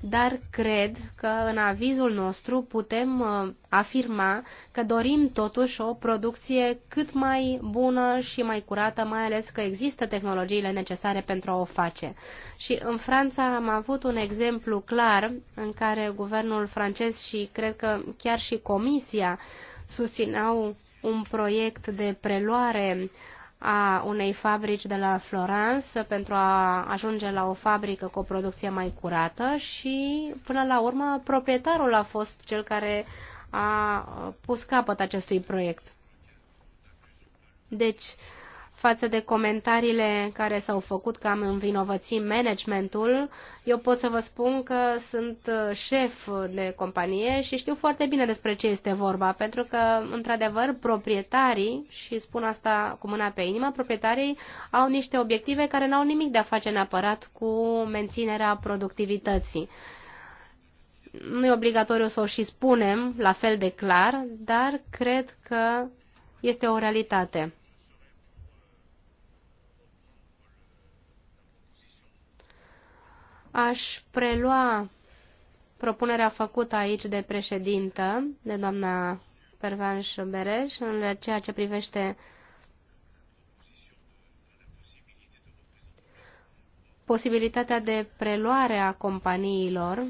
dar cred că în avizul nostru putem uh, afirma că dorim totuși o producție cât mai bună și mai curată, mai ales că există tehnologiile necesare pentru a o face. Și în Franța am avut un exemplu clar în care guvernul francez și cred că chiar și comisia susțineau un proiect de preluare a unei fabrici de la Florence pentru a ajunge la o fabrică cu o producție mai curată și, până la urmă, proprietarul a fost cel care a pus capăt acestui proiect. Deci, uh, față de comentariile care s-au făcut că am învinovățit managementul, eu pot să vă spun că sunt uh, șef de companie și știu foarte bine despre ce este vorba, pentru că, într-adevăr, proprietarii, și spun asta cu mâna pe inimă, proprietarii au niște obiective care n-au nimic de a face neapărat cu menținerea productivității nu e obligatoriu să o și spunem la fel de clar, dar cred că este o realitate. Aș prelua propunerea făcută aici de președintă, de doamna Pervanș Bereș, în ceea ce privește posibilitatea de preluare a companiilor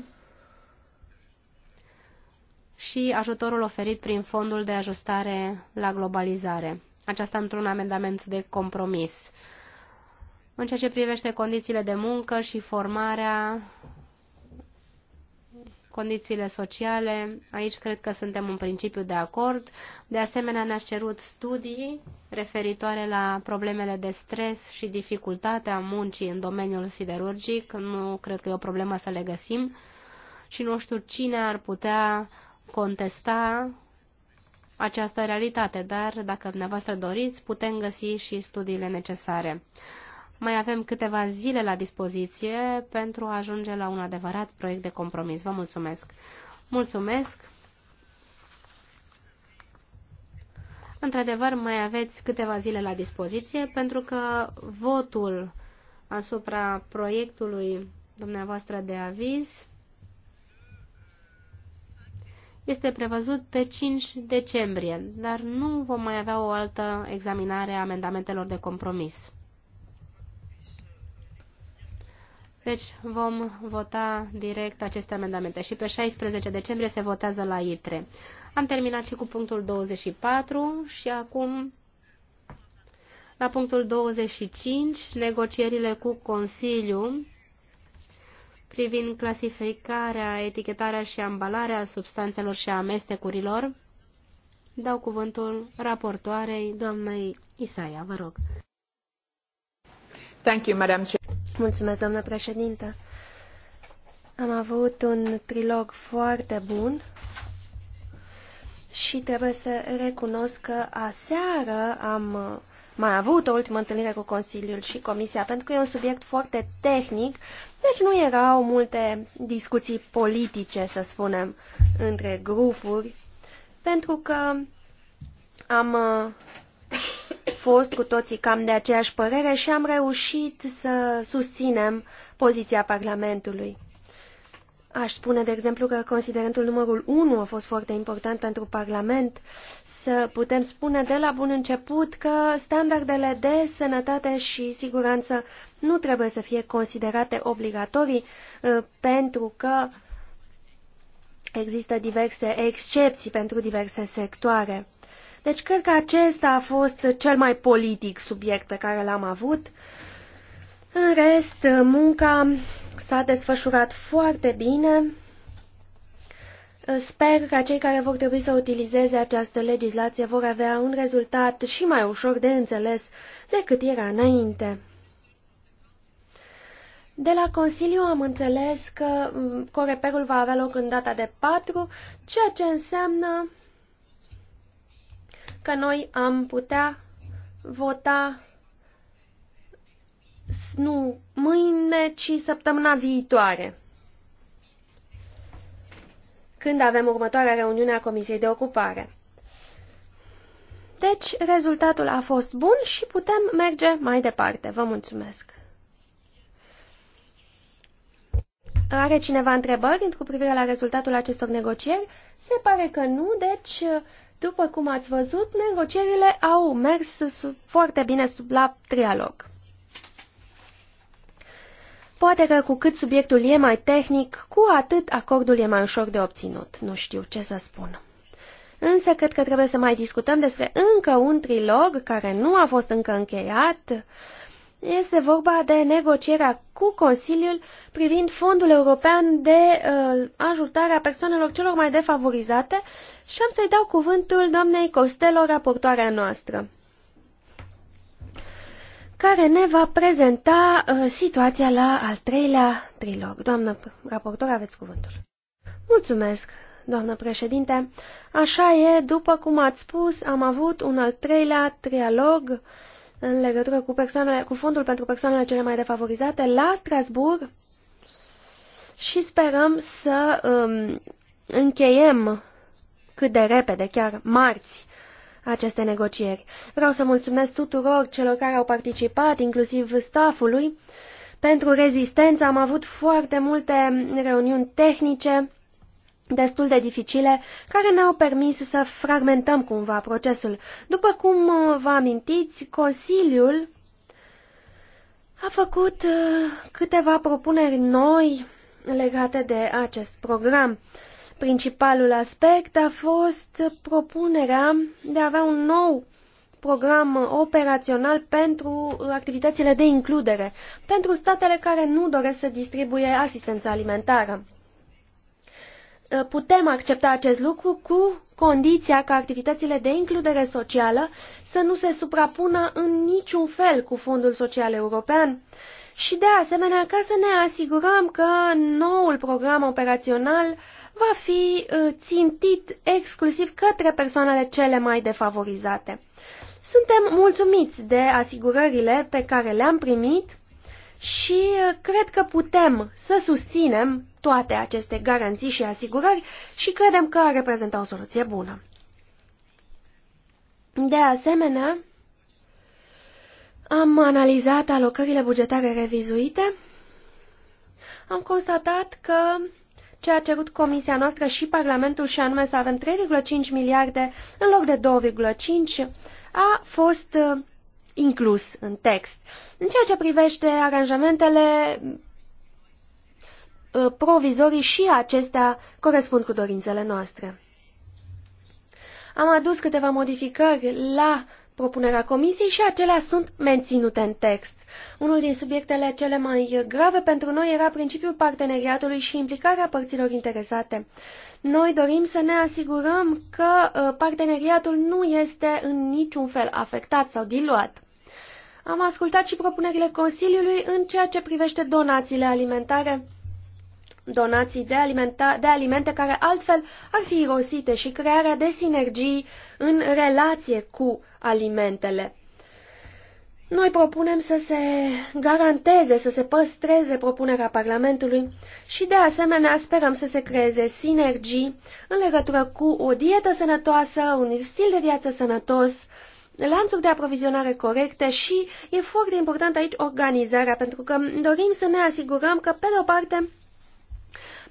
și ajutorul oferit prin fondul de ajustare la globalizare. Aceasta într-un amendament de compromis în ceea ce privește condițiile de muncă și formarea, condițiile sociale. Aici cred că suntem în principiu de acord. De asemenea, ne-a cerut studii referitoare la problemele de stres și dificultatea muncii în domeniul siderurgic. Nu cred că e o problemă să le găsim și nu știu cine ar putea contesta această realitate, dar dacă dumneavoastră doriți, putem găsi și studiile necesare. Mai avem câteva zile la dispoziție pentru a ajunge la un adevărat proiect de compromis. Vă mulțumesc! Mulțumesc! Într-adevăr, mai aveți câteva zile la dispoziție pentru că votul asupra proiectului dumneavoastră de aviz este prevăzut pe 5 decembrie, dar nu vom mai avea o altă examinare a amendamentelor de compromis. Deci vom vota direct aceste amendamente și pe 16 decembrie se votează la ITRE. Am terminat și cu punctul 24 și acum la punctul 25, negocierile cu Consiliul privind clasificarea, etichetarea și ambalarea substanțelor și amestecurilor. Dau cuvântul raportoarei, doamnei Isaia, vă rog. Thank you, Madam Chair. Mulțumesc, doamnă președinte. Am avut un trilog foarte bun și trebuie să recunosc că aseară am mai avut o ultimă întâlnire cu Consiliul și Comisia, pentru că e un subiect foarte tehnic, deci nu erau multe discuții politice, să spunem, între grupuri, pentru că am fost cu toții cam de aceeași părere și am reușit să susținem poziția Parlamentului. Aș spune, de exemplu, că considerentul numărul 1 a fost foarte important pentru Parlament să putem spune de la bun început că standardele de sănătate și siguranță nu trebuie să fie considerate obligatorii uh, pentru că există diverse excepții pentru diverse sectoare. Deci cred că acesta a fost cel mai politic subiect pe care l-am avut. În rest, munca s-a desfășurat foarte bine. Sper că cei care vor trebui să utilizeze această legislație vor avea un rezultat și mai ușor de înțeles decât era înainte. De la Consiliu am înțeles că mm, Coreperul va avea loc în data de 4, ceea ce înseamnă că noi am putea vota nu mâine, ci săptămâna viitoare, când avem următoarea reuniune a Comisiei de Ocupare. Deci, rezultatul a fost bun și putem merge mai departe. Vă mulțumesc! Are cineva întrebări cu privire la rezultatul acestor negocieri? Se pare că nu, deci după cum ați văzut, negocierile au mers sub, foarte bine sub la trialog. Poate că cu cât subiectul e mai tehnic, cu atât acordul e mai ușor de obținut. Nu știu ce să spun. Însă cred că trebuie să mai discutăm despre încă un trilog care nu a fost încă încheiat. Este vorba de negocierea cu Consiliul privind Fondul European de uh, ajutare a persoanelor celor mai defavorizate și am să-i dau cuvântul doamnei Costelo, raportoarea noastră, care ne va prezenta uh, situația la al treilea trilog. Doamnă raportor, aveți cuvântul. Mulțumesc, doamnă președinte. Așa e, după cum ați spus, am avut un al treilea trialog în legătură cu, persoanele, cu Fondul pentru persoanele cele mai defavorizate la Strasburg și sperăm să um, încheiem cât de repede, chiar marți, aceste negocieri. Vreau să mulțumesc tuturor celor care au participat, inclusiv staffului, pentru rezistență. Am avut foarte multe reuniuni tehnice destul de dificile, care ne-au permis să fragmentăm cumva procesul. După cum vă amintiți, Consiliul a făcut uh, câteva propuneri noi legate de acest program. Principalul aspect a fost propunerea de a avea un nou program operațional pentru activitățile de includere, pentru statele care nu doresc să distribuie asistența alimentară. Putem accepta acest lucru cu condiția ca activitățile de includere socială să nu se suprapună în niciun fel cu Fondul Social European și, de asemenea, ca să ne asigurăm că noul program operațional uh, va fi uh, țintit exclusiv către persoanele cele mai defavorizate. Suntem mulțumiți de asigurările pe care le-am primit și uh, cred că putem să susținem toate aceste garanții și asigurări și credem că ar reprezenta o soluție bună. De asemenea, am analizat alocările bugetare revizuite. Am constatat că ce a cerut Comisia noastră și Parlamentul și anume să avem 3,5 miliarde în loc de 2,5 a fost uh, inclus în text. În ceea ce privește aranjamentele uh, provizorii și acestea corespund cu dorințele noastre. Am adus câteva modificări la propunerea comisiei și acelea sunt menținute în text. Unul din subiectele cele mai grave pentru noi era principiul parteneriatului și implicarea părților interesate. Noi dorim să ne asigurăm că uh, parteneriatul nu este în niciun fel afectat sau diluat. Am ascultat și propunerile Consiliului în ceea ce privește donațiile alimentare donații de, alimenta, de alimente care altfel ar fi irosite și crearea de sinergii în relație cu alimentele. Noi propunem să se garanteze, să se păstreze propunerea Parlamentului și, de asemenea, sperăm să se creeze sinergii în legătură cu o dietă sănătoasă, un stil de viață sănătos, lanțuri de aprovizionare corecte și e foarte important aici organizarea, pentru că dorim să ne asigurăm că, pe de o parte,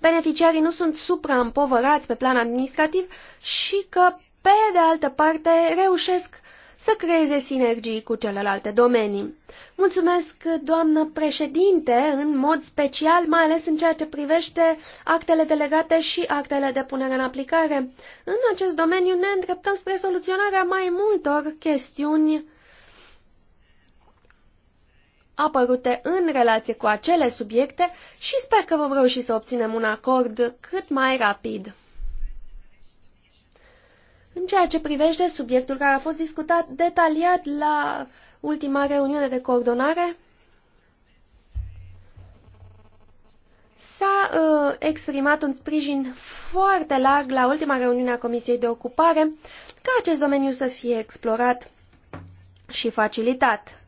beneficiarii nu sunt supraîmpovărați pe plan administrativ și că, pe de altă parte, reușesc să creeze sinergii cu celelalte domenii. Mulțumesc, doamnă președinte, în mod special, mai ales în ceea ce privește actele delegate și actele de punere în aplicare. În acest domeniu ne îndreptăm spre soluționarea mai multor chestiuni apărute în relație cu acele subiecte și sper că vom reuși să obținem un acord cât mai rapid. În ceea ce privește subiectul care a fost discutat detaliat la ultima reuniune de coordonare, s-a uh, exprimat un sprijin foarte larg la ultima reuniune a Comisiei de Ocupare ca acest domeniu să fie explorat și facilitat.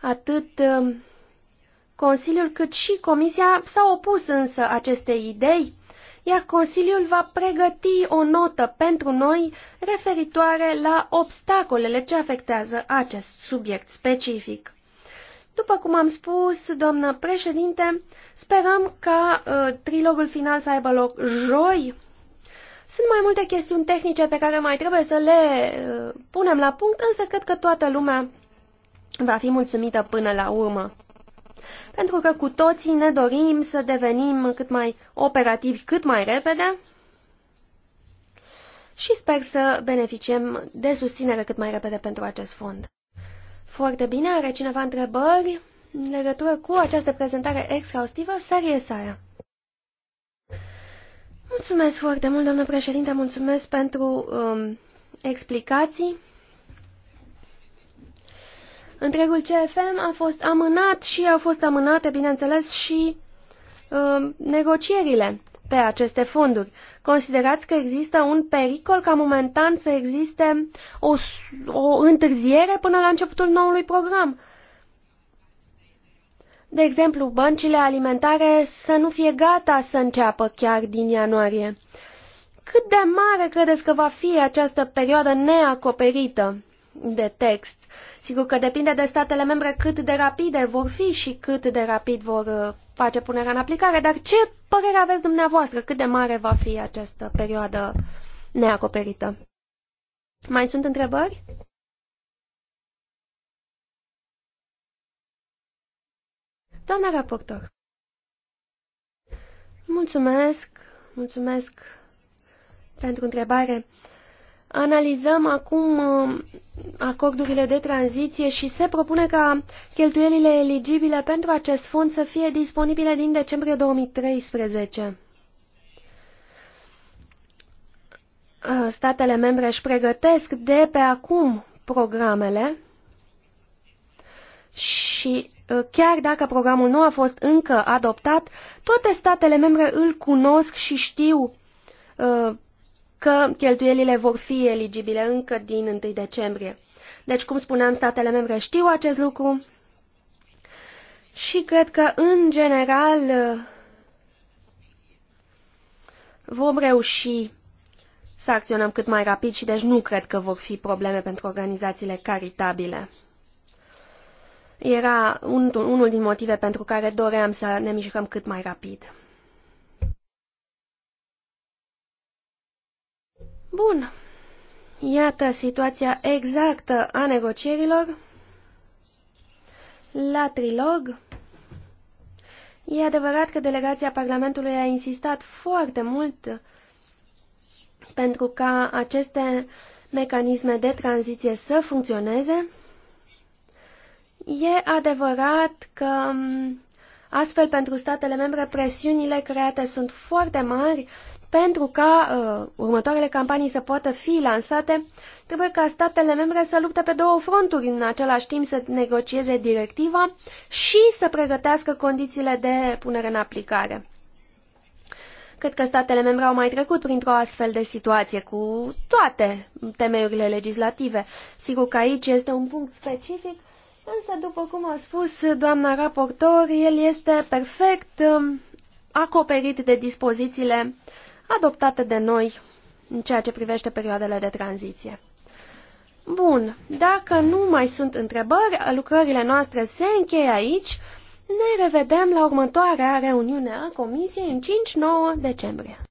Atât um, Consiliul cât și Comisia s-au opus însă acestei idei, iar Consiliul va pregăti o notă pentru noi referitoare la obstacolele ce afectează acest subiect specific. După cum am spus, doamnă președinte, sperăm ca uh, trilogul final să aibă loc joi. Sunt mai multe chestiuni tehnice pe care mai trebuie să le uh, punem la punct, însă cred că toată lumea va fi mulțumită până la urmă. Pentru că cu toții ne dorim să devenim cât mai operativi cât mai repede și sper să beneficiem de susținere cât mai repede pentru acest fond. Foarte bine, are cineva întrebări în legătură cu această prezentare exhaustivă? serie Saia. Mulțumesc foarte mult, doamnă președinte, mulțumesc pentru um, explicații. Întregul CFM a fost amânat și au fost amânate, bineînțeles, și uh, negocierile pe aceste fonduri. Considerați că există un pericol ca momentan să existe o, o întârziere până la începutul noului program? De exemplu, băncile alimentare să nu fie gata să înceapă chiar din ianuarie. Cât de mare credeți că va fi această perioadă neacoperită? de text. Sigur că depinde de statele membre cât de rapide vor fi și cât de rapid vor uh, face punerea în aplicare, dar ce părere aveți dumneavoastră? Cât de mare va fi această perioadă neacoperită? Mai sunt întrebări? Doamna raportor. Mulțumesc, mulțumesc pentru întrebare. Analizăm acum uh, acordurile de tranziție și se propune ca cheltuielile eligibile pentru acest fond să fie disponibile din decembrie 2013. Uh, statele membre își pregătesc de pe acum programele și uh, chiar dacă programul nu a fost încă adoptat, toate statele membre îl cunosc și știu că cheltuielile vor fi eligibile încă din 1 decembrie. Deci, cum spuneam, statele membre știu acest lucru și cred că, în general, vom reuși să acționăm cât mai rapid și deci nu cred că vor fi probleme pentru organizațiile caritabile. Era un, unul din motive pentru care doream să ne mișcăm cât mai rapid. Bun. Iată situația exactă a negocierilor. La trilog, e adevărat că delegația Parlamentului a insistat foarte mult pentru ca aceste mecanisme de tranziție să funcționeze. E adevărat că mm, astfel pentru statele membre presiunile create sunt foarte mari pentru ca uh, următoarele campanii să poată fi lansate, trebuie ca statele membre să lupte pe două fronturi în același timp să negocieze directiva și să pregătească condițiile de punere în aplicare. Cred că statele membre au mai trecut printr-o astfel de situație cu toate temeiurile legislative. Sigur că aici este un punct specific, însă, după cum a spus doamna raportor, el este perfect um, acoperit de dispozițiile adoptate de noi în ceea ce privește perioadele de tranziție. Bun, dacă nu mai sunt întrebări, lucrările noastre se încheie aici. Ne revedem la următoarea reuniune a Comisiei în 5-9 decembrie.